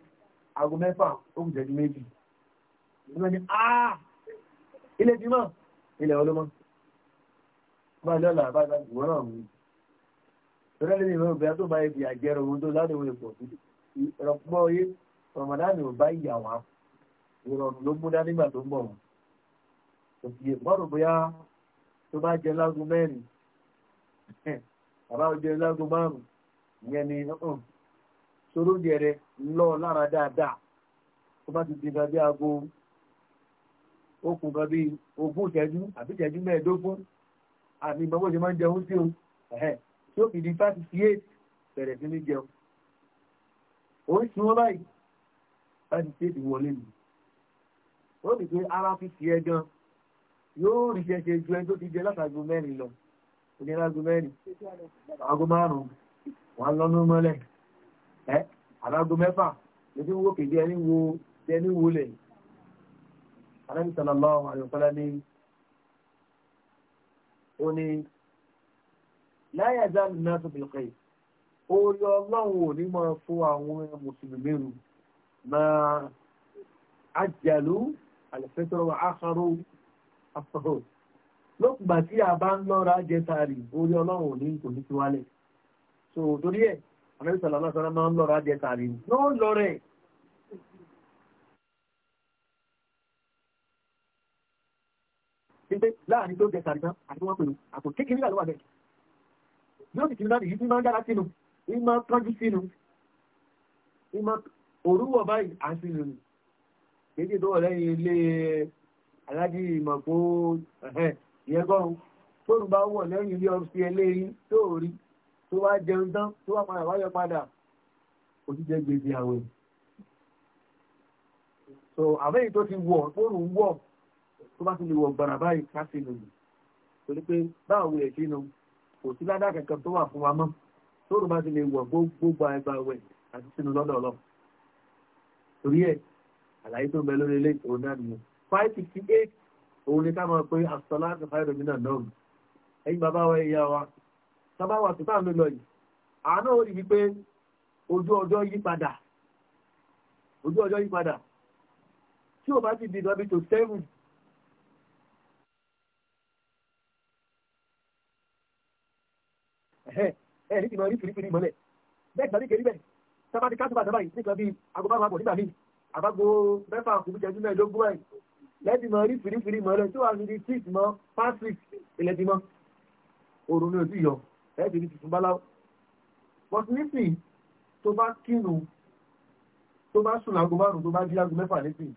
aago mẹ́fà ó méjì. ìgbà ni ilé ti mọ̀ ilẹ̀ báyìí lọ́la báyìí wọ́n náà mú un. lọ́dọ̀ lẹ́yìn ìwé obìnrin tó bá ibi àjẹrò ohun tó ládùn ìwé pọ̀ sí ìrọ̀pọ̀ yé rọmọdánì ò bá ìyà wá ìrọ̀rùn ló mú dání ìgbà tó ń bọ̀ wọn. òkè mọ́rùn bóyá tó bá jẹ lágùn ni sóró jẹrẹ lọ lára dáadáa tó bá ti di nǹkan bí aago okùn kan bí ogún ìṣẹ́jú àbí ìṣẹ́jú mẹ́ẹ̀ẹ́dógún tí ó fi di fáti sí eight bẹ̀rẹ̀ sí ní jẹun oríṣi wọn báyìí fáti sí èdè wọlé mi ó rí pé ara fi sí ẹ gan yóò rí ṣẹṣẹ ju ẹni tó ti jẹ látàgbọ mẹ́rin lọ òní lágbo mẹ́rin aago márùn-ún wọn lọ́nú mọ́lẹ̀ ẹ alágbo mẹ́fà lójú wo kéde ẹni wo ẹni wo lẹ̀ alábi sàlámà àwọn àlùfáà ní ó ní láyé ẹ̀dá náà tó bìlùkẹ́ yìí orí ọlọ́run ò ní máa fún àwọn mùsùlùmí rù máa àjàlú àlẹ́fẹ́tọ́rọ̀ àkàrò àfọ̀rọ̀ lókùgbà tí a bá ń lọ́ra jẹtaari orí ọlọ́run ò ní kò ní fi wálẹ̀ so torí ẹ̀ àmẹ́rin sọ̀rọ̀ aláṣọ́ra máa ń lọ́ra jẹtaari ló ń lọ rẹ̀ láàrin tó jẹtaari náà àti wọ́n pè é àpò kékeré àlọ́wà bẹ́ẹ̀ yóò sì kìí láti yìí tí máa ń dára sínú ìmọ̀ kánjú sínú ìmọ̀ òrúwọ̀ báyìí àṣìlò ni kéjì tó wọ̀ lẹ́yìn ilé alájí ìmọ̀ kó ìyẹn gọ́rùn tóru bá wọ̀ lẹ́yìn ilé ọ̀sẹ̀ eléyìí tó rí tó wá jẹun tán tó wá padà wáyọ padà òjíjẹ gbèsè àwẹ̀ so àbẹ́yìn tó ti wọ̀ tóru wọ̀ tó bá ti lè wọ̀ gbàrà báyìí ká sínú torí pé báwo ẹ̀ sínú kò sí ládàá kankan tó wà fún wa mọ́ tóòrù bá ti lè wọ̀ gbogbo àgbà wẹ̀ àti sínú lọ́dọ̀ ọlọ́ torí ẹ̀ àlàyé tó ń bẹ lórí ilé òun náà nìyẹn five sixty eight òun ni ká máa pé asọ́lá àti fáyọ̀ mi náà náà ẹ̀yin bàbá wa ìyá wa sábà wà tó táà ń lọ yìí àánú ò rí i pé ojú ọjọ́ yí padà ojú ọjọ́ yí padà tí o bá ti di lọ bí to seven ẹ̀ ẹ̀ ní ti máa rí fìrífìrí mọ́lẹ̀ bẹ́ẹ̀ gbàdí kẹrí bẹ́ẹ̀ sábà ti káṣùbà sábà yìí nígbà bíi agogo àwọn àbọ̀ nígbà míì àbágo mẹ́fà kùbí jẹ́jú náà lógún ẹ̀ lẹ́ẹ̀tì máa rí fìrífìrí mọ́lẹ̀ tó wà níbi six mọ́ patrick ilẹ̀ ti mọ́ òrùn ní ojú yọ ẹ̀ẹ́dì ní tuntun báláwo but nísìn tó bá kínu tó bá sùn láago márùn tó bá jí láago mẹ́fà nísìn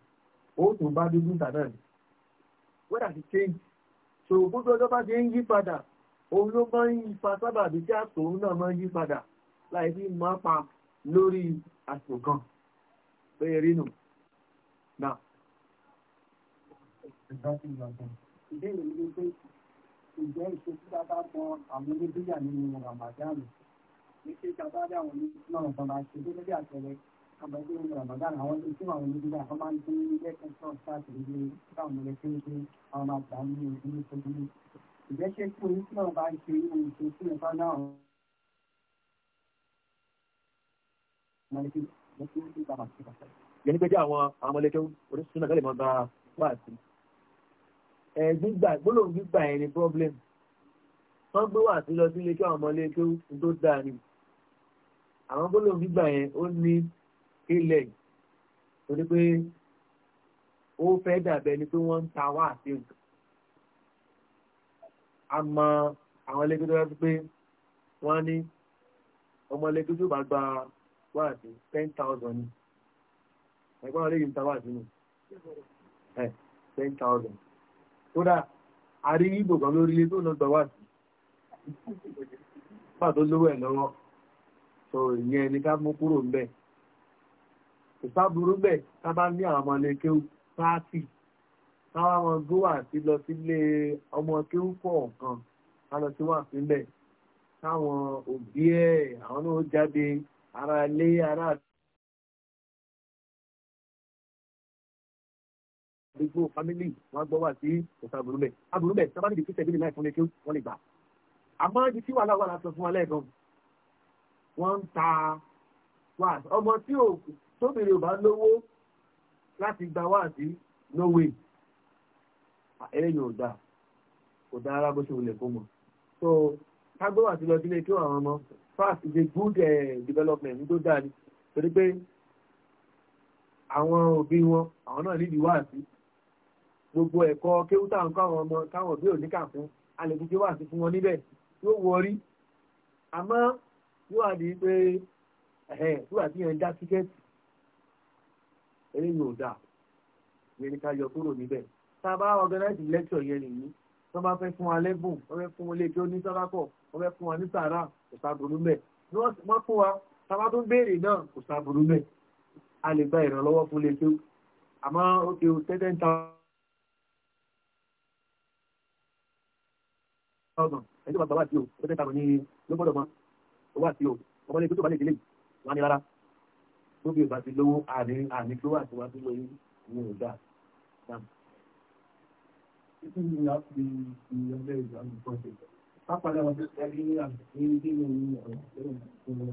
ó tó bá dé gúntà náà wẹ́dà ti change so gbogbo ọjọ́ bá ti ń yí padà òun ló máa ń yí fa sábàbí tí àtòun náà máa ń yí padà láì fi máa pa lórí àsìkò kan pé eré nù. ìbéèrè mi ni pé ìjẹ́ ìṣesí bàbá bọ àwọn oníbíyà nínú Ramadan ní ṣe bàbá rí àwọn oníbíyà náà bàbá ṣe tó lórí àtẹrẹ àbẹ̀wò nínú Ramadan àwọn tó tún àwọn oníbíyà kan máa ń tún lẹ́kọ̀ọ́ sọ́ọ̀tì níbi táwọn mọ̀lẹ́kẹ́ ń gbé àwọn àgbà nínú ìdílé tó dúró ìjẹ́ṣẹ́ tí oníṣẹ́ ọba ń ṣe irú ìṣe sí ẹ̀fá náà yẹn ní pé jẹ́ àwọn amọ̀lẹ́kẹ́ oníṣẹ́ náà lè máa bá wà sí. ẹ gbígbà gbólóhùn gbígbà yẹn ni problem wọ́n gbé wà sí lọ sí ilé kí àwọn ọmọlẹ́kẹ́ tó dáa ni àwọn gbólóhùn gbígbà yẹn ó ní ilẹ̀ torí pé ó fẹ́ dàbẹ́ ni pé wọ́n ń ta wà sí nǹkan a mọ àwọn ẹlẹgbẹ́ tó yẹ pé wọ́n ní ọmọ ẹlẹgbẹ́ tó bá gba wáàdì ten thousand ni ẹgbẹ́ wọn lè yí níta wáàdì nù ẹ ten thousand kódà àrí ibò kan lórí ilé tó lọ gba wáàdì pàtó lówó ẹ̀ lọ́wọ́ so ìyẹn ni ká mú kúrò ń bẹ̀ ìsáburú bẹ̀ ká bá ní àwọn ọmọ ẹlẹgbẹ́ tó káwá wọn gbó wà sí lọ sílé ọmọ tí ń pọ̀ kan ká lọ sí wà sílẹ̀ káwọn òbí ẹ̀ àwọn náà jáde ara ilé ara àdúgbò fámílì wọn gbọ́ wà sí ọ̀sán àbúrúbẹ̀ àbúrúbẹ̀ sábà níbi tí tẹ̀lé láì fún lẹ́kẹ́ wọ́n lè gbà àmọ́ ibi tí wàhálà wà láti sọ fún wa lẹ́ẹ̀kan wọ́n ń ta wáàsí ọmọ tí tóbìnrin ò bá lówó láti gba wáàsí no way eléyìí ò dá kò dá ara bó ṣe wulẹ̀ kó mọ̀ so kágbó àti lọ sílé kí àwọn ọmọ fast is a good uh, development ní tó dáa ni torí pé àwọn òbí wọn àwọn náà nídìí wá sí gbogbo ẹ̀kọ́ kéwú táwọn káwọn ọmọ káwọn òbí ò ní kà fún alẹ́bí tí wà sí fún wọn níbẹ̀ yóò wọrí àmọ́ yóò wà ní pé ẹ̀hẹ́ tí wà sí yẹn dá tíkẹ́ẹ̀tì eléyìí ò dáa ìyẹn ni ká yọ kúrò níbẹ̀ tàbá organize lecture yẹn nìyí tó bá fẹ́ fún wa lẹ́bùn wọ́n fẹ́ fún wọn lé kí ó ní sọ́dákọ̀ wọ́n fẹ́ fún wa ní sàárà kò sábùrú mẹ́ wọ́n fún wa tàbá tó béèrè náà kò sábùrú mẹ́ a lè gba ìrànlọ́wọ́ fún lé kí ó àmọ́ ó ti tẹ́tẹ́ ń ta ọgbọ̀n ẹni tó bá bàbá àti o ó tẹ́ tàbí ní ló gbọ́dọ̀ mọ́ owó àti o ọmọ ilé tó bá lè délé wọn ni rárá tó bí ìbá ti lówó àní àní tó wà tí wọ́n ti lóyún ní ìgbà títí ní láti ní ọjọ́ ìgbà mi pọ̀ sí. pápá lọ́wọ́ tó ṣe ní àgbẹ̀ ní bí mo ní ọ̀rọ̀ tó ń